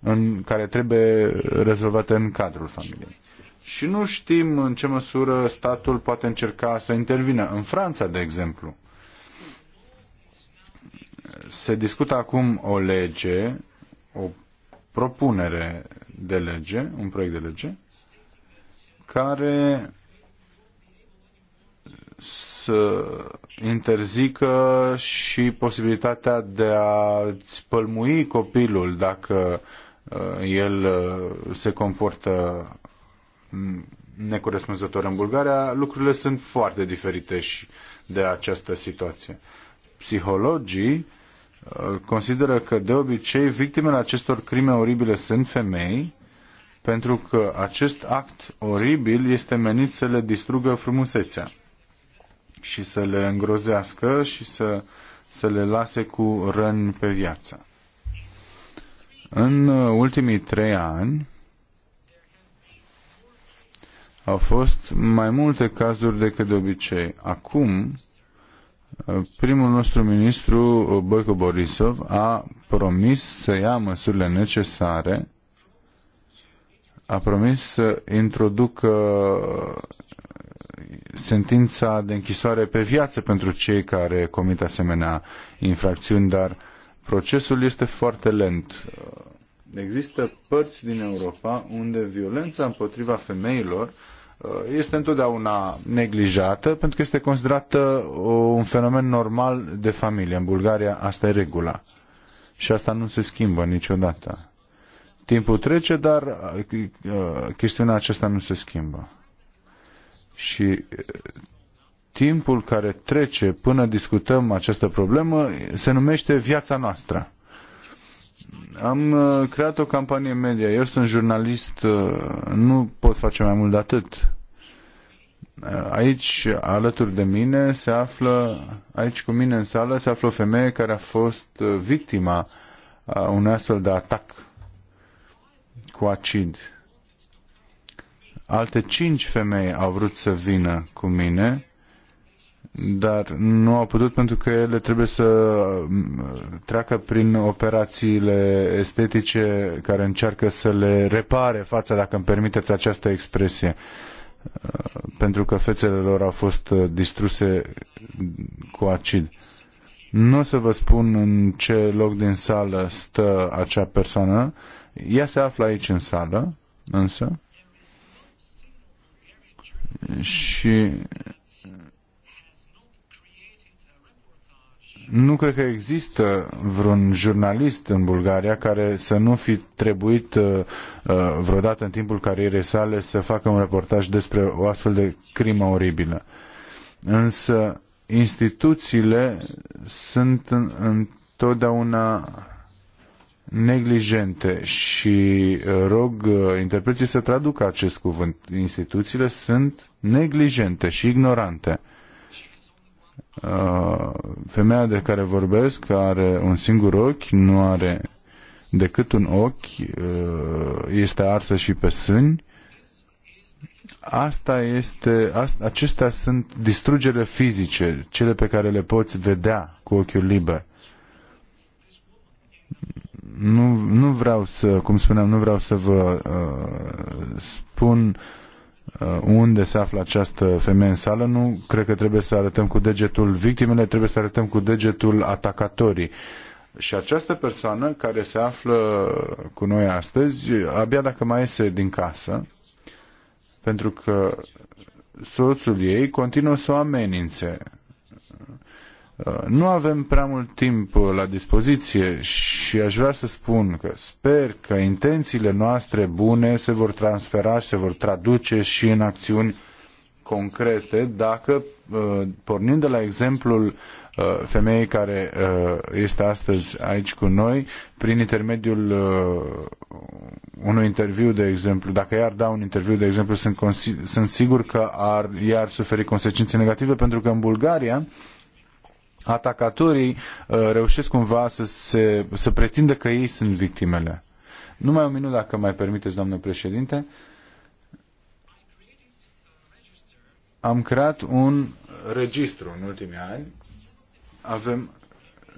Speaker 5: în care trebuie rezolvate în cadrul familiei. Și nu știm în ce măsură statul poate încerca să intervină. În Franța, de exemplu, se discută acum o lege, o propunere de lege, un proiect de lege, care interzică și posibilitatea de a pălmui copilul dacă uh, el uh, se comportă mm, necorespunzător în Bulgaria, lucrurile sunt foarte diferite și de această situație. Psihologii uh, consideră că de obicei victimele acestor crime oribile sunt femei, pentru că acest act oribil este menit să le distrugă frumusețea și să le îngrozească și să, să le lase cu răni pe viață. În uh, ultimii trei ani au fost mai multe cazuri decât de obicei. Acum, uh, primul nostru ministru, uh, Boico Borisov, a promis să ia măsurile necesare, a promis să introducă sentința de închisoare pe viață pentru cei care comit asemenea infracțiuni, dar procesul este foarte lent. Există părți din Europa unde violența împotriva femeilor uh, este întotdeauna neglijată pentru că este considerată uh, un fenomen normal de familie. În Bulgaria asta e regula. Și asta nu se schimbă niciodată. Timpul trece, dar uh, chestiunea aceasta nu se schimbă. Și timpul care trece până discutăm această problemă se numește viața noastră. Am creat o campanie media. Eu sunt jurnalist, nu pot face mai mult de atât. Aici, alături de mine, se află, aici cu mine în sală, se află o femeie care a fost victima unui astfel de atac cu acid. Alte cinci femei au vrut să vină cu mine, dar nu au putut pentru că ele trebuie să mm, treacă prin operațiile estetice care încearcă să le repare fața, dacă îmi permiteți această expresie uh, pentru că fețele lor au fost uh, distruse cu acid. Nu o să vă spun în ce loc din sală stă acea persoană. Ea se află aici în sală, însă și nu cred că există vreun jurnalist în Bulgaria care să nu fi trebuit uh, uh, vreodată în timpul carierei sale să facă un reportaj despre o astfel de crimă oribilă. Însă instituțiile sunt întotdeauna neglijente și uh, rog uh, interpreții să traducă acest cuvânt. Instituțiile sunt neglijente și ignorante. Uh, femeia de care vorbesc are un singur ochi, nu are decât un ochi, este arsă și pe sâni. Asta este, acestea sunt distrugere fizice, cele pe care le poți vedea cu ochiul liber nu, nu vreau să, cum spuneam, nu vreau să vă uh, spun uh, unde se află această femeie în sală. Nu cred că trebuie să arătăm cu degetul victimele, trebuie să arătăm cu degetul atacatorii. Și această persoană care se află cu noi astăzi, abia dacă mai iese din casă, pentru că soțul ei continuă să o amenințe nu avem prea mult timp la dispoziție și aș vrea să spun că sper că intențiile noastre bune se vor transfera și se vor traduce și în acțiuni concrete dacă, uh, pornind de la exemplul uh, femeii care uh, este astăzi aici cu noi, prin intermediul unui interviu, de exemplu, dacă i-ar da un interviu, de exemplu, sunt, sunt sigur că ar, i-ar suferi consecințe negative pentru că în Bulgaria atacatorii uh, reușesc cumva să, se, să pretindă că ei sunt victimele. Numai un minut, dacă mai permiteți, doamnă președinte. Am creat un registru în ultimii ani. Avem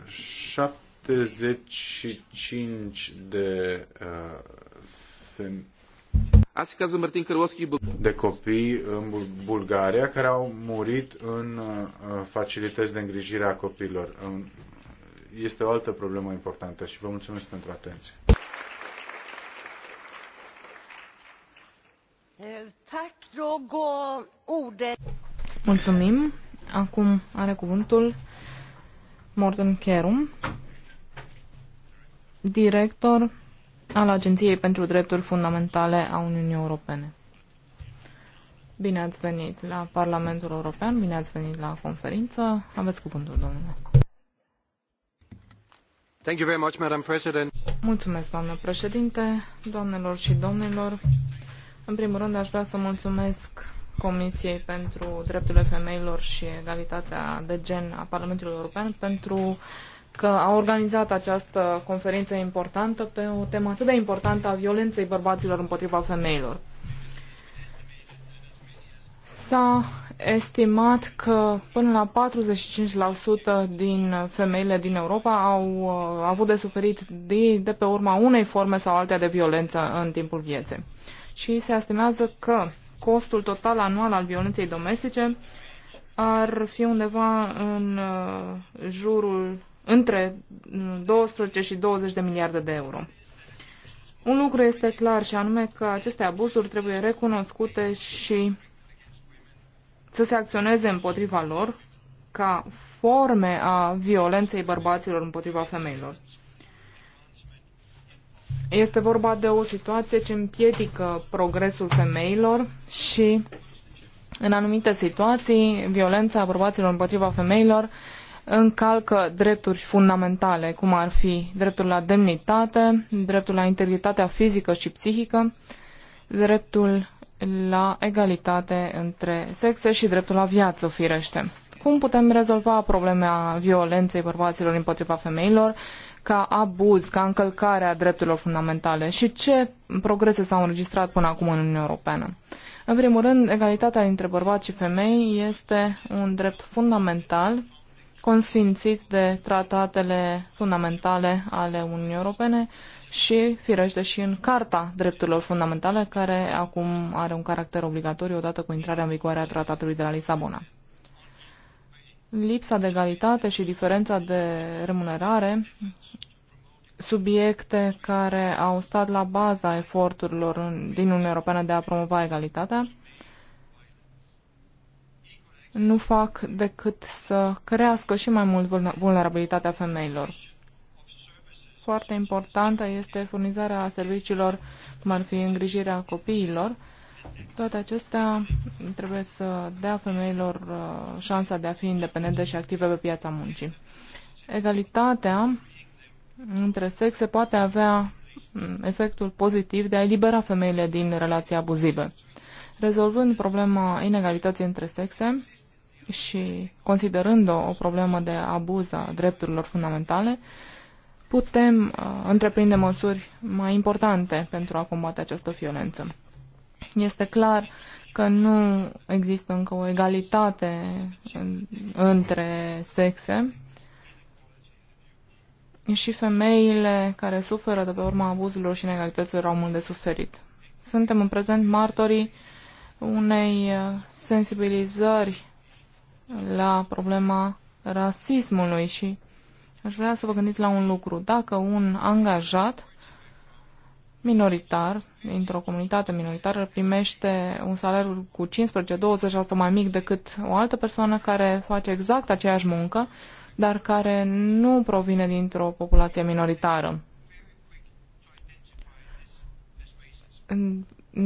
Speaker 5: 75 de uh, femei de copii în Bulgaria care au murit în uh, facilități de îngrijire a copiilor. Um, este o altă problemă importantă și vă mulțumesc pentru atenție.
Speaker 6: Mulțumim. Acum are cuvântul Morten Kerum, director al Agenției pentru Drepturi Fundamentale a Uniunii Europene. Bine ați venit la Parlamentul European, bine ați venit la conferință. Aveți cuvântul, domnule.
Speaker 2: Thank you very much, Madam President.
Speaker 6: Mulțumesc, doamnă președinte, doamnelor și domnilor. În primul rând, aș vrea să mulțumesc Comisiei pentru Drepturile Femeilor și Egalitatea de Gen a Parlamentului European pentru uh, că a organizat această conferință importantă pe o temă atât de importantă a violenței bărbaților împotriva femeilor. S-a estimat că până la 45% din femeile din Europa uh, au avut de suferit de, de pe urma unei forme sau altea de violență în timpul vieții. Și se estimează că costul total anual al violenței domestice ar fi undeva în uh, jurul între 12 mm, și 20 de miliarde de euro. Un lucru este clar și anume că aceste abuzuri trebuie recunoscute și să se acționeze împotriva lor ca forme a violenței bărbaților împotriva femeilor. Este vorba de o situație ce împiedică progresul femeilor și, în anumite situații, violența bărbaților împotriva femeilor încalcă drepturi fundamentale, cum ar fi dreptul la demnitate, dreptul la integritatea fizică și psihică, dreptul la egalitate între sexe și dreptul la viață, firește. Cum putem rezolva problema violenței bărbaților împotriva femeilor ca abuz, ca încălcare a drepturilor fundamentale și ce progrese s-au înregistrat până acum în Uniunea Europeană? În primul rând, egalitatea dintre bărbați și femei este un drept fundamental consfințit de tratatele fundamentale ale Uniunii Europene și, firește, și în Carta Drepturilor Fundamentale, care acum are un caracter obligatoriu odată cu intrarea în vigoare a Tratatului de la Lisabona. Lipsa de egalitate și diferența de remunerare, subiecte care au stat la baza eforturilor din Uniunea Europeană de a promova egalitatea, nu fac decât să crească și mai mult vulnerabilitatea femeilor. Foarte importantă este furnizarea serviciilor, cum ar fi îngrijirea copiilor. Toate acestea trebuie să dea femeilor uh, șansa de a fi independente și active pe piața muncii. Egalitatea între sexe poate avea mm, efectul pozitiv de a elibera femeile din relații abuzive. Rezolvând problema inegalității între sexe, și considerând-o o problemă de abuz a drepturilor fundamentale, putem uh, întreprinde măsuri mai importante pentru a combate această violență. Este clar că nu există încă o egalitate în, între sexe și femeile care suferă de pe urma abuzurilor și inegalităților au mult de suferit. Suntem în prezent martorii unei uh, sensibilizări la problema rasismului și aș vrea să vă gândiți la un lucru. Dacă un angajat minoritar, dintr-o comunitate minoritară, primește un salariu cu 15-20% mai mic decât o altă persoană care face exact aceeași muncă, dar care nu provine dintr-o populație minoritară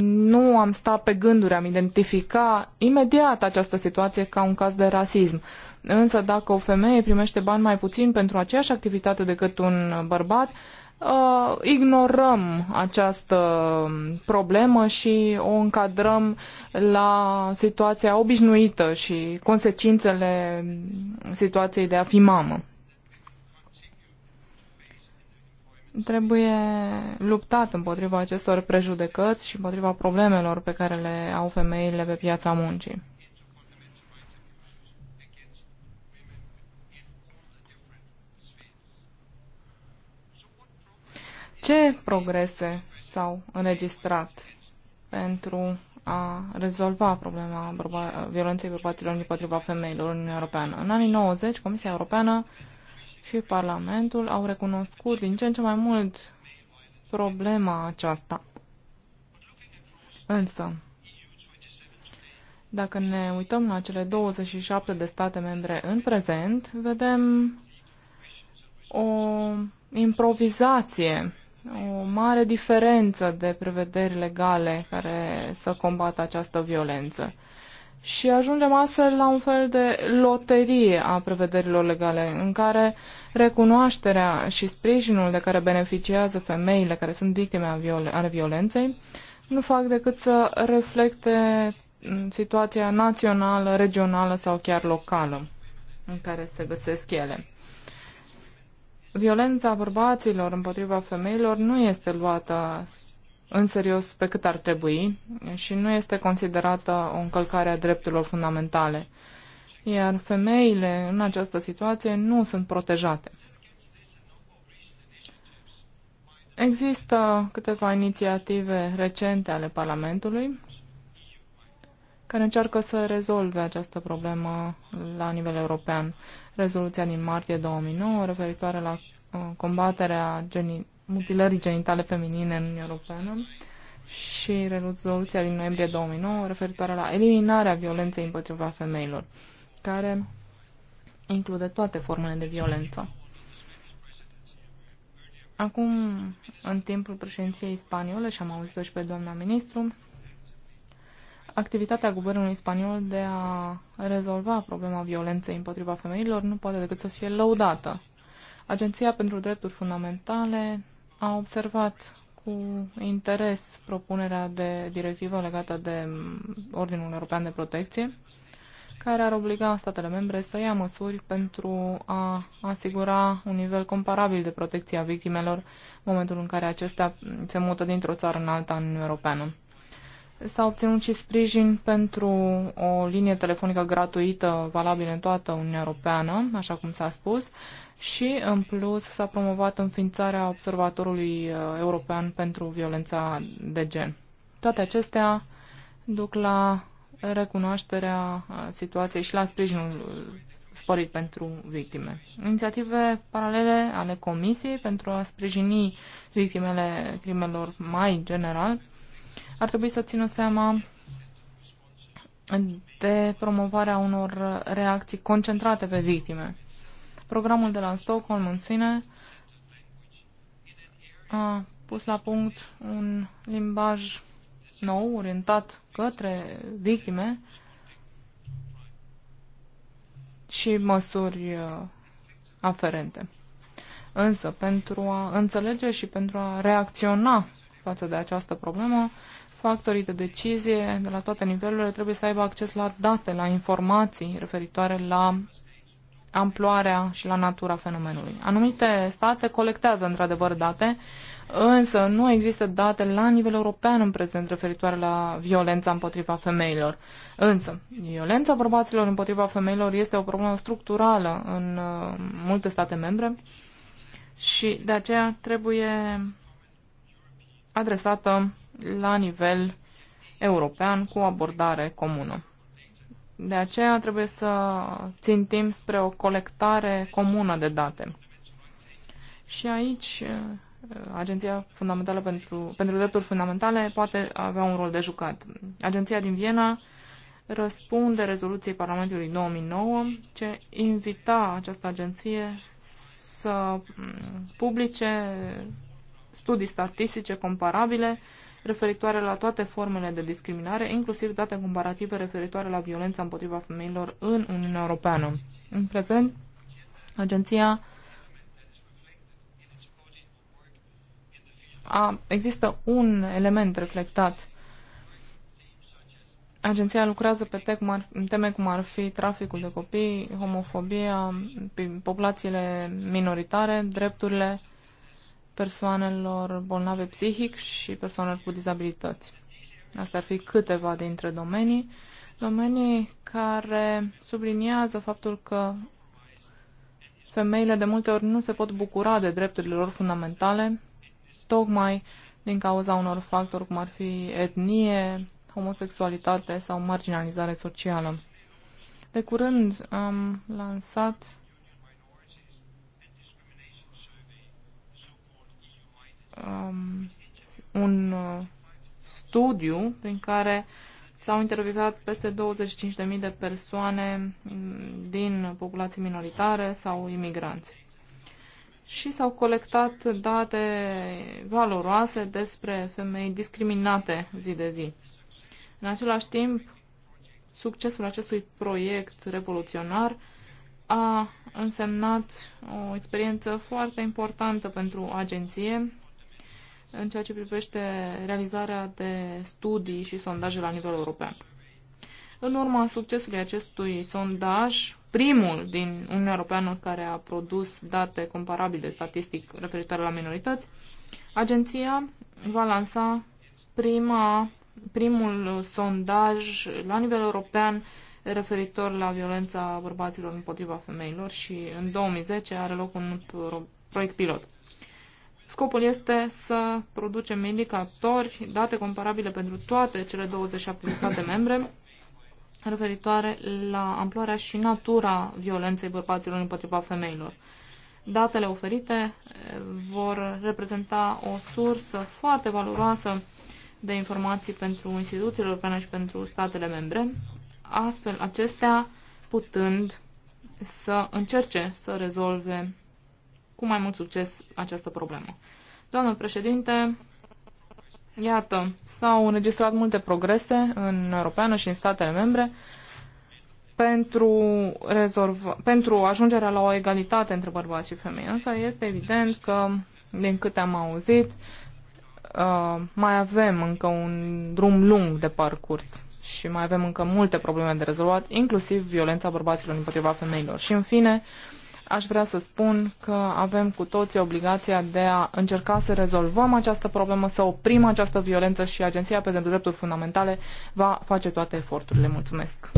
Speaker 6: nu am stat pe gânduri, am identifica imediat această situație ca un caz de rasism. Însă dacă o femeie primește bani mai puțin pentru aceeași activitate decât un bărbat, uh, ignorăm această problemă și o încadrăm la situația obișnuită și consecințele situației de a fi mamă. trebuie luptat împotriva acestor prejudecăți și împotriva problemelor pe care le au femeile pe piața muncii. Ce progrese s-au înregistrat pentru a rezolva problema violenței bărbaților împotriva femeilor în Uniunea Europeană? În anii 90, Comisia Europeană și Parlamentul au recunoscut din ce în ce mai mult problema aceasta. Însă, dacă ne uităm la cele 27 de state membre în prezent, vedem o improvizație, o mare diferență de prevederi legale care să combată această violență. Și ajungem astfel la un fel de loterie a prevederilor legale, în care recunoașterea și sprijinul de care beneficiază femeile care sunt victime ale violenței nu fac decât să reflecte situația națională, regională sau chiar locală în care se găsesc ele. Violența bărbaților împotriva femeilor nu este luată în serios pe cât ar trebui și nu este considerată o încălcare a drepturilor fundamentale. Iar femeile în această situație nu sunt protejate. Există câteva inițiative recente ale Parlamentului care încearcă să rezolve această problemă la nivel european. Rezoluția din martie 2009 referitoare la uh, combaterea geni mutilării genitale feminine în Uniunea Europeană și rezoluția din noiembrie 2009 referitoare la eliminarea violenței împotriva femeilor, care include toate formele de violență. Acum, în timpul președinției spaniole, și am auzit-o și pe doamna ministru, activitatea guvernului spaniol de a rezolva problema violenței împotriva femeilor nu poate decât să fie lăudată. Agenția pentru Drepturi Fundamentale a observat cu interes propunerea de directivă legată de Ordinul European de Protecție, care ar obliga statele membre să ia măsuri pentru a asigura un nivel comparabil de protecție a victimelor în momentul în care acestea se mută dintr-o țară în alta în Uniunea Europeană. S-a obținut și sprijin pentru o linie telefonică gratuită valabilă în toată Uniunea Europeană, așa cum s-a spus, și în plus s-a promovat înființarea Observatorului uh, European pentru Violența de Gen. Toate acestea duc la recunoașterea uh, situației și la sprijinul uh, sporit pentru victime. Inițiative paralele ale Comisiei pentru a sprijini victimele crimelor mai general ar trebui să țină seama de promovarea unor reacții concentrate pe victime. Programul de la Stockholm în sine a pus la punct un limbaj nou, orientat către victime și măsuri uh, aferente. Însă, pentru a înțelege și pentru a reacționa față de această problemă, factorii de decizie de la toate nivelurile trebuie să aibă acces la date, la informații referitoare la amploarea și la natura fenomenului. Anumite state colectează într-adevăr date, însă nu există date la nivel european în prezent referitoare la violența împotriva femeilor. Însă, violența bărbaților împotriva femeilor este o problemă structurală în uh, multe state membre și de aceea trebuie adresată la nivel european cu o abordare comună. De aceea trebuie să țintim spre o colectare comună de date. Și aici eh, Agenția Fundamentală pentru, pentru Drepturi Fundamentale poate avea un rol de jucat. Agenția din Viena răspunde rezoluției Parlamentului 2009 ce invita această agenție să publice studii statistice comparabile referitoare la toate formele de discriminare, inclusiv date comparative referitoare la violența împotriva femeilor în Uniunea Europeană. În prezent, agenția a, există un element reflectat. Agenția lucrează pe ar, teme cum ar fi traficul de copii, homofobia, populațiile minoritare, drepturile persoanelor bolnave psihic și persoanelor cu dizabilități. Astea ar fi câteva dintre domenii, domenii care subliniază faptul că femeile de multe ori nu se pot bucura de drepturile lor fundamentale, tocmai din cauza unor factori cum ar fi etnie, homosexualitate sau marginalizare socială. De curând am lansat um, un uh, studiu prin care s-au intervievat peste 25.000 de persoane mm, din populații minoritare sau imigranți. Și s-au colectat date valoroase despre femei discriminate zi de zi. În același timp, succesul acestui proiect revoluționar a însemnat o experiență foarte importantă pentru agenție în ceea ce privește realizarea de studii și sondaje la nivel european. În urma succesului acestui sondaj, primul din Uniunea Europeană care a produs date comparabile statistic referitoare la minorități, agenția va lansa prima, primul sondaj la nivel european referitor la violența bărbaților împotriva femeilor și în 2010 are loc un proiect pilot. Scopul este să producem indicatori, date comparabile pentru toate cele 27 de state membre, referitoare la amploarea și natura violenței bărbaților împotriva femeilor. Datele oferite eh, vor reprezenta o sursă foarte valoroasă de informații pentru instituțiile europene și pentru statele membre, astfel acestea putând să încerce să rezolve cu mai mult succes această problemă. Doamnă președinte, Iată, s-au înregistrat multe progrese în Europeană și în statele membre pentru, rezolva, pentru ajungerea la o egalitate între bărbați și femei. Însă este evident că, din câte am auzit, uh, mai avem încă un drum lung de parcurs și mai avem încă multe probleme de rezolvat, inclusiv violența bărbaților împotriva femeilor. Și, în fine, uh, aș vrea să spun că avem cu toții obligația de a încerca să rezolvăm această problemă, să oprim această violență și Agenția pentru Drepturi Fundamentale va face toate eforturile. Mulțumesc!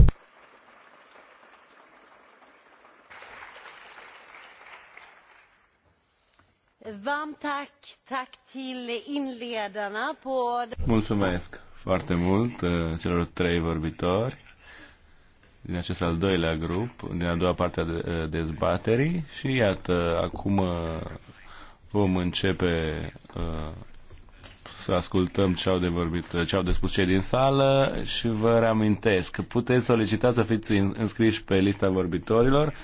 Speaker 4: Mulțumesc foarte mult eh, celor trei vorbitori din acest al doilea grup, din a doua parte a dezbaterii și iată, acum uh, vom începe uh, să ascultăm ce au de vorbit, ce au de spus cei din sală și vă reamintesc că puteți solicita să fiți înscriși pe lista vorbitorilor.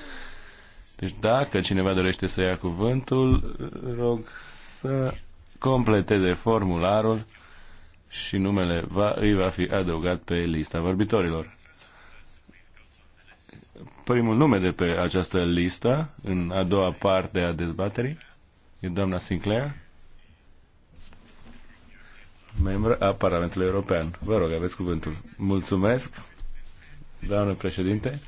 Speaker 4: Deci dacă cineva dorește să ia cuvântul, rog să completeze formularul și numele va, îi va fi adăugat pe lista vorbitorilor primul nume de pe această listă, în a doua parte a dezbaterii, e doamna Sinclair, membră a Parlamentului European. Vă rog, aveți cuvântul. Mulțumesc, doamnă președinte.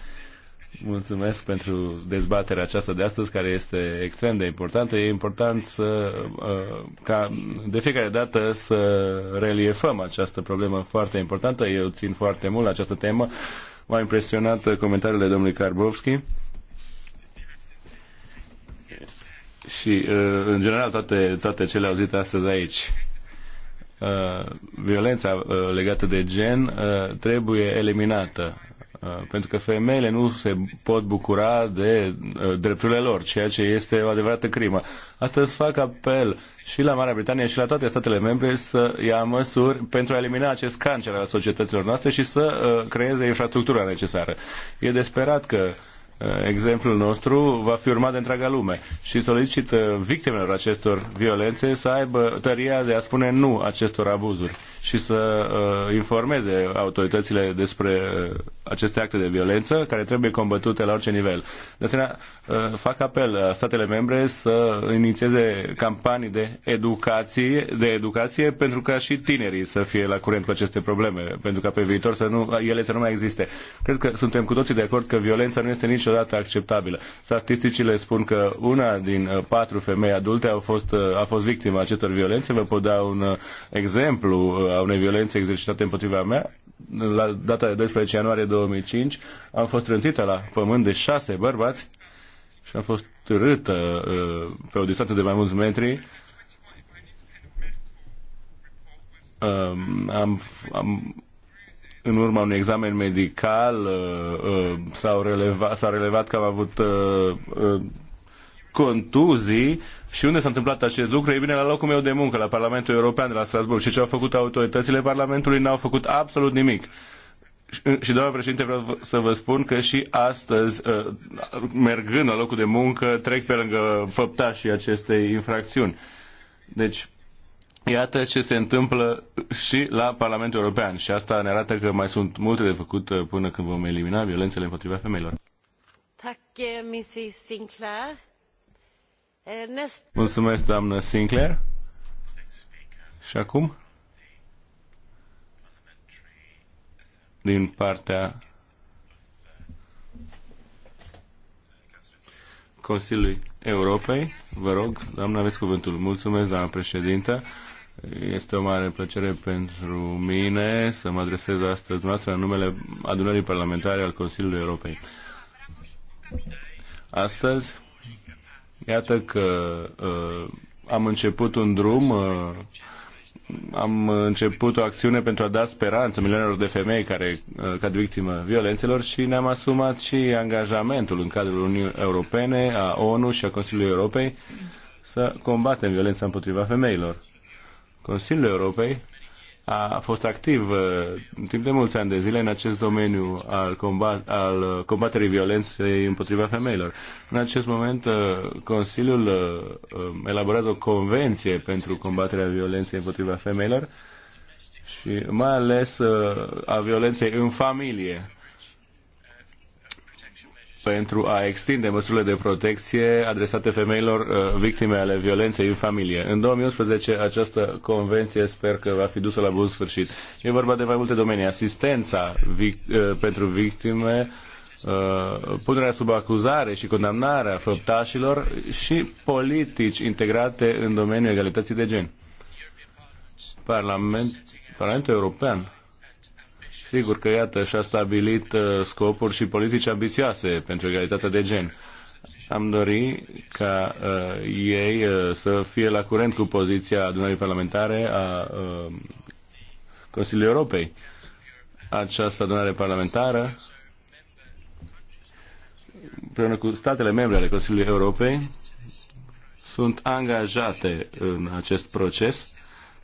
Speaker 4: Mulțumesc pentru dezbaterea aceasta de astăzi, care este extrem de importantă. E important să, uh, ca de fiecare dată să reliefăm această problemă foarte importantă. Eu țin foarte mult la această temă m-a impresionat comentariile domnului Karbovski și, uh, în general, toate, toate cele auzite astăzi aici uh, violența uh, legată de gen trebuie eliminată. Uh, pentru că femeile nu se pot bucura de uh, drepturile lor, ceea ce este o adevărată crimă. Astăzi fac apel și la Marea Britanie și la toate statele membre să ia măsuri pentru a elimina acest cancer al societăților noastre și să uh, creeze infrastructura necesară. E desperat că uh, Eh, exemplul nostru va fi urmat de întreaga lume și solicit eh, victimelor acestor violențe să aibă tăria de a spune nu acestor abuzuri și să eh, informeze autoritățile despre aceste acte de violență care trebuie combătute la orice nivel. De asemenea, fac apel la statele membre să inițieze campanii de educație, de educație pentru ca și tinerii să fie la curent cu aceste probleme, pentru ca pe viitor să nu, ele să nu mai existe. Cred că suntem cu toții de acord că violența nu este nicio niciodată acceptabilă. Statisticile spun că una din uh, patru femei adulte au fost, uh, a fost victima acestor violențe. Vă pot da un uh, exemplu a unei violențe exercitate împotriva mea. La data de 12 ianuarie 2005 am fost trântită la pământ de șase bărbați și am fost târâtă pe o distanță de mai mulți metri um, am, am în urma unui examen medical uh, uh, s-au relevat, s-a relevat că am avut uh, contuzii și unde s-a întâmplat acest lucru? E bine, la locul meu de muncă, la Parlamentul European de la Strasbourg. Și ce au făcut autoritățile Parlamentului? N-au făcut absolut nimic. Și, doamna președinte, vreau să vă spun că și astăzi, mergând la locul de muncă, trec pe lângă făptașii acestei infracțiuni. Deci, Iată ce se întâmplă și la Parlamentul European și asta ne arată că mai sunt multe de făcut uh, până când vom elimina violențele împotriva femeilor. Eh, eh, Mulțumesc, doamnă Sinclair. Și acum? Din partea Consiliului Europei, vă rog, doamnă, aveți cuvântul. Mulțumesc, doamnă președintă. Este o mare plăcere pentru mine să mă adresez astăzi dumneavoastră în numele adunării parlamentare al Consiliului Europei. Astăzi, iată că uh, am început un drum, uh, am început o acțiune pentru a da speranță milioanelor de femei care uh, cad victimă violențelor și ne-am asumat și angajamentul în cadrul Uniunii Europene, a ONU și a Consiliului Europei să combatem violența împotriva femeilor Consiliul Europei a fost activ uh, în timp de mulți ani de zile în acest domeniu al, combat, al uh, combaterii violenței împotriva femeilor. În acest moment, uh, Consiliul um, elaborează o convenție pentru combaterea violenței împotriva femeilor și mai ales a violenței în familie pentru a extinde măsurile de protecție adresate femeilor uh, victime ale violenței în familie. În 2011 această convenție sper că va fi dusă la bun sfârșit. E vorba de mai multe domenii. Asistența vic- uh, pentru victime, uh, punerea sub acuzare și condamnarea făptașilor și politici integrate în domeniul egalității de gen. Parlament, Parlamentul European Sigur că, iată, și-a stabilit uh, scopuri și politici ambițioase pentru egalitatea de gen. Am dori ca uh, ei uh, să fie la curent cu poziția adunării parlamentare a uh, Consiliului Europei. Această adunare parlamentară, împreună cu statele membre ale Consiliului Europei, sunt angajate în acest proces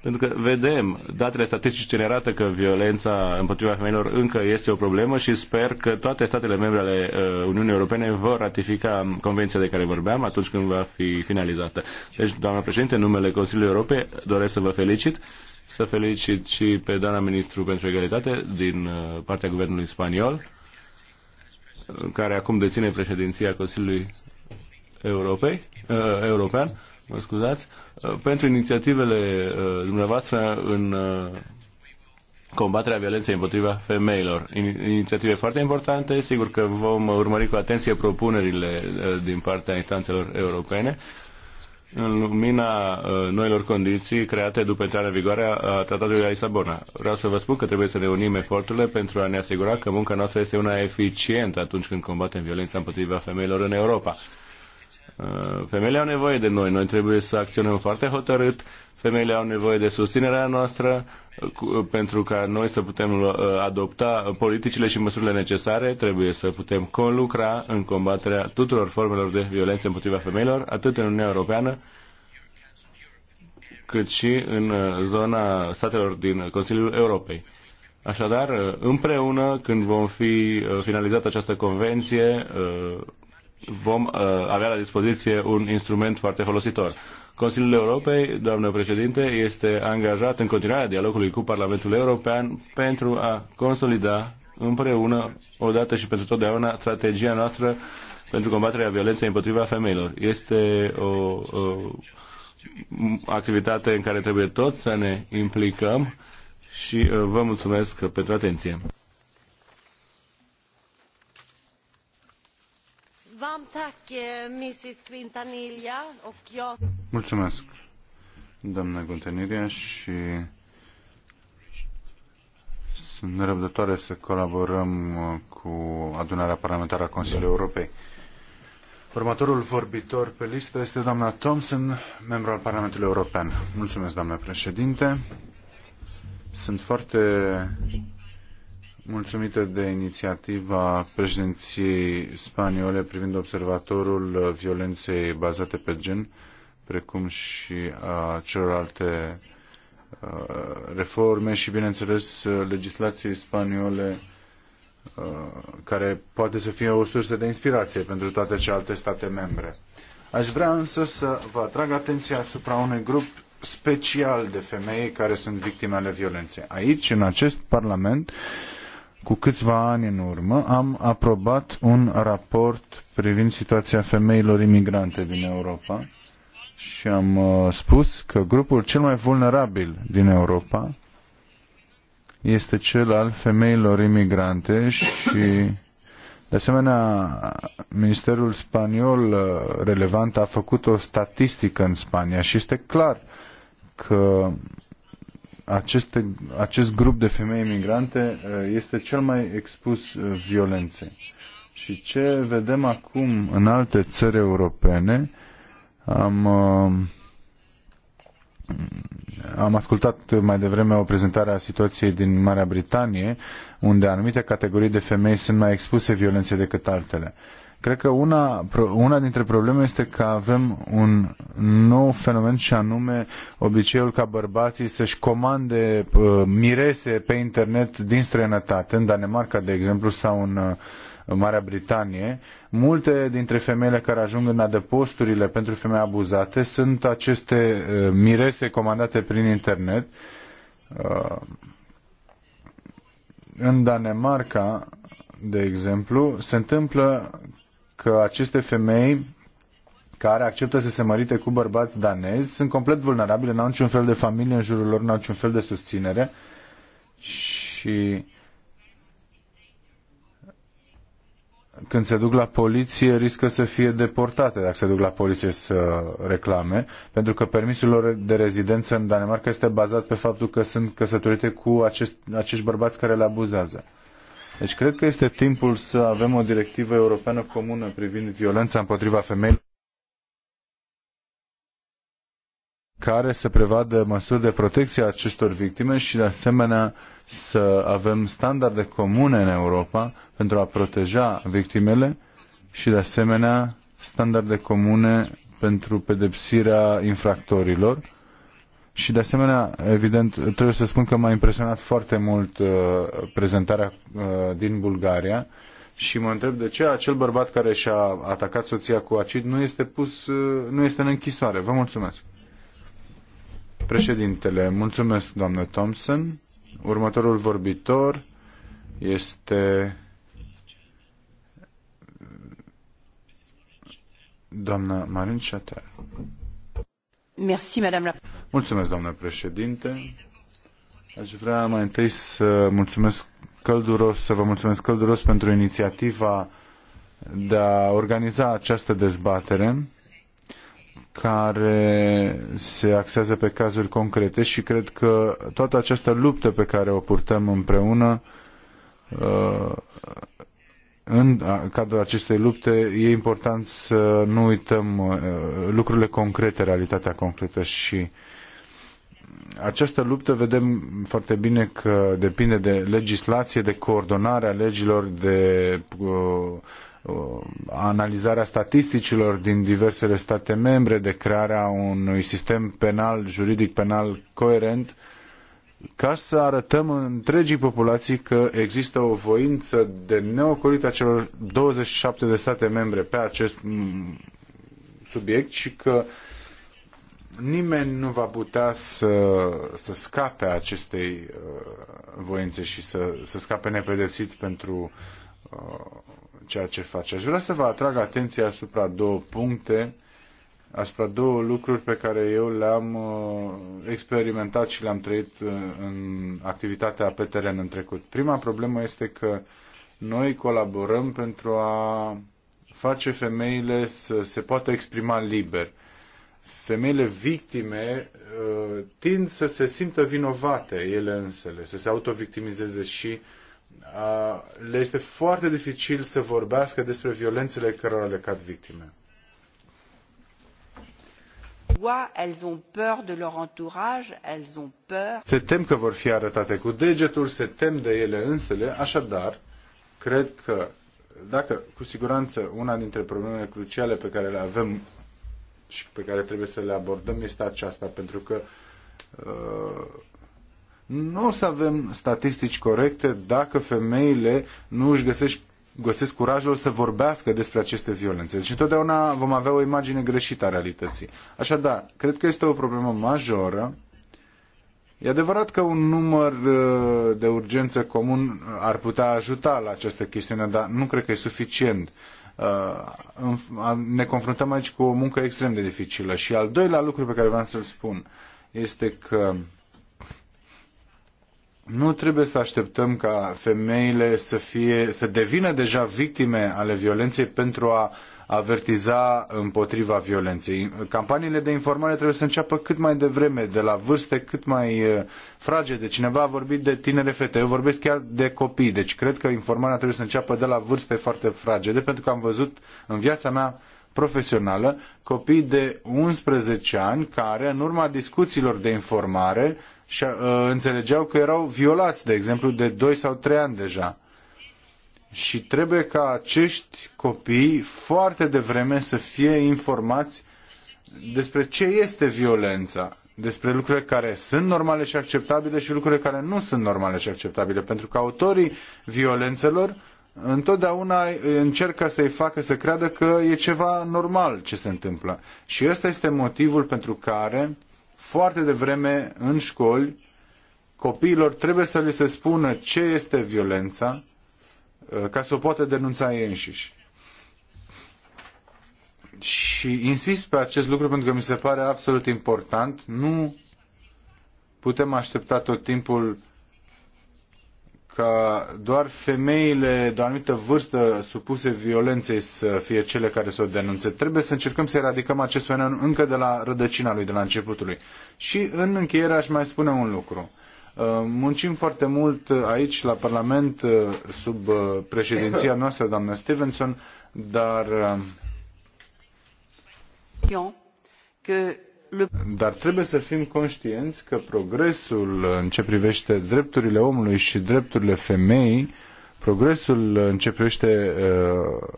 Speaker 4: pentru că vedem, datele statistice ne arată că violența împotriva femeilor încă este o problemă și sper că toate statele membre ale uh, Uniunii Europene vor ratifica convenția de care vorbeam atunci când va fi finalizată. Deci, doamna președinte, în numele Consiliului Europei doresc să vă felicit, să felicit și pe doamna ministru pentru egalitate din uh, partea guvernului spaniol, care acum deține președinția Consiliului Europei, uh, European mă scuzați, uh, pentru inițiativele uh, dumneavoastră în uh, combaterea violenței împotriva femeilor. Inițiative foarte importante, sigur că vom urmări cu atenție propunerile din partea instanțelor europene în lumina noilor condiții create după intrarea în vigoare a Tratatului la Lisabona. Vreau să vă spun că trebuie să ne unim eforturile pentru a ne asigura că munca noastră este una eficientă atunci când combatem violența împotriva femeilor în Europa. Uh, femeile au nevoie de noi, noi trebuie să acționăm foarte hotărât, femeile au nevoie de susținerea noastră uh, uh, pentru ca noi să putem adopta politicile și măsurile necesare, trebuie să putem conlucra în combaterea tuturor formelor de violență împotriva femeilor, atât în Uniunea Europeană, cât și în zona statelor din Consiliul Europei. Așadar, împreună, când vom fi finalizat această convenție, vom uh, avea la dispoziție un instrument foarte folositor. Consiliul Europei, doamnă președinte, este angajat în continuarea dialogului cu Parlamentul European pentru a consolida împreună, odată și pentru totdeauna, strategia noastră pentru combaterea violenței împotriva femeilor. Este o, o activitate în care trebuie toți să ne implicăm și uh, vă mulțumesc pentru atenție.
Speaker 1: Eh,
Speaker 4: Mulțumesc,
Speaker 5: doamna Guntenilia, și sunt nerăbdătoare să colaborăm uh, cu adunarea parlamentară a Consiliului Europei. Următorul vorbitor pe listă este doamna Thompson, membru al Parlamentului European. Mulțumesc, doamna președinte. Sunt foarte mulțumită de inițiativa președinției spaniole privind observatorul violenței bazate pe gen, precum și a celorlalte uh, reforme și, bineînțeles, legislației spaniole uh, care poate să fie o sursă de inspirație pentru toate celelalte state membre. Aș vrea însă să vă atrag atenția asupra unui grup special de femei care sunt victime ale violenței. Aici, în acest Parlament, cu câțiva ani în urmă am aprobat un raport privind situația femeilor imigrante din Europa și am uh, spus că grupul cel mai vulnerabil din Europa este cel al femeilor imigrante și de asemenea, Ministerul Spaniol uh, relevant a făcut o statistică în Spania și este clar că aceste, acest grup de femei imigrante uh, este cel mai expus uh, violenței. Și ce vedem acum în alte țări europene, am, uh, am ascultat mai devreme o prezentare a situației din Marea Britanie, unde anumite categorii de femei sunt mai expuse violenței decât altele. Cred că una, una dintre probleme este că avem un nou fenomen și anume obiceiul ca bărbații să-și comande uh, mirese pe internet din străinătate, în Danemarca, de exemplu, sau în uh, Marea Britanie, multe dintre femeile care ajung în adăposturile pentru femei abuzate sunt aceste uh, mirese comandate prin internet. Uh, în Danemarca, de exemplu, se întâmplă că aceste femei care acceptă să se mărite cu bărbați danezi sunt complet vulnerabile, n-au niciun fel de familie în jurul lor, n-au niciun fel de susținere și când se duc la poliție riscă să fie deportate dacă se duc la poliție să reclame, pentru că permisul lor de rezidență în Danemarca este bazat pe faptul că sunt căsătorite cu acești, acești bărbați care le abuzează. Deci cred că este timpul să avem o directivă europeană comună privind violența împotriva femeilor care să prevadă măsuri de protecție a acestor victime și de asemenea să avem standarde comune în Europa pentru a proteja victimele și de asemenea standarde comune pentru pedepsirea infractorilor și de asemenea, evident, trebuie să spun că m-a impresionat foarte mult uh, prezentarea uh, din Bulgaria și mă întreb de ce acel bărbat care și-a atacat soția cu acid nu este pus, uh, nu este în închisoare. Vă mulțumesc. Președintele, mulțumesc, doamnă Thompson. Următorul vorbitor este doamna Marin Chater. Mulțumesc, președinte. Aș vrea mai întâi să mulțumesc călduros, să vă mulțumesc călduros pentru inițiativa de a organiza această dezbatere care se axează pe cazuri concrete și cred că toată această luptă pe care o purtăm împreună uh, în cadrul acestei lupte e important să nu uităm uh, lucrurile concrete, realitatea concretă și această luptă vedem foarte bine că depinde de legislație, de coordonarea legilor, de uh, uh analizarea statisticilor din diversele state membre, de crearea unui sistem penal, juridic penal coerent uh, ca să arătăm întregii populații că există o voință de neocolită a celor 27 de state membre pe acest mm, subiect și că nimeni nu va putea să, să scape acestei uh, voințe și să, să scape nepedepsit pentru uh, ceea ce face. Aș vrea să vă atrag atenția asupra două puncte asupra două lucruri pe care eu le-am uh, experimentat și le-am trăit uh, în activitatea pe teren în trecut. Prima problemă este că noi colaborăm pentru a face femeile să se poată exprima liber. Femeile victime uh, tind să se simtă vinovate ele însele, să se autovictimizeze și le este foarte dificil să vorbească despre violențele cărora le cad victime
Speaker 1: de entourage,
Speaker 5: Se tem că vor fi arătate cu degetul, se tem de ele însele, așadar, cred că dacă, cu siguranță, una dintre problemele cruciale pe care le avem și pe care trebuie să le abordăm este aceasta, pentru că uh, nu o să avem statistici corecte dacă femeile nu își găsesc, găsesc curajul să vorbească despre aceste violențe. Deci întotdeauna vom avea o imagine greșită a realității. Așadar, cred că este o problemă majoră. E adevărat că un număr uh, de urgență comun ar putea ajuta la această chestiune, dar nu cred că e suficient. Uh, ne confruntăm aici cu o muncă extrem de dificilă. Și al doilea lucru pe care vreau să-l spun este că nu trebuie să așteptăm ca femeile să, fie, să devină deja victime ale violenței pentru a avertiza împotriva violenței. Campaniile de informare trebuie să înceapă cât mai devreme, de la vârste cât mai uh, fragede. Cineva a vorbit de tinere fete, eu vorbesc chiar de copii, deci cred că informarea trebuie să înceapă de la vârste foarte fragede, pentru că am văzut în viața mea profesională copii de 11 ani care, în urma discuțiilor de informare, și uh, înțelegeau că erau violați, de exemplu, de 2 sau 3 ani deja. Și trebuie ca acești copii foarte devreme să fie informați despre ce este violența, despre lucrurile care sunt normale și acceptabile și lucrurile care nu sunt normale și acceptabile. Pentru că autorii violențelor întotdeauna încercă să-i facă să creadă că e ceva normal ce se întâmplă. Și ăsta este motivul pentru care foarte devreme în școli copiilor trebuie să li se spună ce este violența uh, ca să o poată denunța ei înșiși. Și insist pe acest lucru pentru că mi se pare absolut important. Nu putem aștepta tot timpul ca doar femeile de o anumită vârstă supuse violenței să fie cele care să o denunțe. Trebuie să încercăm să eradicăm acest fenomen încă de la rădăcina lui, de la începutul lui. Și în încheiere aș mai spune un lucru. Uh, muncim foarte mult aici la Parlament uh, sub uh, președinția noastră, doamnă Stevenson, dar... Că dar trebuie să fim conștienți că progresul în ce privește drepturile omului și drepturile femeii, progresul în ce privește uh,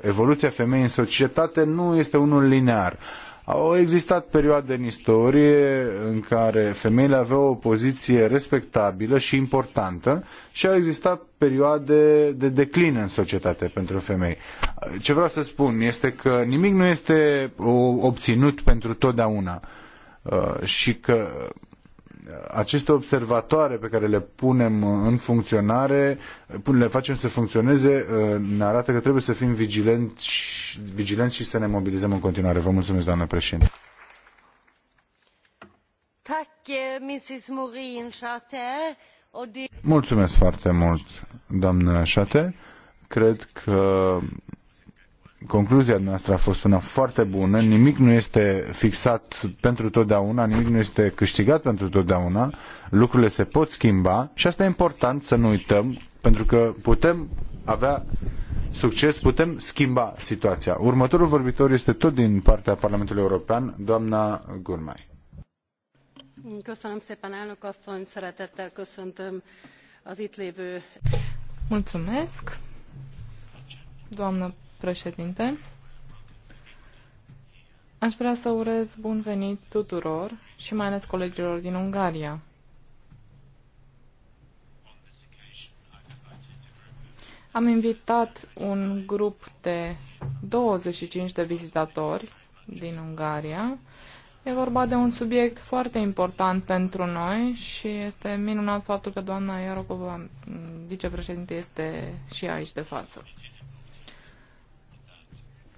Speaker 5: evoluția femeii în societate nu este unul linear. Uh, au existat perioade în istorie în care femeile aveau o poziție respectabilă și importantă și au existat perioade de declin în societate pentru femei. Ce vreau să spun este că nimic nu este obținut pentru totdeauna uh, și că aceste observatoare pe care le punem în funcționare, le facem să funcționeze, uh, ne arată că trebuie să fim vigilenți, vigilenți și să ne mobilizăm în continuare. Vă mulțumesc, doamnă președinte.
Speaker 1: Eh,
Speaker 5: mulțumesc foarte mult, doamnă Șate. Cred că concluzia noastră a fost una foarte bună, nimic nu este fixat pentru totdeauna, nimic nu este câștigat pentru totdeauna, lucrurile se pot schimba și asta e important să nu uităm, pentru că putem avea succes, putem schimba situația. Următorul vorbitor este tot din partea Parlamentului European, doamna Gurmai.
Speaker 1: Köszönöm szépen, elnök asszony, szeretettel köszöntöm az itt lévő...
Speaker 6: Mulțumesc, doamnă președinte. Aș vrea să urez bun venit tuturor și mai ales colegilor din Ungaria. Am invitat un grup de 25 de vizitatori din Ungaria. E vorba de un subiect foarte important pentru noi și este minunat faptul că doamna Iarocova, vicepreședinte, este și aici de față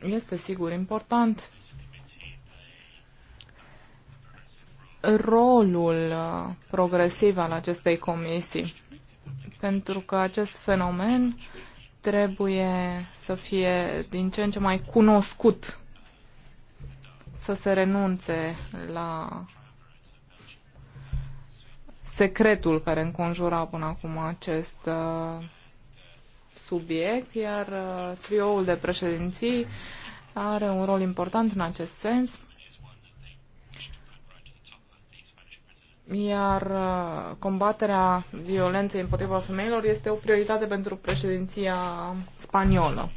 Speaker 6: este sigur important. Rolul uh, progresiv al acestei comisii, pentru că acest fenomen trebuie să fie din ce în ce mai cunoscut, să se renunțe la secretul care înconjura până acum acest uh, subiect, iar uh, trioul de președinții are un rol important în acest sens. Iar uh, combaterea violenței împotriva femeilor este o prioritate pentru președinția spaniolă.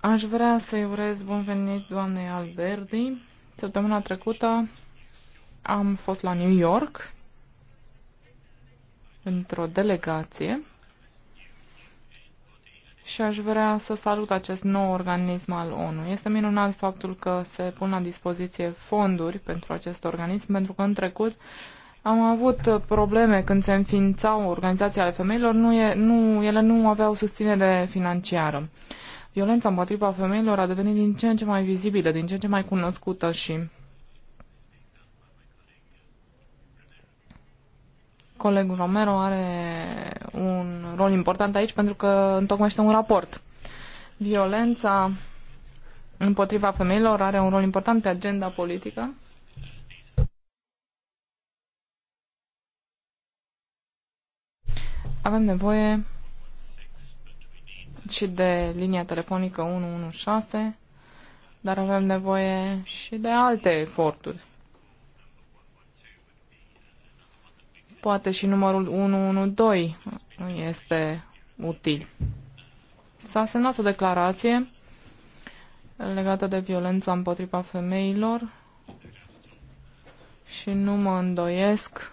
Speaker 6: Aș vrea să-i urez bun venit doamnei Alberdi. Săptămâna trecută am fost la New York într-o delegație și aș vrea să salut acest nou organism al ONU. Este minunat faptul că se pun la dispoziție fonduri pentru acest organism, pentru că în trecut am avut probleme când se înființau organizații ale femeilor, nu e, nu, ele nu aveau susținere financiară. Violența împotriva femeilor a devenit din ce în ce mai vizibilă, din ce în ce mai cunoscută și Colegul Romero are un rol important aici pentru că întocmește un raport. Violența împotriva femeilor are un rol important pe agenda politică. Avem nevoie și de linia telefonică 116, dar avem nevoie și de alte eforturi. Poate și numărul 112 este util. S-a semnat o declarație legată de violența împotriva femeilor și nu mă îndoiesc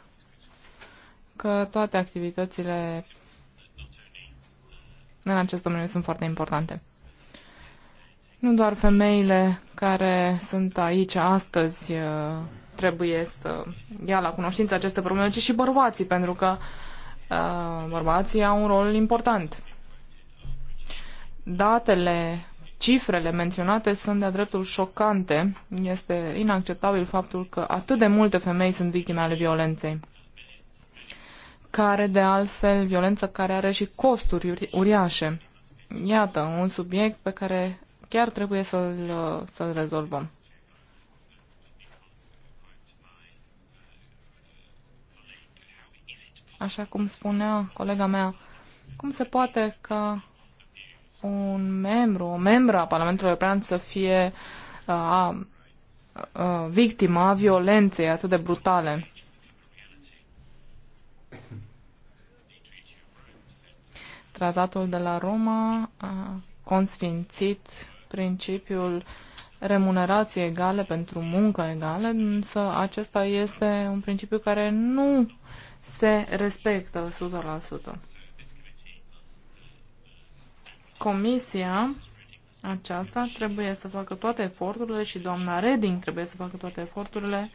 Speaker 6: că toate activitățile în acest domeniu sunt foarte importante. Nu doar femeile care sunt aici astăzi uh, trebuie să ia la cunoștință aceste probleme, ci și bărbații, pentru că uh, bărbații au un rol important. Datele, cifrele menționate sunt de-a dreptul șocante. Este inacceptabil faptul că atât de multe femei sunt victime ale violenței care de altfel, violență care are și costuri uriașe. Iată, un subiect pe care chiar trebuie să-l, să, -l, să -l rezolvăm. așa cum spunea colega mea, cum se poate ca un membru, o membră a Parlamentului European să fie uh, a, a, uh, victima a violenței atât de brutale? Tratatul de la Roma a consfințit principiul remunerației egale pentru muncă egală, însă acesta este un principiu care nu se respectă 100%. Comisia aceasta trebuie să facă toate eforturile și doamna Reding trebuie să facă toate eforturile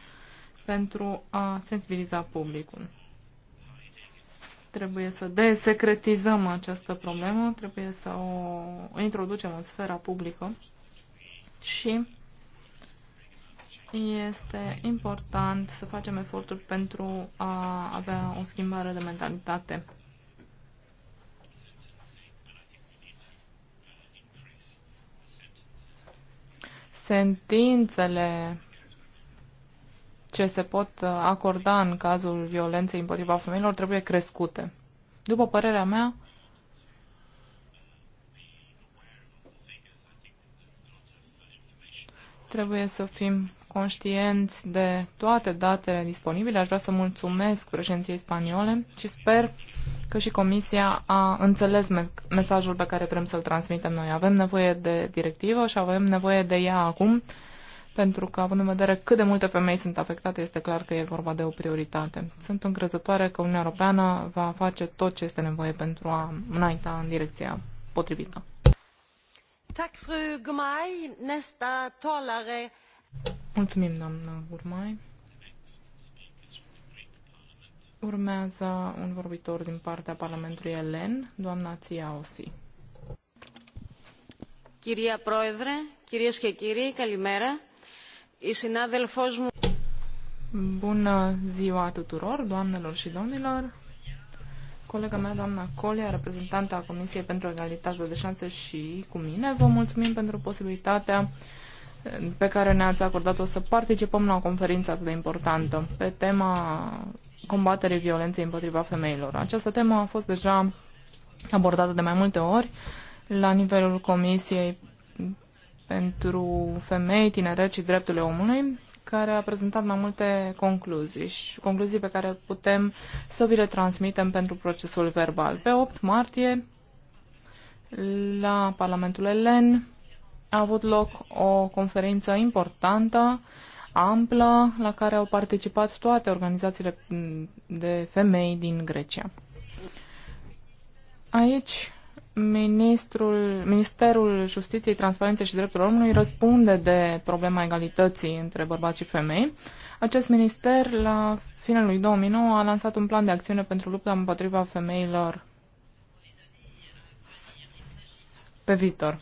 Speaker 6: pentru a sensibiliza publicul. Trebuie să desecretizăm această problemă, trebuie să o introducem în sfera publică și este important să facem eforturi pentru a avea o schimbare de mentalitate. Sentințele ce se pot acorda în cazul violenței împotriva femeilor trebuie crescute. După părerea mea, trebuie să fim conștient de toate datele disponibile. Aș vrea să mulțumesc președinției spaniole și sper că și Comisia a înțeles me- mesajul pe care vrem să-l transmitem noi. Avem nevoie de directivă și avem nevoie de ea acum, pentru că, având în vedere cât de multe femei sunt afectate, este clar că e vorba de o prioritate. Sunt încrezătoare că Uniunea Europeană va face tot ce este nevoie pentru a înainta în direcția potrivită. Tack,
Speaker 1: fru Gumai. Nästa talare
Speaker 6: Mulțumim, doamnă Gurmai. Urmează un vorbitor din partea Parlamentului Elen, doamna Osi.
Speaker 1: Chiria Proedre, κυρίες și chirii, calimera. Η συνάδελφός μου...
Speaker 6: Bună ziua tuturor, doamnelor și domnilor. Colega mea, doamna Colia, reprezentantă a Comisiei pentru Egalitate de Șanse și cu mine, vă mulțumim pentru posibilitatea pe care ne-ați acordat-o să participăm la o conferință atât de importantă pe tema combaterii violenței împotriva femeilor. Această temă a fost deja abordată de mai multe ori la nivelul Comisiei pentru Femei, Tineret și Drepturile Omului, care a prezentat mai multe concluzii și concluzii pe care putem să vi le transmitem pentru procesul verbal. Pe 8 martie, la Parlamentul Elen, a avut loc o conferință importantă, amplă, la care au participat toate organizațiile de femei din Grecia. Aici, ministrul, Ministerul Justiției, Transparenței și Drepturilor Omului răspunde de problema egalității între bărbați și femei. Acest minister, la finele lui 2009, a lansat un plan de acțiune pentru lupta împotriva femeilor pe viitor.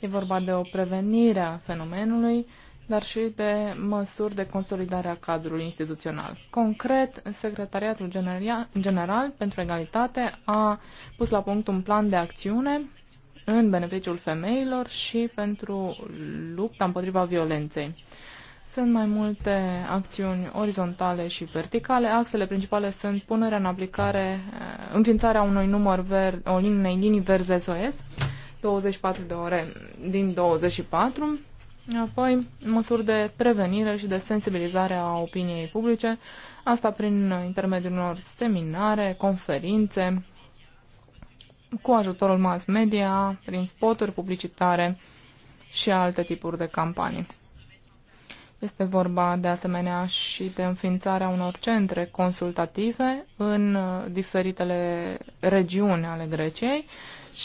Speaker 6: E vorba de o prevenire a fenomenului, dar și de măsuri de consolidare a cadrului instituțional. Concret, Secretariatul General pentru Egalitate a pus la punct un plan de acțiune în beneficiul femeilor și pentru lupta împotriva violenței. Sunt mai multe acțiuni orizontale și verticale. Axele principale sunt punerea în aplicare, înființarea unui număr ver, o linii, linii verzi SOS, 24 de ore din 24, apoi măsuri de prevenire și de sensibilizare a opiniei publice, asta prin intermediul unor seminare, conferințe, cu ajutorul mass media, prin spoturi publicitare și alte tipuri de campanii. Este vorba de asemenea și de înființarea unor centre consultative în diferitele regiuni ale Greciei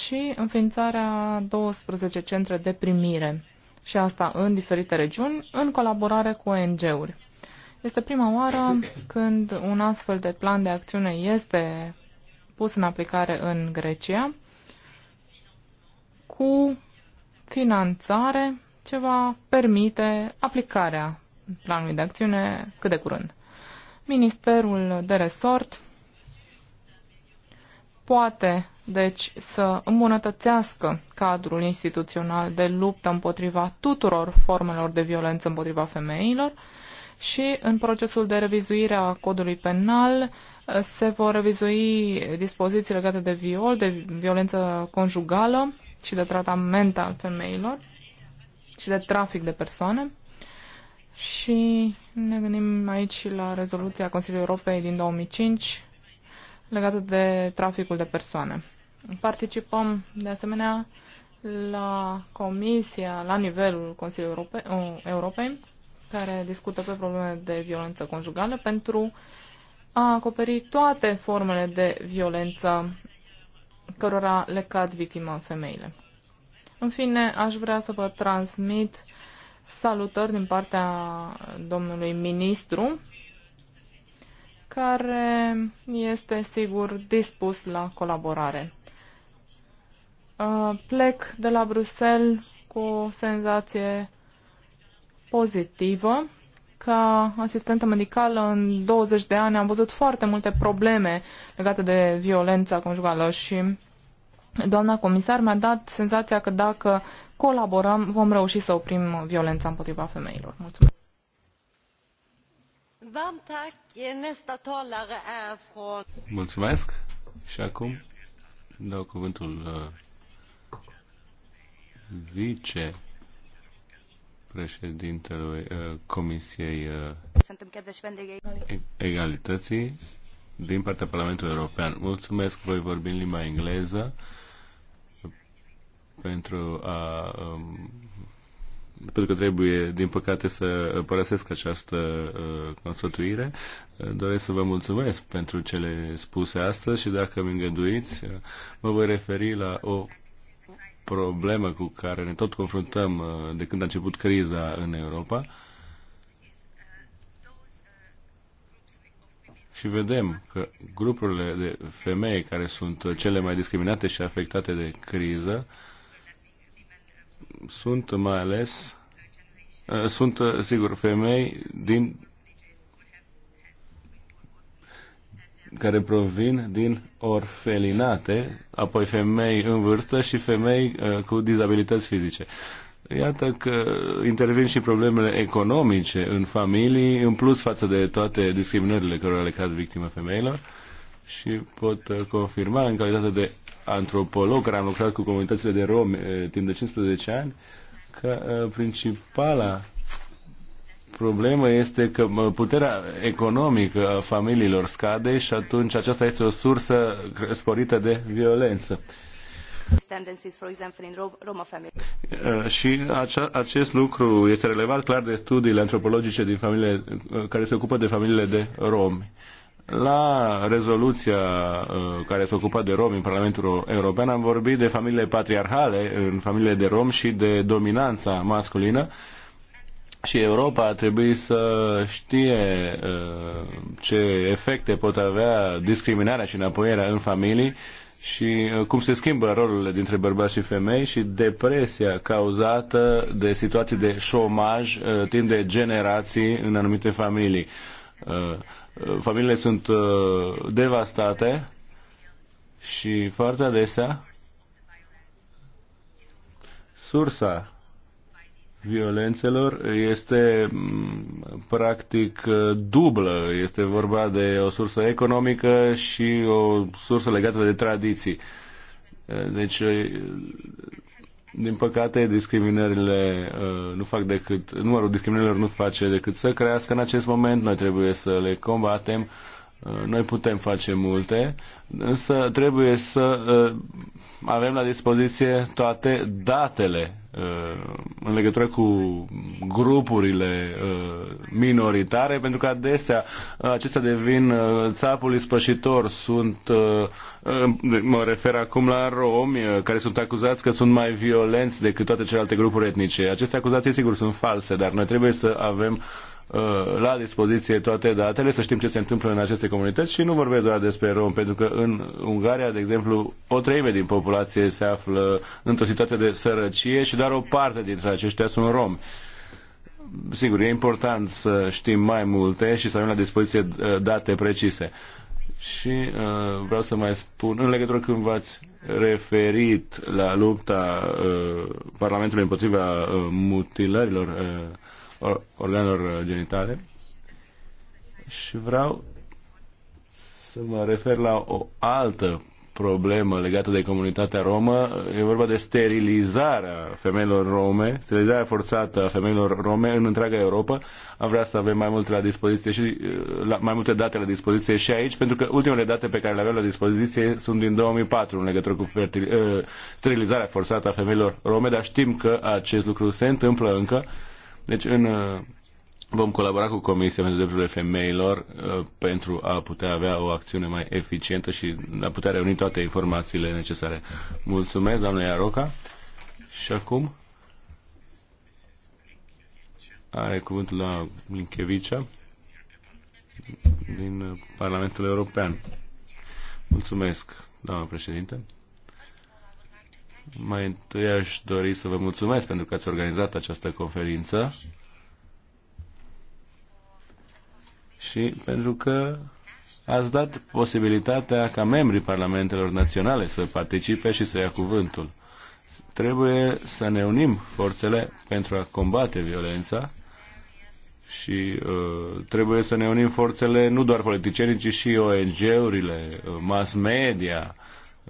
Speaker 6: și înființarea 12 centre de primire și asta în diferite regiuni, în colaborare cu ONG-uri. Este prima oară când un astfel de plan de acțiune este pus în aplicare în Grecia cu finanțare ce va permite aplicarea planului de acțiune cât de curând. Ministerul de resort poate deci să îmbunătățească cadrul instituțional de luptă împotriva tuturor formelor de violență împotriva femeilor și în procesul de revizuire a codului penal se vor revizui dispoziții legate de viol, de violență conjugală și de tratament al femeilor și de trafic de persoane. Și ne gândim aici la rezoluția Consiliului Europei din 2005 legată de traficul de persoane. Participăm, de asemenea, la comisia, la nivelul Consiliului Europe, uh, Europei, care discută pe probleme de violență conjugală pentru a acoperi toate formele de violență cărora le cad victimă femeile. În fine, aș vrea să vă transmit salutări din partea domnului ministru, care este sigur dispus la colaborare. Uh, plec de la Bruxelles cu o senzație pozitivă. Ca asistentă medicală, în 20 de ani am văzut foarte multe probleme legate de violența conjugală și doamna comisar mi-a dat senzația că dacă colaborăm, vom reuși să oprim violența împotriva femeilor. Mulțumesc!
Speaker 4: Mulțumesc! Și acum dau cuvântul uh, vice președintelui uh, Comisiei
Speaker 3: uh,
Speaker 4: Egalității din partea Parlamentului European. Mulțumesc, voi vorbi în limba engleză pentru a um, pentru că trebuie, din păcate, să părăsesc această uh, consătuire. Doresc să vă mulțumesc pentru cele spuse astăzi și, dacă îmi îngăduiți, mă voi referi la o problemă cu care ne tot confruntăm uh, de când a început criza în Europa. Și vedem că grupurile de femei care sunt cele mai discriminate și afectate de criză sunt mai ales uh, sunt, uh, sigur, femei din care provin din orfelinate, apoi femei în vârstă și femei uh, cu dizabilități fizice. Iată că intervin și problemele economice în familii, în plus față de toate discriminările care le caz victime femeilor și pot uh, confirma în calitate de antropolog care am lucrat cu comunitățile de romi uh, timp de 15 ani că principala problemă este că puterea economică a familiilor scade și atunci aceasta este o sursă sporită de violență.
Speaker 3: Uh,
Speaker 4: și acea, acest lucru este relevat clar de studiile antropologice din familiile, uh, care se ocupă de familiile de romi. La rezoluția uh, care se ocupa de romi în Parlamentul European am vorbit de familiile patriarhale în familiile de romi și de dominanța masculină și Europa ar trebui să știe uh, ce efecte pot avea discriminarea și înapoierea în familii și uh, cum se schimbă rolurile dintre bărbați și femei și depresia cauzată de situații de șomaj uh, timp de generații în anumite familii. Familiile sunt devastate și foarte adesea sursa violențelor este mm, practic uh, dublă. Este vorba de o sursă economică și o sursă legată de tradiții. Uh, deci, uh, din păcate, discriminările nu fac decât, numărul discriminărilor nu face decât să crească în acest moment. Noi trebuie să le combatem. Noi putem face multe, însă trebuie să avem la dispoziție toate datele Uh, în legătură cu grupurile uh, minoritare, pentru că adesea uh, acestea devin țapul ispășitor. Sunt, mă refer acum la romi, care sunt acuzați că sunt mai violenți decât toate celelalte grupuri etnice. Aceste acuzații, sigur, sunt false, dar noi trebuie să avem Uh, la dispoziție toate datele, să știm ce se întâmplă în aceste comunități și nu vorbesc doar despre rom, pentru că în Ungaria, de exemplu, o treime din populație se află într-o situație de sărăcie și doar o parte dintre aceștia sunt romi. Sigur, e important să știm mai multe și să avem la dispoziție uh, date precise. Și uh, vreau să mai spun, în legătură când v-ați referit la lupta uh, Parlamentului împotriva uh, mutilărilor uh, organelor genitale și vreau să mă refer la o altă problemă legată de comunitatea romă. E vorba de sterilizarea femeilor rome, sterilizarea forțată a femeilor rome în întreaga Europa. Am vrea să avem mai multe la dispoziție și uh, la, mai multe date la dispoziție și aici, pentru că ultimele date pe care le avem la dispoziție sunt din 2004 în legătură cu fertil, uh, sterilizarea forțată a femeilor rome, dar știm că acest lucru se întâmplă încă deci în, uh, vom colabora cu Comisia pentru Drepturile Femeilor uh, pentru a putea avea o acțiune mai eficientă și a putea reuni toate informațiile necesare. Mulțumesc, doamna Iaroca. Și acum are cuvântul la Minchevicea din Parlamentul European. Mulțumesc, doamna președinte. Mai întâi aș dori să vă mulțumesc pentru că ați organizat această conferință și pentru că ați dat posibilitatea ca membrii parlamentelor naționale să participe și să ia cuvântul. Trebuie să ne unim forțele pentru a combate violența și uh, trebuie să ne unim forțele nu doar politicienii, ci și ONG-urile, uh, mass media,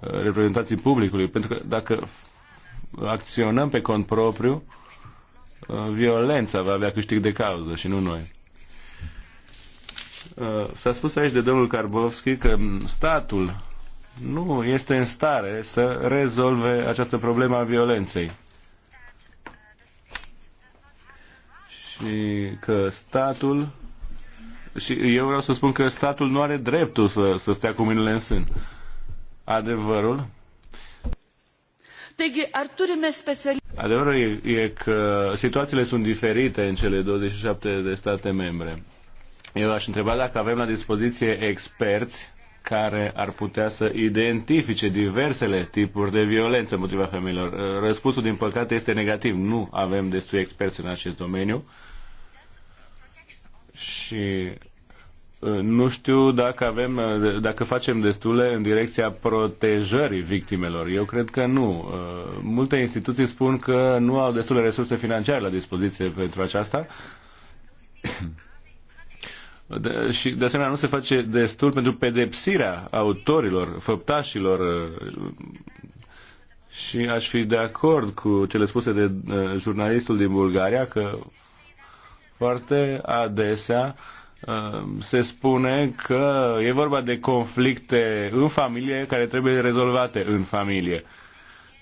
Speaker 4: reprezentanții publicului, pentru că dacă acționăm pe cont propriu, violența va avea câștig de cauză și nu noi. Uh, s-a spus aici de domnul Karbovski că statul nu este în stare să rezolve această problemă a violenței. Și că statul și eu vreau să spun că statul nu are dreptul să, să stea cu mâinile în sân. Uh, adevărul deci, Adevărul e, e că situațiile sunt diferite în cele 27 de state membre. Eu aș întreba dacă avem la dispoziție experți care ar putea să identifice diversele tipuri de violență împotriva femeilor. Răspunsul, din păcate, este negativ. Nu avem destui experți în acest domeniu și Eh, nu știu dacă, avem, eh, dacă facem destule în direcția protejării victimelor. Eu cred că nu. Eh, multe instituții spun că nu au destule resurse financiare la dispoziție pentru aceasta. De, și de asemenea nu se face destul pentru pedepsirea autorilor, făptașilor și aș fi de acord cu cele spuse de jurnalistul din Bulgaria că foarte adesea uh, Ehm, se spune că e vorba de conflicte în familie care trebuie rezolvate în familie.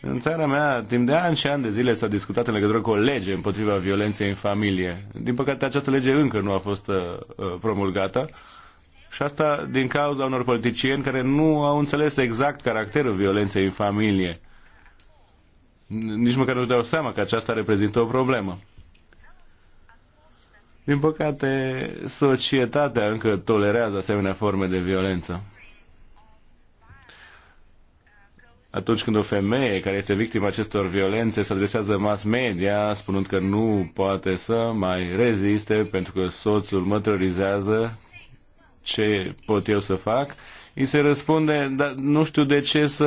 Speaker 4: În țara mea, timp de ani și ani de zile s-a discutat în legătură cu o lege împotriva violenței în familie. Din păcate, această lege încă nu a fost uh, uh, promulgată și asta din cauza unor politicieni care nu au înțeles exact caracterul violenței în familie. Nici măcar nu-și dau seama că aceasta reprezintă o problemă. Din păcate, societatea încă tolerează asemenea forme de violență. Atunci când o femeie care este victima acestor violențe se adresează mass media spunând că nu poate să mai reziste pentru că soțul mă terorizează, ce pot eu să fac? îi se răspunde, dar nu știu de ce să,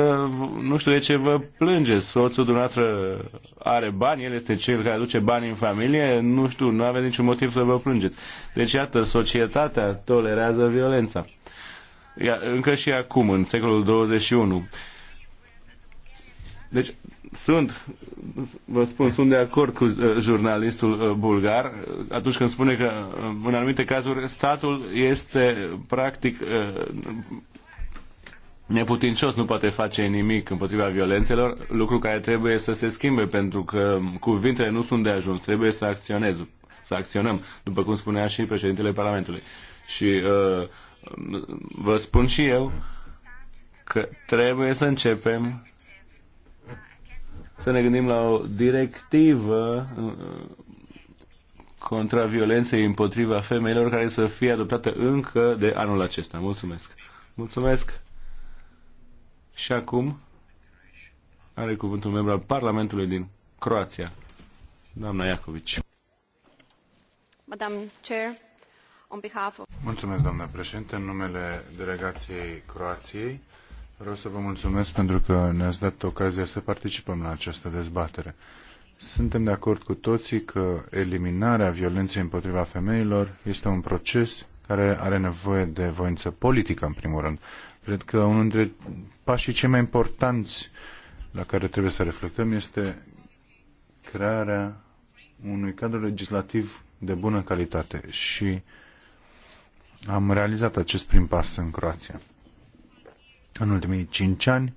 Speaker 4: nu știu de ce vă plângeți, soțul dumneavoastră are bani, el este cel care aduce bani în familie, nu știu, nu aveți niciun motiv să vă plângeți. Deci, iată, societatea tolerează violența. Ia, încă și acum, în secolul 21. Deci, sunt, vă spun, sunt de acord cu uh, jurnalistul uh, bulgar uh, atunci când spune că, în anumite cazuri, statul este practic neputincios nu poate face nimic împotriva violențelor, lucru care trebuie să se schimbe pentru că cuvintele nu sunt de ajuns, trebuie să acționez, să acționăm, după cum spunea și președintele Parlamentului. Și uh, vă spun și eu că trebuie să începem să ne gândim la o directivă uh, contra violenței împotriva femeilor care să fie adoptată încă de anul acesta. Mulțumesc! Mulțumesc! Și acum are cuvântul membru al Parlamentului din Croația, doamna Iacovici.
Speaker 3: Madam Chair, on behalf of...
Speaker 5: Mulțumesc, doamna președinte. În numele delegației Croației, vreau să vă mulțumesc pentru că ne-ați dat ocazia să participăm la această dezbatere. Suntem de acord cu toții că eliminarea violenței împotriva femeilor este un proces care are nevoie de voință politică, în primul rând. Cred că unul dintre pașii cei mai importanți la care trebuie să reflectăm este crearea unui cadru legislativ de bună calitate și am realizat acest prim pas în Croația. În ultimii cinci ani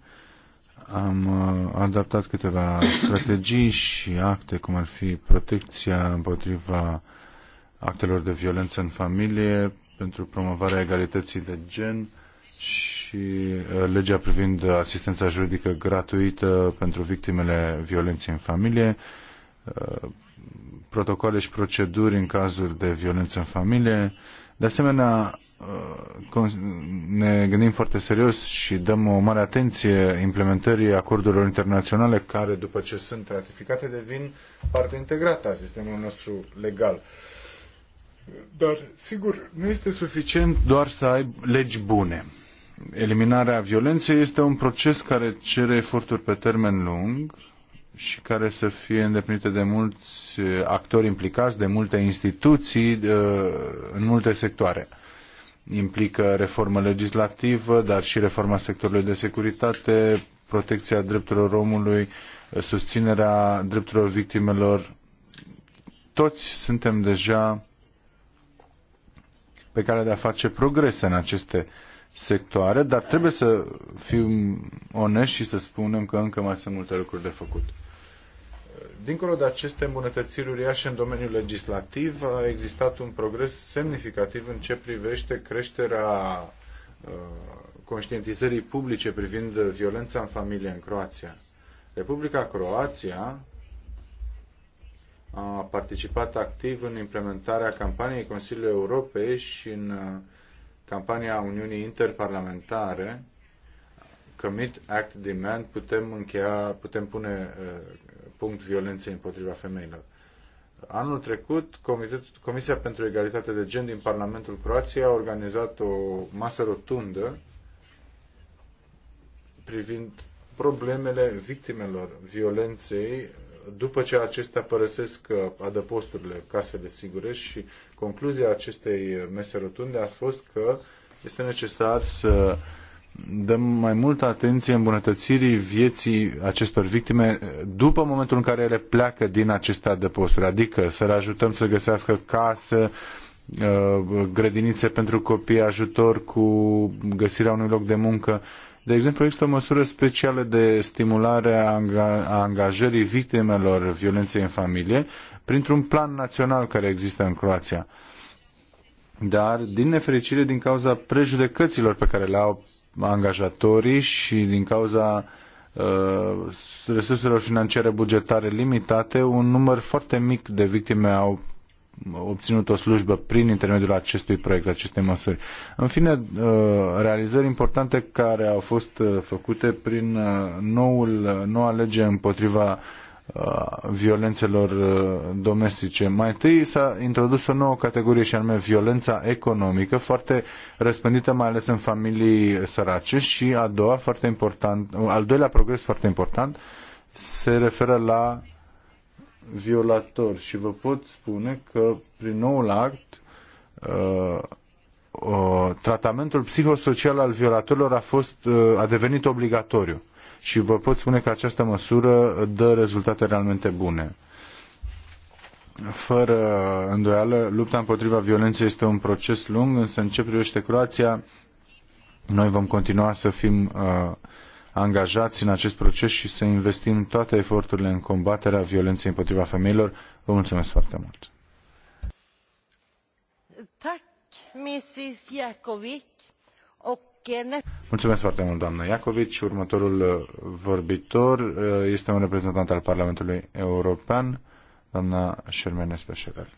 Speaker 5: am uh, adaptat câteva strategii și acte, cum ar fi protecția împotriva actelor de violență în familie, pentru promovarea egalității de gen și și uh, legea privind asistența juridică gratuită pentru victimele violenței în familie, uh, protocoale și proceduri în cazuri de violență în familie. De asemenea, uh, ne gândim foarte serios și dăm o mare atenție implementării acordurilor internaționale care, după ce sunt ratificate, devin parte integrată a sistemului nostru legal. Dar, sigur, nu este suficient doar să ai legi bune eliminarea violenței este un proces care cere eforturi pe termen lung și care să fie îndeplinite de mulți eh, actori implicați, de multe instituții, de, eh, în multe sectoare. Implică reformă legislativă, dar și reforma sectorului de securitate, protecția drepturilor omului, eh, susținerea drepturilor victimelor. Toți suntem deja pe cale de a face progrese în aceste sectoare, dar trebuie să fim onești și să spunem că încă mai sunt multe lucruri de făcut. Dincolo de aceste îmbunătățiri uriașe în domeniul legislativ, a existat un progres semnificativ în ce privește creșterea uh, conștientizării publice privind violența în familie în Croația. Republica Croația a participat activ în implementarea campaniei Consiliului Europei și în uh, campania Uniunii Interparlamentare, Commit Act Demand, putem încheia, putem pune uh, punct violenței împotriva femeilor. Anul trecut, Comisia pentru Egalitate de Gen din Parlamentul Croației a organizat o masă rotundă privind problemele victimelor violenței după ce acestea părăsesc uh, adăposturile, casele sigure și concluzia acestei mese rotunde a fost că este necesar să dăm mai multă atenție îmbunătățirii vieții acestor victime după momentul în care ele pleacă din aceste adăposturi, adică să le ajutăm să găsească casă, uh, grădinițe pentru copii, ajutor cu găsirea unui loc de muncă de exemplu, există o măsură specială de stimulare a angajării victimelor violenței în familie printr-un plan național care există în Croația. Dar, din nefericire, din cauza prejudecăților pe care le au angajatorii și din cauza uh, resurselor financiare bugetare limitate, un număr foarte mic de victime au obținut o slujbă prin intermediul acestui proiect, acestei măsuri. În fine, uh, realizări importante care au fost uh, făcute prin uh, noul, noua lege împotriva violențelor domestice. Mai întâi s-a introdus o nouă categorie și anume violența economică, foarte răspândită mai ales în familii sărace și a doua, foarte important, al doilea progres foarte important se referă la violator și vă pot spune că prin noul act uh, uh, tratamentul psihosocial al violatorilor a, fost, uh, a devenit obligatoriu și vă pot spune că această măsură dă rezultate realmente bune. Fără îndoială, lupta împotriva violenței este un proces lung, însă în ce privește Croația, noi vom continua să fim uh, angajați în acest proces și să investim toate eforturile în combaterea violenței împotriva femeilor. Vă mulțumesc foarte mult! Mulțumesc foarte mult, doamnă Iacovici. Următorul uh, vorbitor uh, este un reprezentant al Parlamentului European, doamna Șermene Speșegal.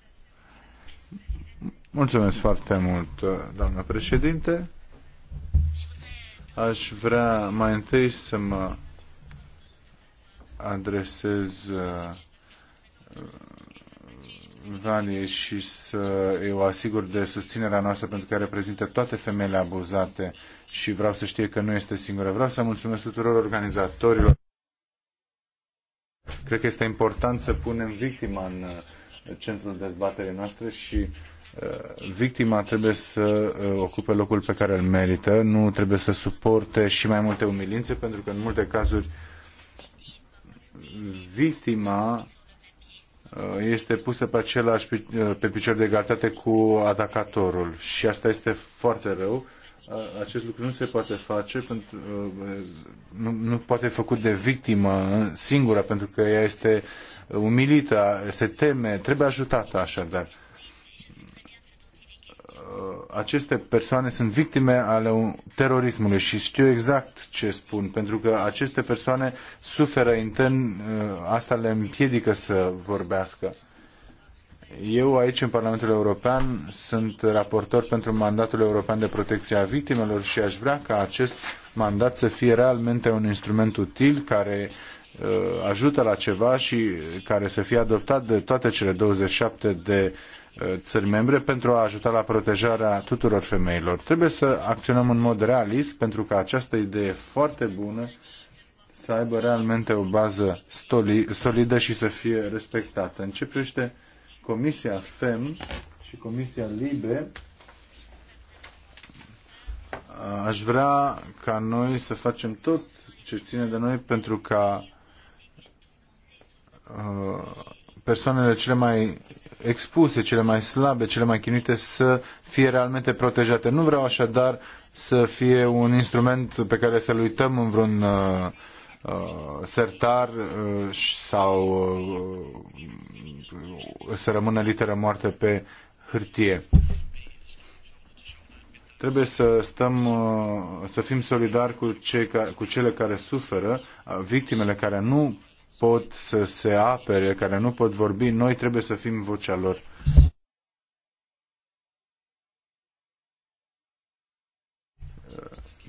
Speaker 5: Mulțumesc foarte mult, uh, doamnă președinte. Aș vrea mai întâi să mă adresez uh, Vanie și să eu asigur de susținerea noastră pentru că reprezintă toate femeile abuzate și vreau să știe că nu este singură. Vreau să mulțumesc tuturor organizatorilor. Cred că este important să punem victima în uh, centrul dezbaterii noastre și Uh, victima trebuie să uh, ocupe locul pe care îl merită, nu trebuie să suporte și mai multe umilințe, pentru că în multe cazuri victima uh, este pusă pe același pe picior de egalitate cu atacatorul și asta este foarte rău. Acest lucru nu se poate face pentru, nu, nu poate făcut de victimă singură pentru că ea este umilită, se teme, trebuie ajutată așadar Uh, aceste persoane sunt victime ale terorismului și știu exact ce spun, pentru că aceste persoane suferă intern, uh, asta le împiedică să vorbească. Eu aici, în Parlamentul European, sunt raportor pentru mandatul european de protecție a victimelor și aș vrea ca acest mandat să fie realmente un instrument util care uh, ajută la ceva și care să fie adoptat de toate cele 27 de Uh, țări membre pentru a ajuta la protejarea tuturor femeilor. Trebuie să acționăm în mod realist pentru că această idee foarte bună să aibă realmente o bază solidă și să fie respectată. Începește Comisia FEM și Comisia LIBE. Aș vrea ca noi să facem tot ce ține de noi pentru ca uh, persoanele cele mai expuse, cele mai slabe, cele mai chinuite să fie realmente protejate. Nu vreau așadar să fie un instrument pe care să-l uităm în vreun uh, uh sertar uh, sau uh, să rămână literă moarte pe hârtie. Trebuie să stăm, uh, să fim solidari cu, cei cu cele care suferă, victimele care nu pot să se apere, care nu pot vorbi, noi trebuie să fim vocea lor.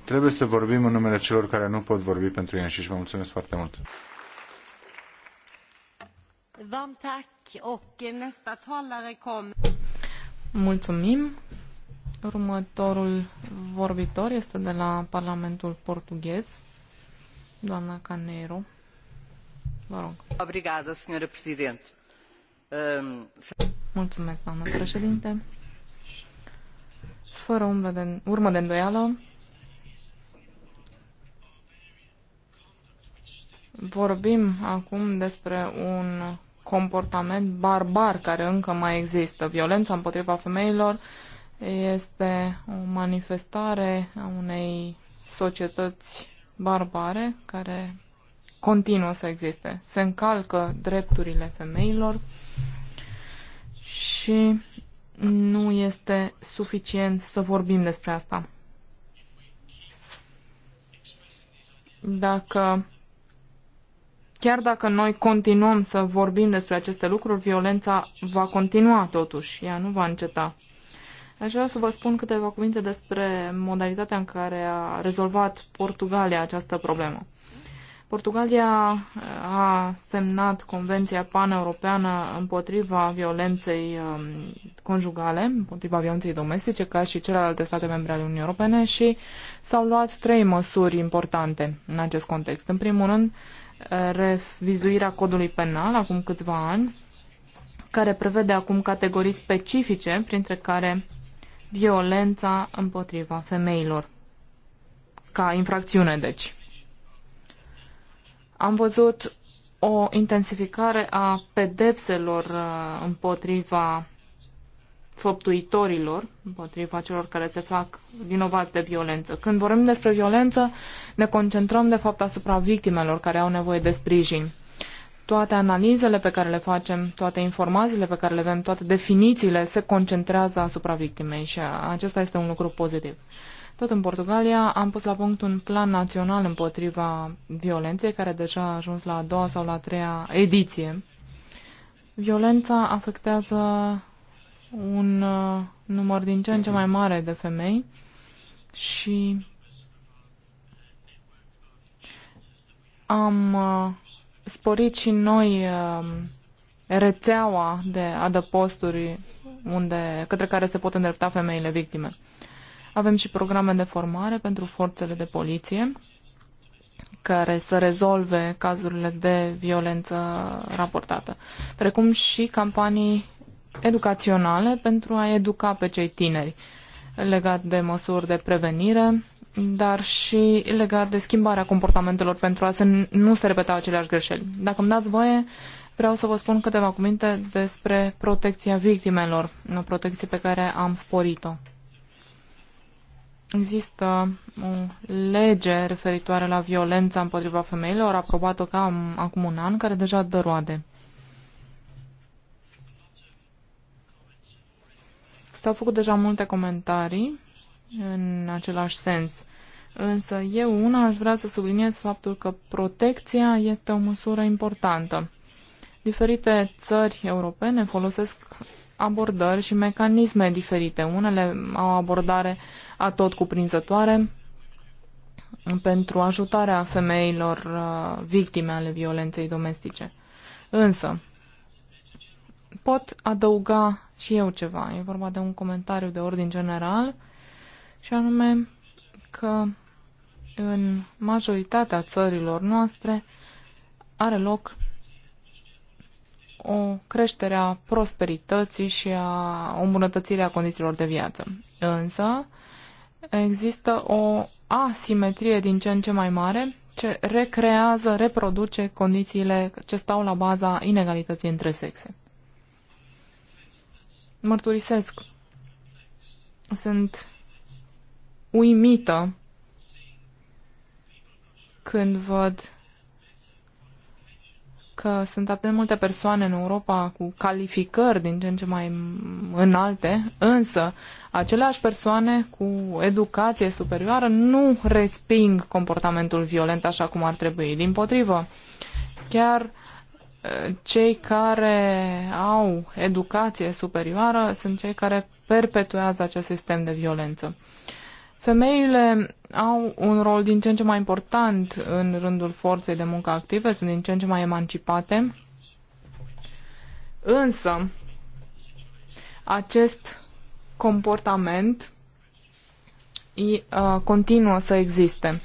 Speaker 5: Trebuie să vorbim în numele celor care nu pot vorbi pentru ei și vă mulțumesc foarte mult.
Speaker 6: Mulțumim. Următorul vorbitor este de la Parlamentul Portughez, doamna Caneiro. Mulțumesc, Fără urmă de îndoială, vorbim acum despre un comportament barbar care încă mai există. Violența împotriva femeilor este o manifestare a unei societăți barbare care continuă să existe. Se încalcă drepturile femeilor și nu este suficient să vorbim despre asta. Dacă chiar dacă noi continuăm să vorbim despre aceste lucruri, violența va continua totuși, ea nu va înceta. Aș vrea să vă spun câteva cuvinte despre modalitatea în care a rezolvat Portugalia această problemă. Portugalia uh, a semnat Convenția Paneuropeană împotriva violenței um, conjugale, împotriva violenței domestice, ca și celelalte state membre ale Uniunii Europene și s-au luat trei măsuri importante în acest context. În primul rând, uh, revizuirea codului penal acum câțiva ani, care prevede acum categorii specifice, printre care violența împotriva femeilor, ca infracțiune, deci. Am văzut o intensificare a pedepselor uh, împotriva făptuitorilor, împotriva celor care se fac vinovați de violență. Când vorbim despre violență, ne concentrăm de fapt asupra victimelor care au nevoie de sprijin. Toate analizele pe care le facem, toate informațiile pe care le avem, toate definițiile se concentrează asupra victimei și acesta este un lucru pozitiv. Tot în Portugalia am pus la punct un plan național împotriva violenței, care deja a ajuns la a doua sau la a treia ediție. Violența afectează un uh, număr din ce în ce mai mare de femei și am uh, sporit și noi uh, rețeaua de adăposturi unde, către care se pot îndrepta femeile victime. Avem și programe de formare pentru forțele de poliție care să rezolve cazurile de violență raportată, precum și campanii educaționale pentru a educa pe cei tineri legat de măsuri de prevenire, dar și legat de schimbarea comportamentelor pentru a să nu se repeta aceleași greșeli. Dacă îmi dați voie, vreau să vă spun câteva cuvinte despre protecția victimelor, o protecție pe care am sporit-o. Există o lege referitoare la violența împotriva femeilor, aprobată cam acum un an, care deja dă roade. S-au făcut deja multe comentarii în același sens. Însă eu una aș vrea să subliniez faptul că protecția este o măsură importantă. Diferite țări europene folosesc abordări și mecanisme diferite. Unele au abordare uh, atot cuprinzătoare pentru ajutarea femeilor uh, victime ale violenței domestice. Însă, pot adăuga și eu ceva. E vorba de un comentariu de ordin general și anume că în majoritatea țărilor noastre are loc o creștere a prosperității și a o îmbunătățire a condițiilor de viață. Însă, există o asimetrie din ce în ce mai mare ce recrează, reproduce condițiile ce stau la baza inegalității între sexe. Mărturisesc, sunt uimită când văd că sunt atât de multe persoane în Europa cu calificări din ce în ce mai înalte, însă uh, aceleași persoane cu educație superioară nu resping comportamentul violent așa cum ar trebui. Din potrivă, chiar eh, cei care au educație superioară sunt cei care perpetuează acest sistem de violență. Femeile au un rol din ce în ce mai important în rândul forței de muncă active, sunt din ce în ce mai emancipate, însă acest comportament uh, continuă să existe.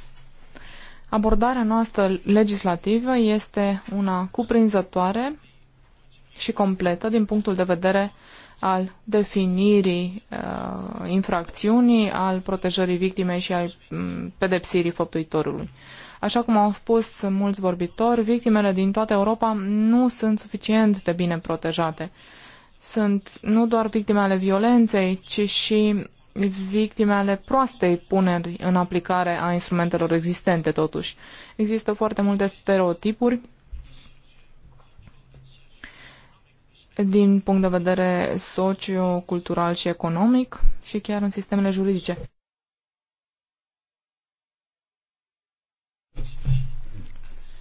Speaker 6: Abordarea noastră legislativă este una cuprinzătoare și completă din punctul de vedere al definirii uh, infracțiunii, al protejării victimei și al um, pedepsirii făptuitorului. Așa cum au spus mulți vorbitori, victimele din toată Europa nu sunt suficient de bine protejate. Uh, sunt nu doar victime ale violenței, ci și victime ale proastei puneri în aplicare a instrumentelor existente, totuși. Există foarte multe stereotipuri din punct de vedere sociocultural și economic și chiar în sistemele juridice.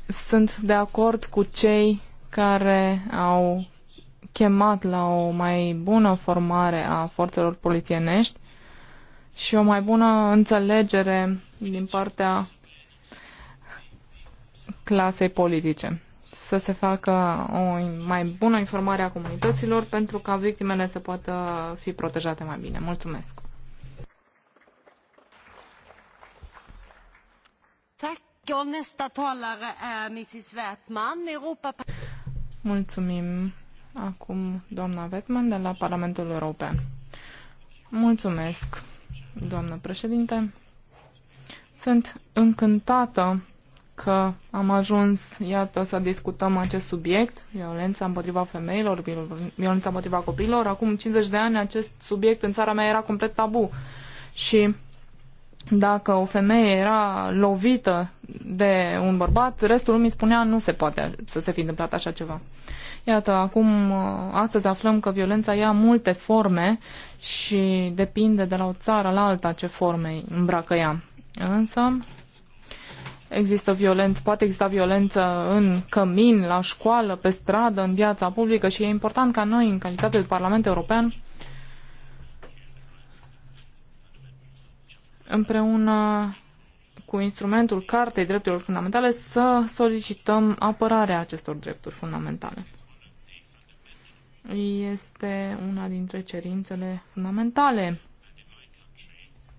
Speaker 6: Sunt de acord cu cei care au chemat la o mai bună formare a forțelor polițienești și o mai bună înțelegere din partea clasei politice. Să se facă o mai bună informare a comunităților pentru ca victimele să poată fi protejate mai bine. Mulțumesc! Mulțumim! Acum doamna Vetman de la Parlamentul European. Mulțumesc, doamnă președinte. Sunt încântată că am ajuns, iată, să discutăm acest subiect, violența împotriva femeilor, violența împotriva copiilor. Acum 50 de ani acest subiect în țara mea era complet tabu și dacă o femeie era lovită de un bărbat, restul lumii spunea nu se poate să se fi întâmplat așa ceva. Iată, acum, uh, astăzi aflăm că violența ia multe forme și depinde de la o țară la alta ce forme îmbracă ea. Însă, există violență, poate exista violență în cămin, la școală, pe stradă, în viața publică și e important ca noi, în calitate de Parlament European, împreună cu instrumentul Cartei Drepturilor Fundamentale să solicităm apărarea acestor drepturi fundamentale. Este una dintre cerințele fundamentale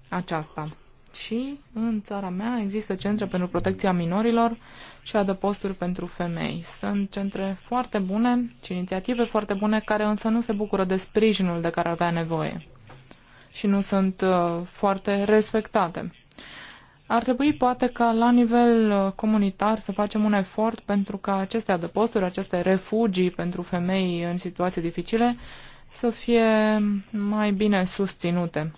Speaker 6: aceasta. Și în țara mea există centre pentru protecția minorilor și adăposturi pentru femei. Sunt centre foarte bune și inițiative foarte bune care însă nu se bucură de sprijinul de care avea nevoie și nu sunt uh, foarte respectate. Ar trebui poate ca la nivel uh, comunitar să facem un efort pentru ca aceste adăposturi, aceste refugii pentru femei în situații dificile să fie mai bine susținute.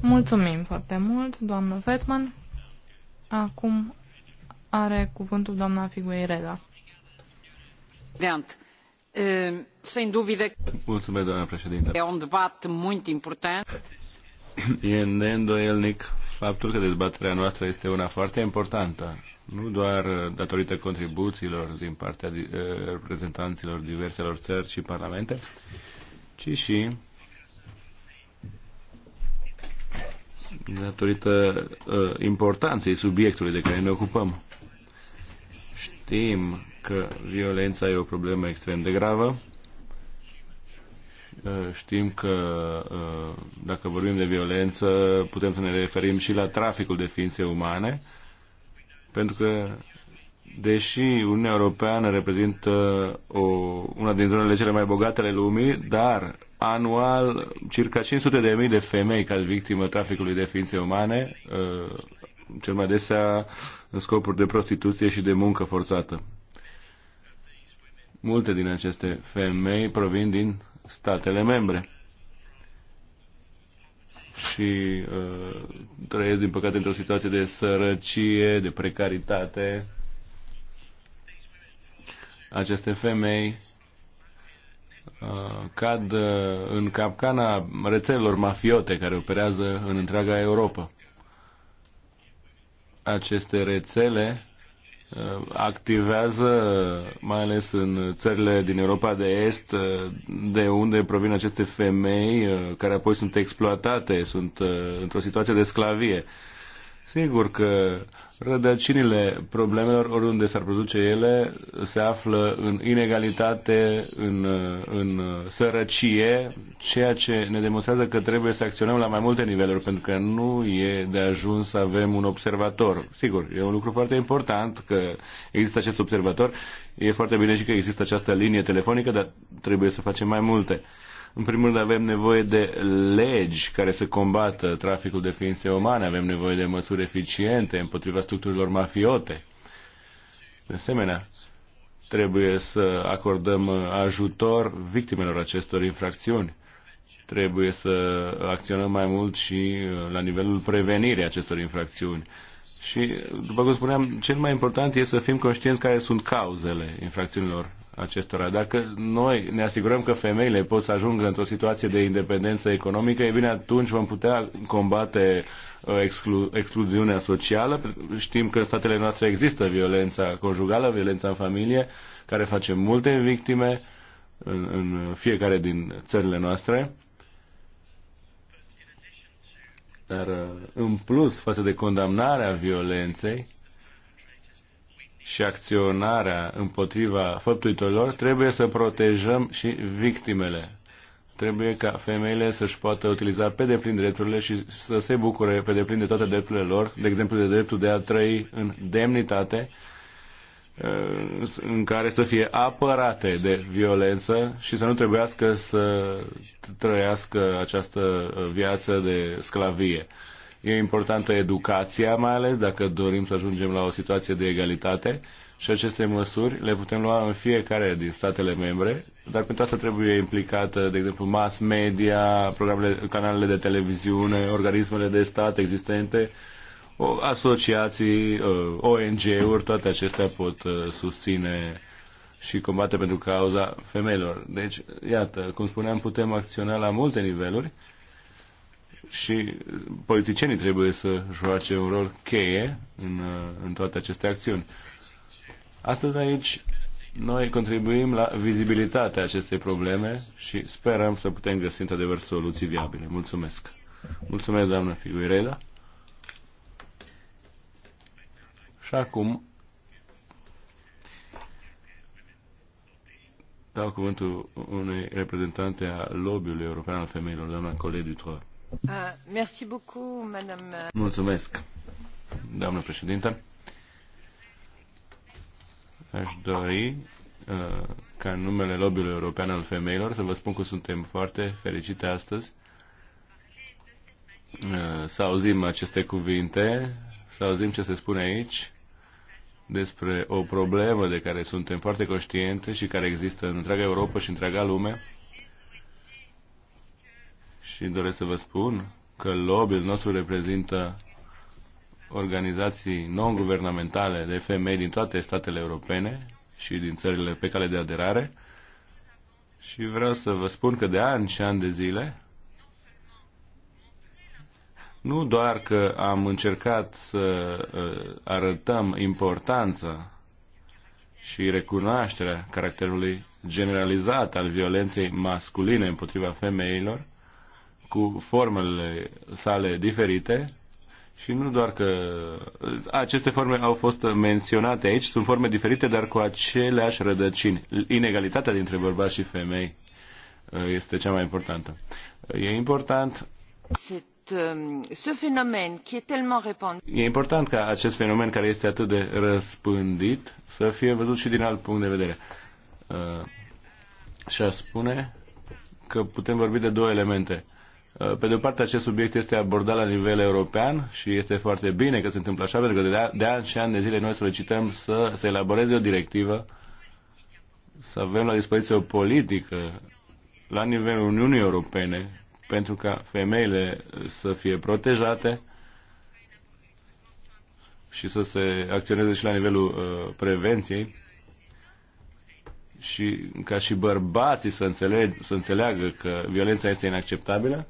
Speaker 6: Mulțumim foarte mult, doamnă Vetman. Acum are cuvântul doamna Figueireda.
Speaker 1: Veant. Eh, sem președinte. un debat mult important.
Speaker 4: E neîndoielnic faptul că dezbaterea noastră este una foarte importantă, nu doar datorită contribuțiilor din partea eh, reprezentanților diverselor țări și parlamente, ci și datorită uh, importanței subiectului de care ne ocupăm. Știm că violența e o problemă extrem de gravă. Uh, știm că uh, dacă vorbim de violență, putem să ne referim și la traficul de ființe umane, pentru că deși Uniunea Europeană reprezintă o, una din zonele cele mai bogate ale lumii, dar anual circa 500 de mii de femei ca victimă traficului de ființe umane, uh, cel mai desea în scopuri de prostituție și de muncă forțată. Multe din aceste femei provin din statele membre și uh, trăiesc, din păcate, într-o situație de sărăcie, de precaritate. Aceste femei uh, cad uh, în capcana rețelelor mafiote care operează în întreaga Europa. Aceste rețele activează mai ales în țările din Europa de Est, de unde provin aceste femei uh, care apoi sunt exploatate, sunt uh, într-o situație de sclavie. Sigur că Rădăcinile problemelor, oriunde s-ar produce ele, se află în inegalitate, în, în sărăcie, ceea ce ne demonstrează că trebuie să acționăm la mai multe niveluri, pentru că nu e de ajuns să avem un observator. Sigur, e un lucru foarte important că există acest observator, e foarte bine și că există această linie telefonică, dar trebuie să facem mai multe. În primul rând avem nevoie de legi care să combată traficul de ființe umane, avem nevoie de măsuri eficiente împotriva structurilor mafiote. De asemenea, trebuie să acordăm ajutor victimelor acestor infracțiuni. Trebuie să acționăm mai mult și uh, la nivelul prevenirii acestor infracțiuni. Și, după cum spuneam, cel mai important este să fim conștienți care sunt cauzele infracțiunilor acestora. Dacă noi ne asigurăm că femeile pot să ajungă într-o situație de independență economică, e bine, atunci vom putea combate uh, exclu- excluziunea socială. Știm că în statele noastre există violența conjugală, violența în familie, care face multe victime în, în fiecare din țările noastre. Dar uh, în plus față de condamnarea violenței, și acționarea împotriva făptuitorilor, trebuie să protejăm și victimele. Trebuie ca femeile să-și poată utiliza pe deplin drepturile și să se bucure pe deplin de toate drepturile lor, de exemplu de dreptul de a trăi în demnitate, în care să fie apărate de violență și să nu trebuiască să trăiască această viață de sclavie. E importantă educația, mai ales dacă dorim să ajungem la o situație de egalitate și aceste măsuri le putem lua în fiecare din statele membre, dar pentru asta trebuie implicată, de exemplu, mass media, programele, canalele de televiziune, organismele de stat existente, asociații, uh, ONG-uri, toate acestea pot uh, susține și combate pentru cauza femeilor. Deci, iată, cum spuneam, putem acționa la multe niveluri și politicienii trebuie să joace un rol cheie în, în toate aceste acțiuni. Astăzi aici noi contribuim la vizibilitatea acestei probleme și sperăm să putem găsi într-adevăr soluții viabile. Mulțumesc! Mulțumesc, doamnă Figuireda! Și acum dau cuvântul unei reprezentante a lobby-ului european al femeilor, doamna Colette Dutroux. Ah, Mulțumesc, doamnă președintă. Aș dori ah, ca în numele lobby-ului european al femeilor să vă spun că suntem foarte fericite astăzi ah, să auzim aceste cuvinte, să auzim ce se spune aici despre o problemă de care suntem foarte conștiente și care există în întreaga Europa și întreaga lume și doresc să vă spun că lobby-ul nostru reprezintă organizații non-guvernamentale de femei din toate statele europene și din țările pe cale de aderare și vreau să vă spun că de ani și ani de zile nu doar că am încercat să ă, arătăm importanța și recunoașterea caracterului generalizat al violenței masculine împotriva femeilor, cu formele sale diferite și nu doar că aceste forme au fost menționate aici, sunt forme diferite, dar cu aceleași rădăcini. Inegalitatea dintre bărbați și femei uh, este cea mai importantă. E important um, E important ca acest fenomen care este atât de răspândit să fie văzut și din alt punct de vedere. Uh, și a spune că putem vorbi de două elemente. Uh, pe de o parte, acest subiect este abordat la nivel european și este foarte bine că se întâmplă așa, pentru că de, de ani și ani de zile noi solicităm să se elaboreze o directivă, să avem la dispoziție o politică la nivelul Uniunii Europene pentru ca femeile să fie protejate și să se acționeze și la nivelul uh, prevenției și ca și bărbații să, înțeleg, să înțeleagă că violența este inacceptabilă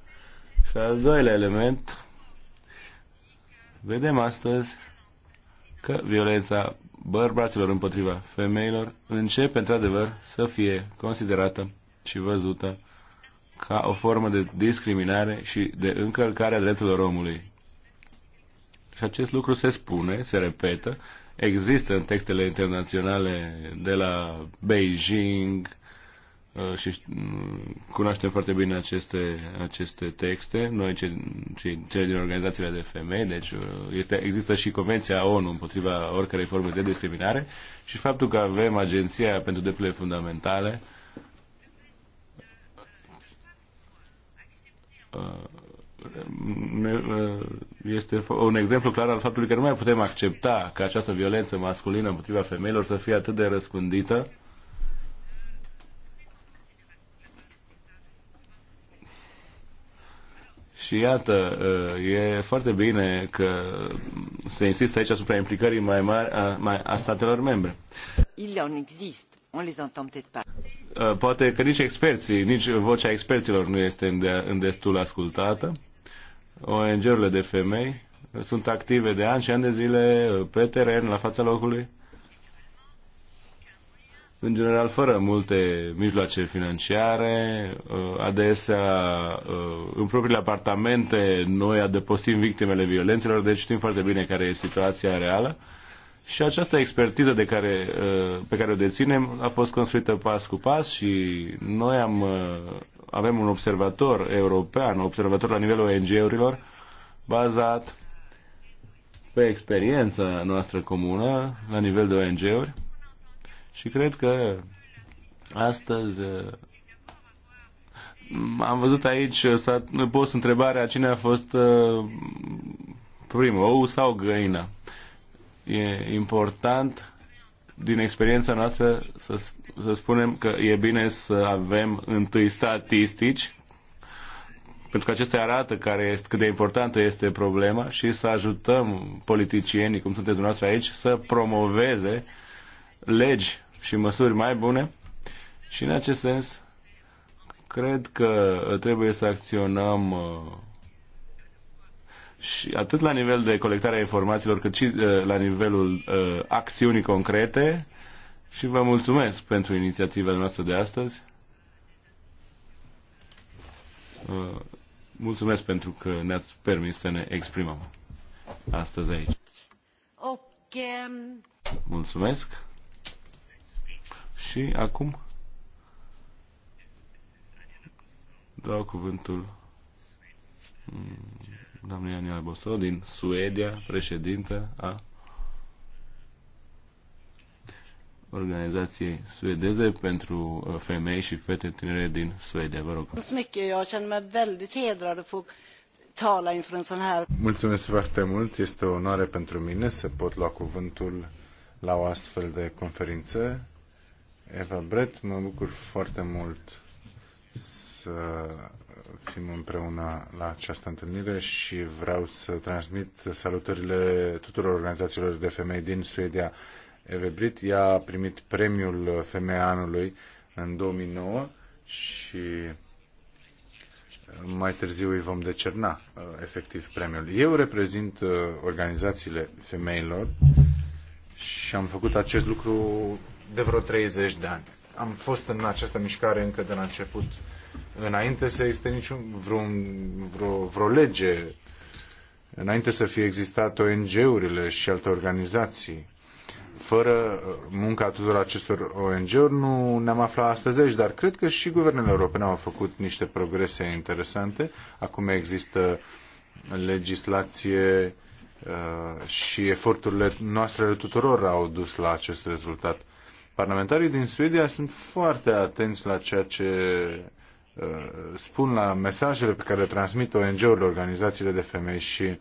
Speaker 4: și al doilea element, vedem astăzi că violența bărbaților împotriva femeilor începe într-adevăr să fie considerată și văzută ca o formă de discriminare și de încălcare a drepturilor omului. Și acest lucru se spune, se repetă, există în textele internaționale de la Beijing, Uh, și uh, cunoaștem foarte bine aceste, aceste texte, noi cei, cei, din organizațiile de femei, deci uh, este, există și Convenția ONU împotriva oricărei forme de discriminare și faptul că avem Agenția pentru Drepturile Fundamentale este un exemplu clar al faptului că nu mai putem accepta că această violență masculină împotriva femeilor să fie atât de răspândită Și iată, uh, e foarte bine că se insistă aici asupra implicării mai mari a, mai, a statelor membre.
Speaker 1: Uh,
Speaker 4: poate că nici experții, nici vocea experților nu este îndestul ascultată. ONG-urile de femei sunt active de ani și ani de zile uh, pe teren, la fața locului în general fără multe mijloace financiare, uh, adesea uh, în propriile apartamente noi adăpostim victimele violențelor, deci știm foarte bine care e situația reală. Și această expertiză de care, uh, pe care o deținem a fost construită pas cu pas și noi am, avem un observator european, un observator la nivelul ONG-urilor, bazat pe experiența noastră comună la nivel de ONG-uri și cred că astăzi eh, am văzut aici, eh, s-a pus întrebarea cine a fost eh, primul, ou sau găina. E important din experiența noastră să, să spunem că e bine să avem întâi statistici pentru că acestea arată care este, cât de importantă este problema și să ajutăm politicienii, cum sunteți dumneavoastră aici, să promoveze legi și măsuri mai bune și în acest sens cred că trebuie să acționăm uh, și atât la nivel de colectare a informațiilor, cât și uh, la nivelul uh, acțiunii concrete și vă mulțumesc pentru inițiativa noastră de astăzi. Mulțumesc pentru că ne-ați permis să ne exprimăm astăzi aici. Mulțumesc. Și acum dau cuvântul mm, doamnei Ania Boso din Suedia, președintă a organizației suedeze pentru uh, femei și fete tinere din Suedia. Vă rog.
Speaker 5: Mulțumesc foarte mult. Este o onoare pentru mine să pot lua cuvântul la o astfel de conferință Eva Brett. Mă bucur foarte mult să fim împreună la această întâlnire și vreau să transmit salutările tuturor organizațiilor de femei din Suedia. Eva Britt, ea a primit premiul Femeia Anului în 2009 și mai târziu îi vom decerna uh, efectiv premiul. Eu reprezint uh, organizațiile femeilor și am făcut acest lucru de vreo 30 de ani. Am fost în această mișcare încă de la început, înainte să existe niciun, vreun, vreo, vreo lege, înainte să fie existat ONG-urile și alte organizații. Fără uh, munca tuturor acestor ONG-uri nu ne-am aflat astăzi aici, dar cred că și guvernele europene au făcut niște progrese interesante. Acum există legislație uh, și eforturile noastre tuturor au dus la acest rezultat. Parlamentarii din Suedia sunt foarte atenți la ceea ce uh, spun la mesajele pe care le transmit ONG-urile, organizațiile de femei și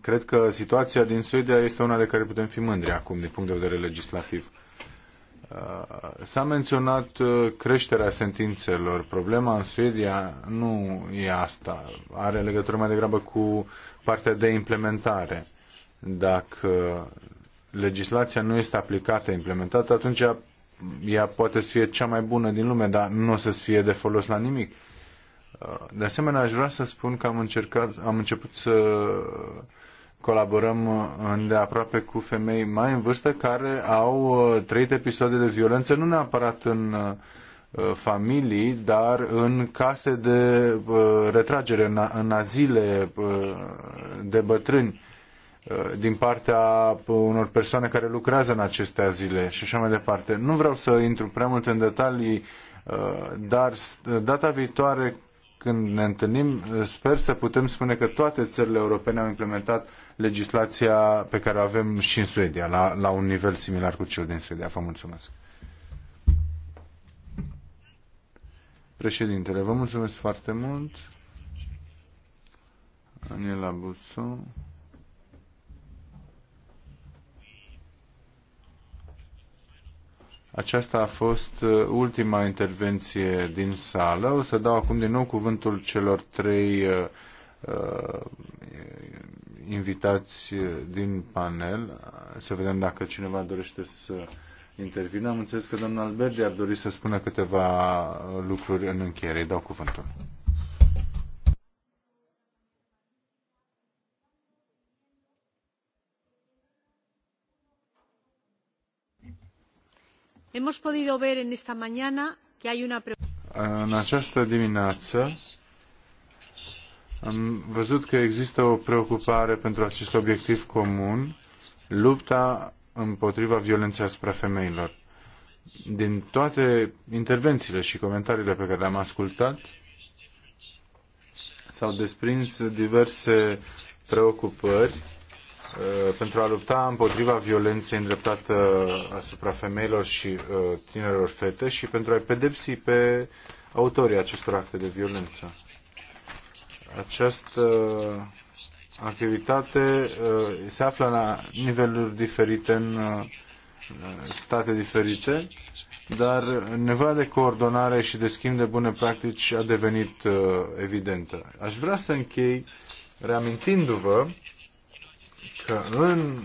Speaker 5: cred că situația din Suedia este una de care putem fi mândri acum din punct de vedere legislativ. Uh, s-a menționat uh, creșterea sentințelor. Problema în Suedia nu e asta. Are legătură mai degrabă cu partea de implementare. Dacă legislația nu este aplicată, implementată, atunci ea poate să fie cea mai bună din lume, dar nu o să fie de folos la nimic. Uh, de asemenea, aș vrea să spun că am, încercat, am început să colaborăm îndeaproape cu femei mai în vârstă care au uh, trăit episoade de violență, nu neapărat în uh, familii, dar în case de retragere, în azile de bătrâni Uh, din partea unor persoane care lucrează în aceste azile și așa mai departe. Nu vreau să intru prea mult în detalii, uh, dar uh, data viitoare când ne întâlnim, sper să putem spune că toate țările europene au implementat legislația pe care o avem și în Suedia, la, la un nivel similar cu cel din Suedia. Vă mulțumesc. Președintele, vă mulțumesc foarte mult. Aniela Busu. Aceasta a fost uh, ultima intervenție din sală. O să dau acum din nou cuvântul celor trei uh, uh invitați uh, din panel. Să vedem dacă cineva dorește să intervină. Am înțeles că domnul Alberti ar dori să spună câteva lucruri în încheiere. Îi dau cuvântul. În această dimineață am văzut că există o preocupare pentru acest obiectiv comun, lupta împotriva violenței asupra femeilor. Din toate intervențiile și comentariile pe care le-am ascultat, s-au desprins diverse preocupări Uh, pentru a lupta împotriva violenței îndreptată asupra femeilor și uh, tinerilor fete și pentru a-i pedepsi pe autorii acestor acte de violență. Această activitate uh, se află la niveluri diferite în state diferite, dar nevoia de coordonare și de schimb de bune practici a devenit evidentă. Aș vrea să închei reamintindu-vă că în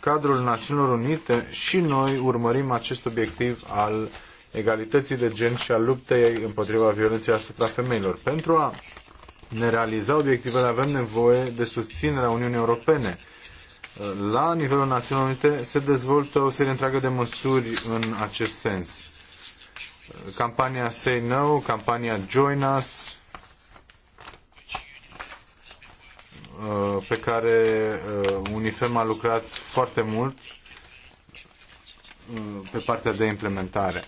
Speaker 5: cadrul Națiunilor Unite și noi urmărim acest obiectiv al egalității de gen și al luptei împotriva violenței asupra femeilor. Pentru a ne realiza obiectivele avem nevoie de susținerea Uniunii Europene. La nivelul Națiunilor Unite se dezvoltă o serie întreagă de măsuri în acest sens. Campania Say No, campania Join Us, Uh, pe care uh, UNIFEM a lucrat foarte mult uh, pe partea de implementare.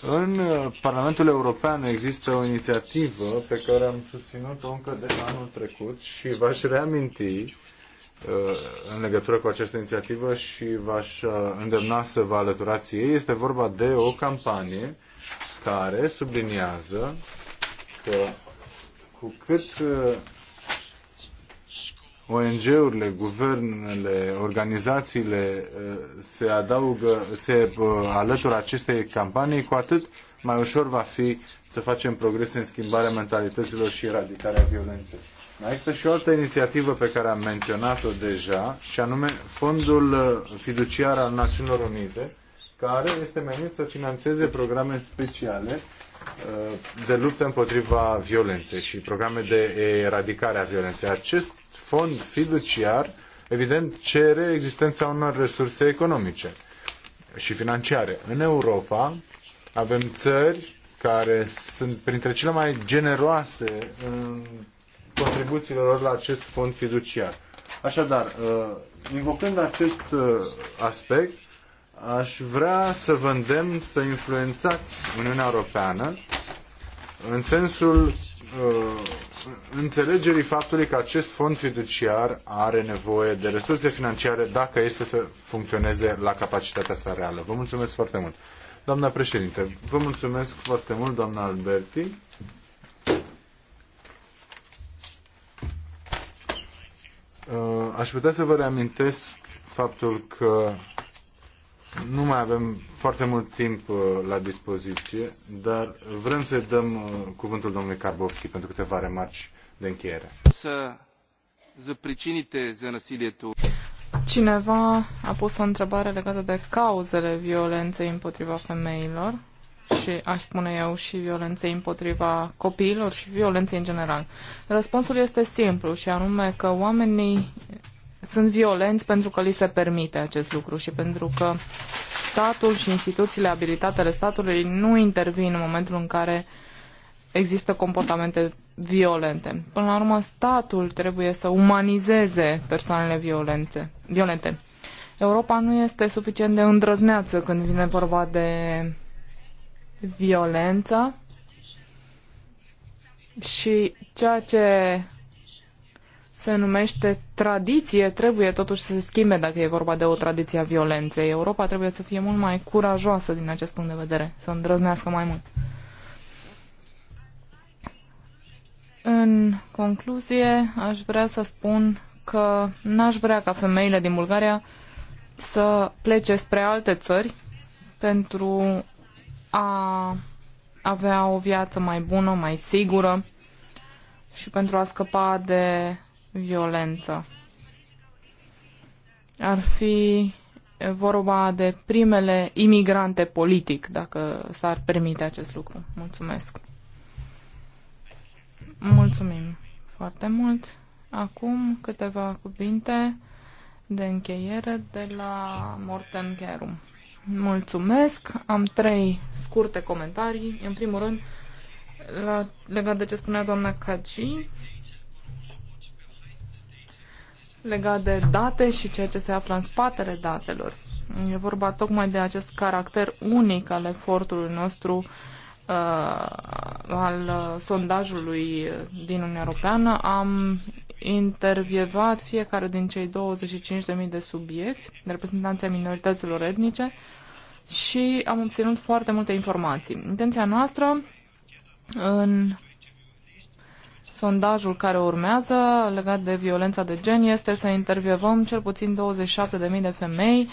Speaker 5: În Parlamentul European există o inițiativă pe care am susținut-o încă de anul trecut și v-aș reaminti în legătură cu această inițiativă și v-aș îndemna să vă alăturați ei. Este vorba de o campanie care subliniază că cu cât ONG-urile, guvernele, organizațiile eh, se adaugă, se eh, alătură acestei campanii, cu atât mai ușor va fi să facem progrese în schimbarea mentalităților și eradicarea violenței. Mai există și o altă inițiativă pe care am menționat-o deja, și anume Fondul eh, Fiduciar al Națiunilor Unite, care este menit să financeze programe speciale de luptă împotriva violenței și programe de eradicare a violenței. Acest fond fiduciar, evident, cere existența unor resurse economice și financiare. În Europa avem țări care sunt printre cele mai generoase în contribuțiile lor la acest fond fiduciar. Așadar, uh, invocând acest uh, aspect, aș vrea să vă îndemn să influențați Uniunea Europeană în sensul uh, înțelegerii faptului că acest fond fiduciar are nevoie de resurse financiare dacă este să funcționeze la capacitatea sa reală. Vă mulțumesc foarte mult. Doamna președinte, vă mulțumesc foarte mult, doamna Alberti. Uh, aș putea să vă reamintesc faptul că nu mai avem foarte mult timp uh, la dispoziție, dar vrem să dăm uh, cuvântul domnului Karbovski pentru câteva remarci de încheiere.
Speaker 6: Să
Speaker 3: za pricinite tu.
Speaker 6: Cineva a pus o întrebare legată de cauzele violenței împotriva femeilor și, aș spune eu, și violenței împotriva copiilor și violenței în general. Răspunsul este simplu și anume că oamenii sunt violenți pentru că li se permite acest lucru și pentru că statul și instituțiile abilitate ale statului nu intervin în momentul în care există comportamente violente. Până la urmă, statul trebuie să umanizeze persoanele violențe, violente. Europa nu este suficient de îndrăzneață când vine vorba de violență și ceea ce se numește tradiție, trebuie totuși să se schimbe dacă e vorba de o tradiție a violenței. Europa trebuie să fie mult mai curajoasă din acest punct de vedere, să îndrăznească mai mult. În concluzie, aș vrea să spun că n-aș vrea ca femeile din Bulgaria să plece spre alte țări pentru a avea o viață mai bună, mai sigură și pentru a scăpa de violență. Ar fi vorba de primele imigrante politic, dacă s-ar permite acest lucru. Mulțumesc. Mulțumim foarte mult. Acum câteva cuvinte de încheiere de la Morten Kerum. Mulțumesc. Am trei scurte comentarii. În primul rând, la, legat de ce spunea doamna Caci, legat de date și ceea ce se află în spatele datelor. E vorba tocmai de acest caracter unic al efortului nostru uh, al sondajului din Uniunea Europeană. Am intervievat fiecare din cei 25.000 de subiecti, de reprezentanții minorităților etnice, și am obținut foarte multe informații. Intenția noastră în Sondajul care urmează, legat de violența de gen, este să intervievăm cel puțin 27.000 de femei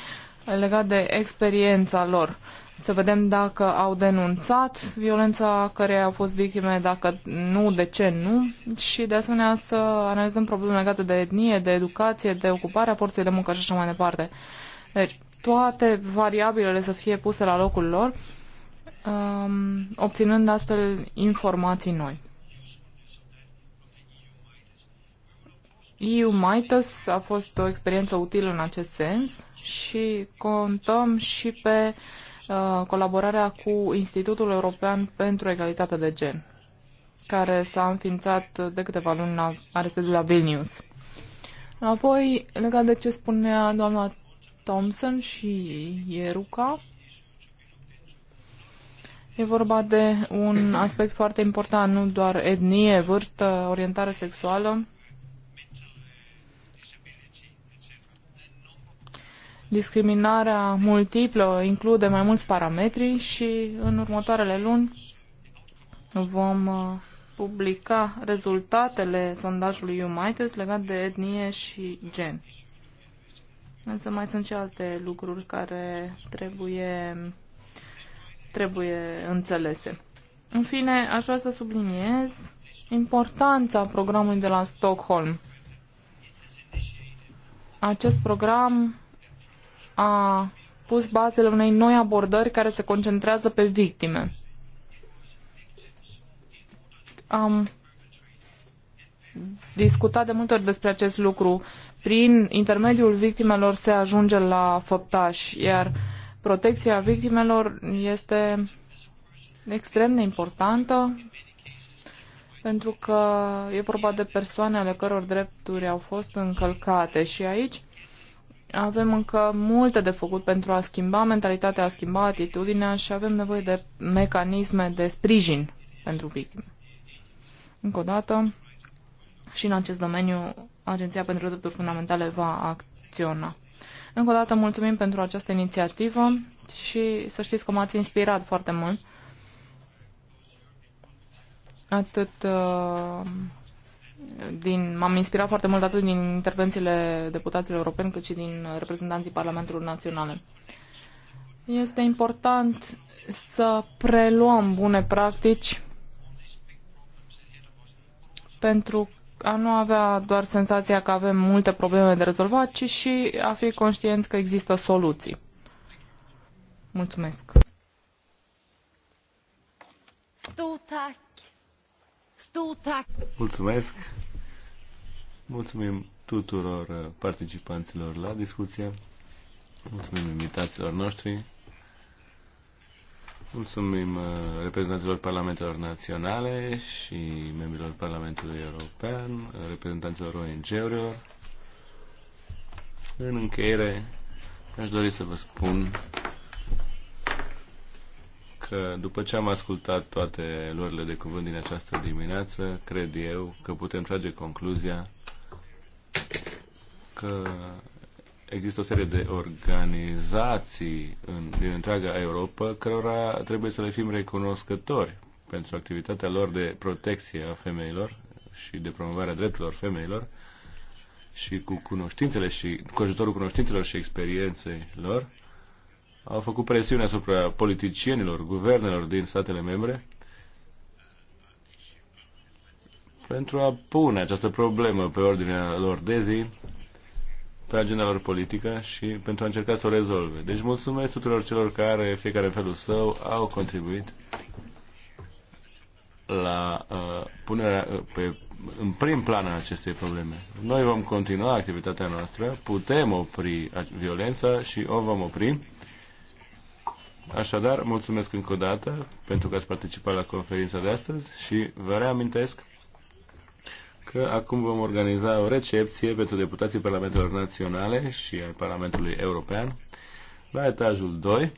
Speaker 6: legat de experiența lor. Să vedem dacă au denunțat violența care au fost victime, dacă nu, de ce nu și de asemenea să analizăm probleme legate de etnie, de educație, de ocuparea forței de muncă și așa mai departe. Deci, toate variabilele să fie puse la locul lor, um, obținând astfel informații noi. EU MITES a fost o experiență utilă în acest sens și contăm și pe uh, colaborarea cu Institutul European pentru Egalitate de Gen, care s-a înființat de câteva luni la, are sediul la Vilnius. Apoi, legat de ce spunea doamna Thompson și Ieruca, E vorba de un aspect foarte important, nu doar etnie, vârstă, orientare sexuală, Discriminarea multiplă include mai mulți parametri și în următoarele luni vom uh, publica rezultatele sondajului UMITES legat de etnie și gen. Însă mai sunt și alte lucruri care trebuie, trebuie înțelese. În fine, aș vrea să subliniez importanța programului de la Stockholm. Acest program a pus bazele unei noi abordări care se concentrează pe victime. Am discutat de multe ori despre acest lucru. Prin intermediul victimelor se ajunge la făptași, iar protecția victimelor este extrem de importantă pentru că e vorba de persoane ale căror drepturi au fost încălcate și aici avem încă multe de făcut pentru a schimba mentalitatea, a schimba atitudinea și avem nevoie de mecanisme de sprijin pentru victime. Încă o dată, și în acest domeniu, Agenția pentru Drepturi Fundamentale va acționa. Încă o dată mulțumim pentru această inițiativă și să știți că m-ați inspirat foarte mult atât uh, din, m-am inspirat foarte mult atât din intervențiile deputaților europeni cât și din reprezentanții Parlamentului Național. Este important să preluăm bune practici pentru a nu avea doar senzația că avem multe probleme de rezolvat, ci și a fi conștienți că există soluții. Mulțumesc!
Speaker 1: Stort
Speaker 4: Mulțumesc! Mulțumim tuturor uh, participanților la discuție. Mulțumim invitațiilor noștri. Mulțumim uh, reprezentanților parlamentelor naționale și membrilor Parlamentului European, uh, reprezentanților ONG-urilor. În încheiere, aș dori să vă spun că după ce am ascultat toate luările de cuvânt din această dimineață, cred eu că putem trage concluzia că există o serie de organizații în, din întreaga Europa cărora trebuie să le fim recunoscători pentru activitatea lor de protecție a femeilor și de promovarea drepturilor femeilor și cu cunoștințele și cu ajutorul cunoștințelor și experienței lor au făcut presiune asupra politicienilor, guvernelor din statele membre pentru a pune această problemă pe ordinea lor de zi, pe agenda lor politică și pentru a încerca să o rezolve. Deci mulțumesc tuturor celor care, fiecare în felul său, au contribuit la uh, punerea uh, pe, în prim plan a acestei probleme. Noi vom continua activitatea noastră, putem opri violența și o vom opri Așadar, mulțumesc încă o dată pentru că ați participat la conferința de astăzi și vă reamintesc că acum vom organiza o recepție pentru deputații Parlamentelor Naționale și al Parlamentului European la etajul 2.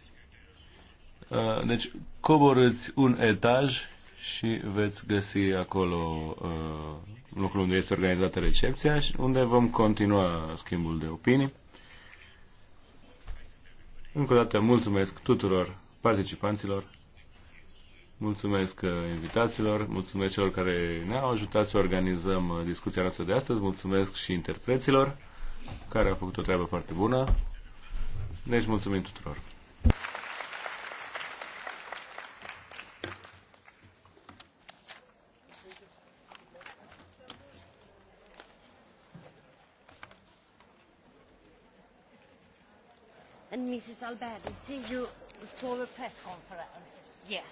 Speaker 4: Uh, deci coborâți un etaj și veți găsi acolo uh, locul unde este organizată recepția și unde vom continua schimbul de opinii. Încă o dată mulțumesc tuturor participanților, mulțumesc uh, invitaților, mulțumesc celor care ne-au ajutat să organizăm uh, discuția noastră de astăzi, mulțumesc și interpreților care au făcut o treabă foarte bună. Deci mulțumim tuturor!
Speaker 1: Albert, is you for a press conference? Yes.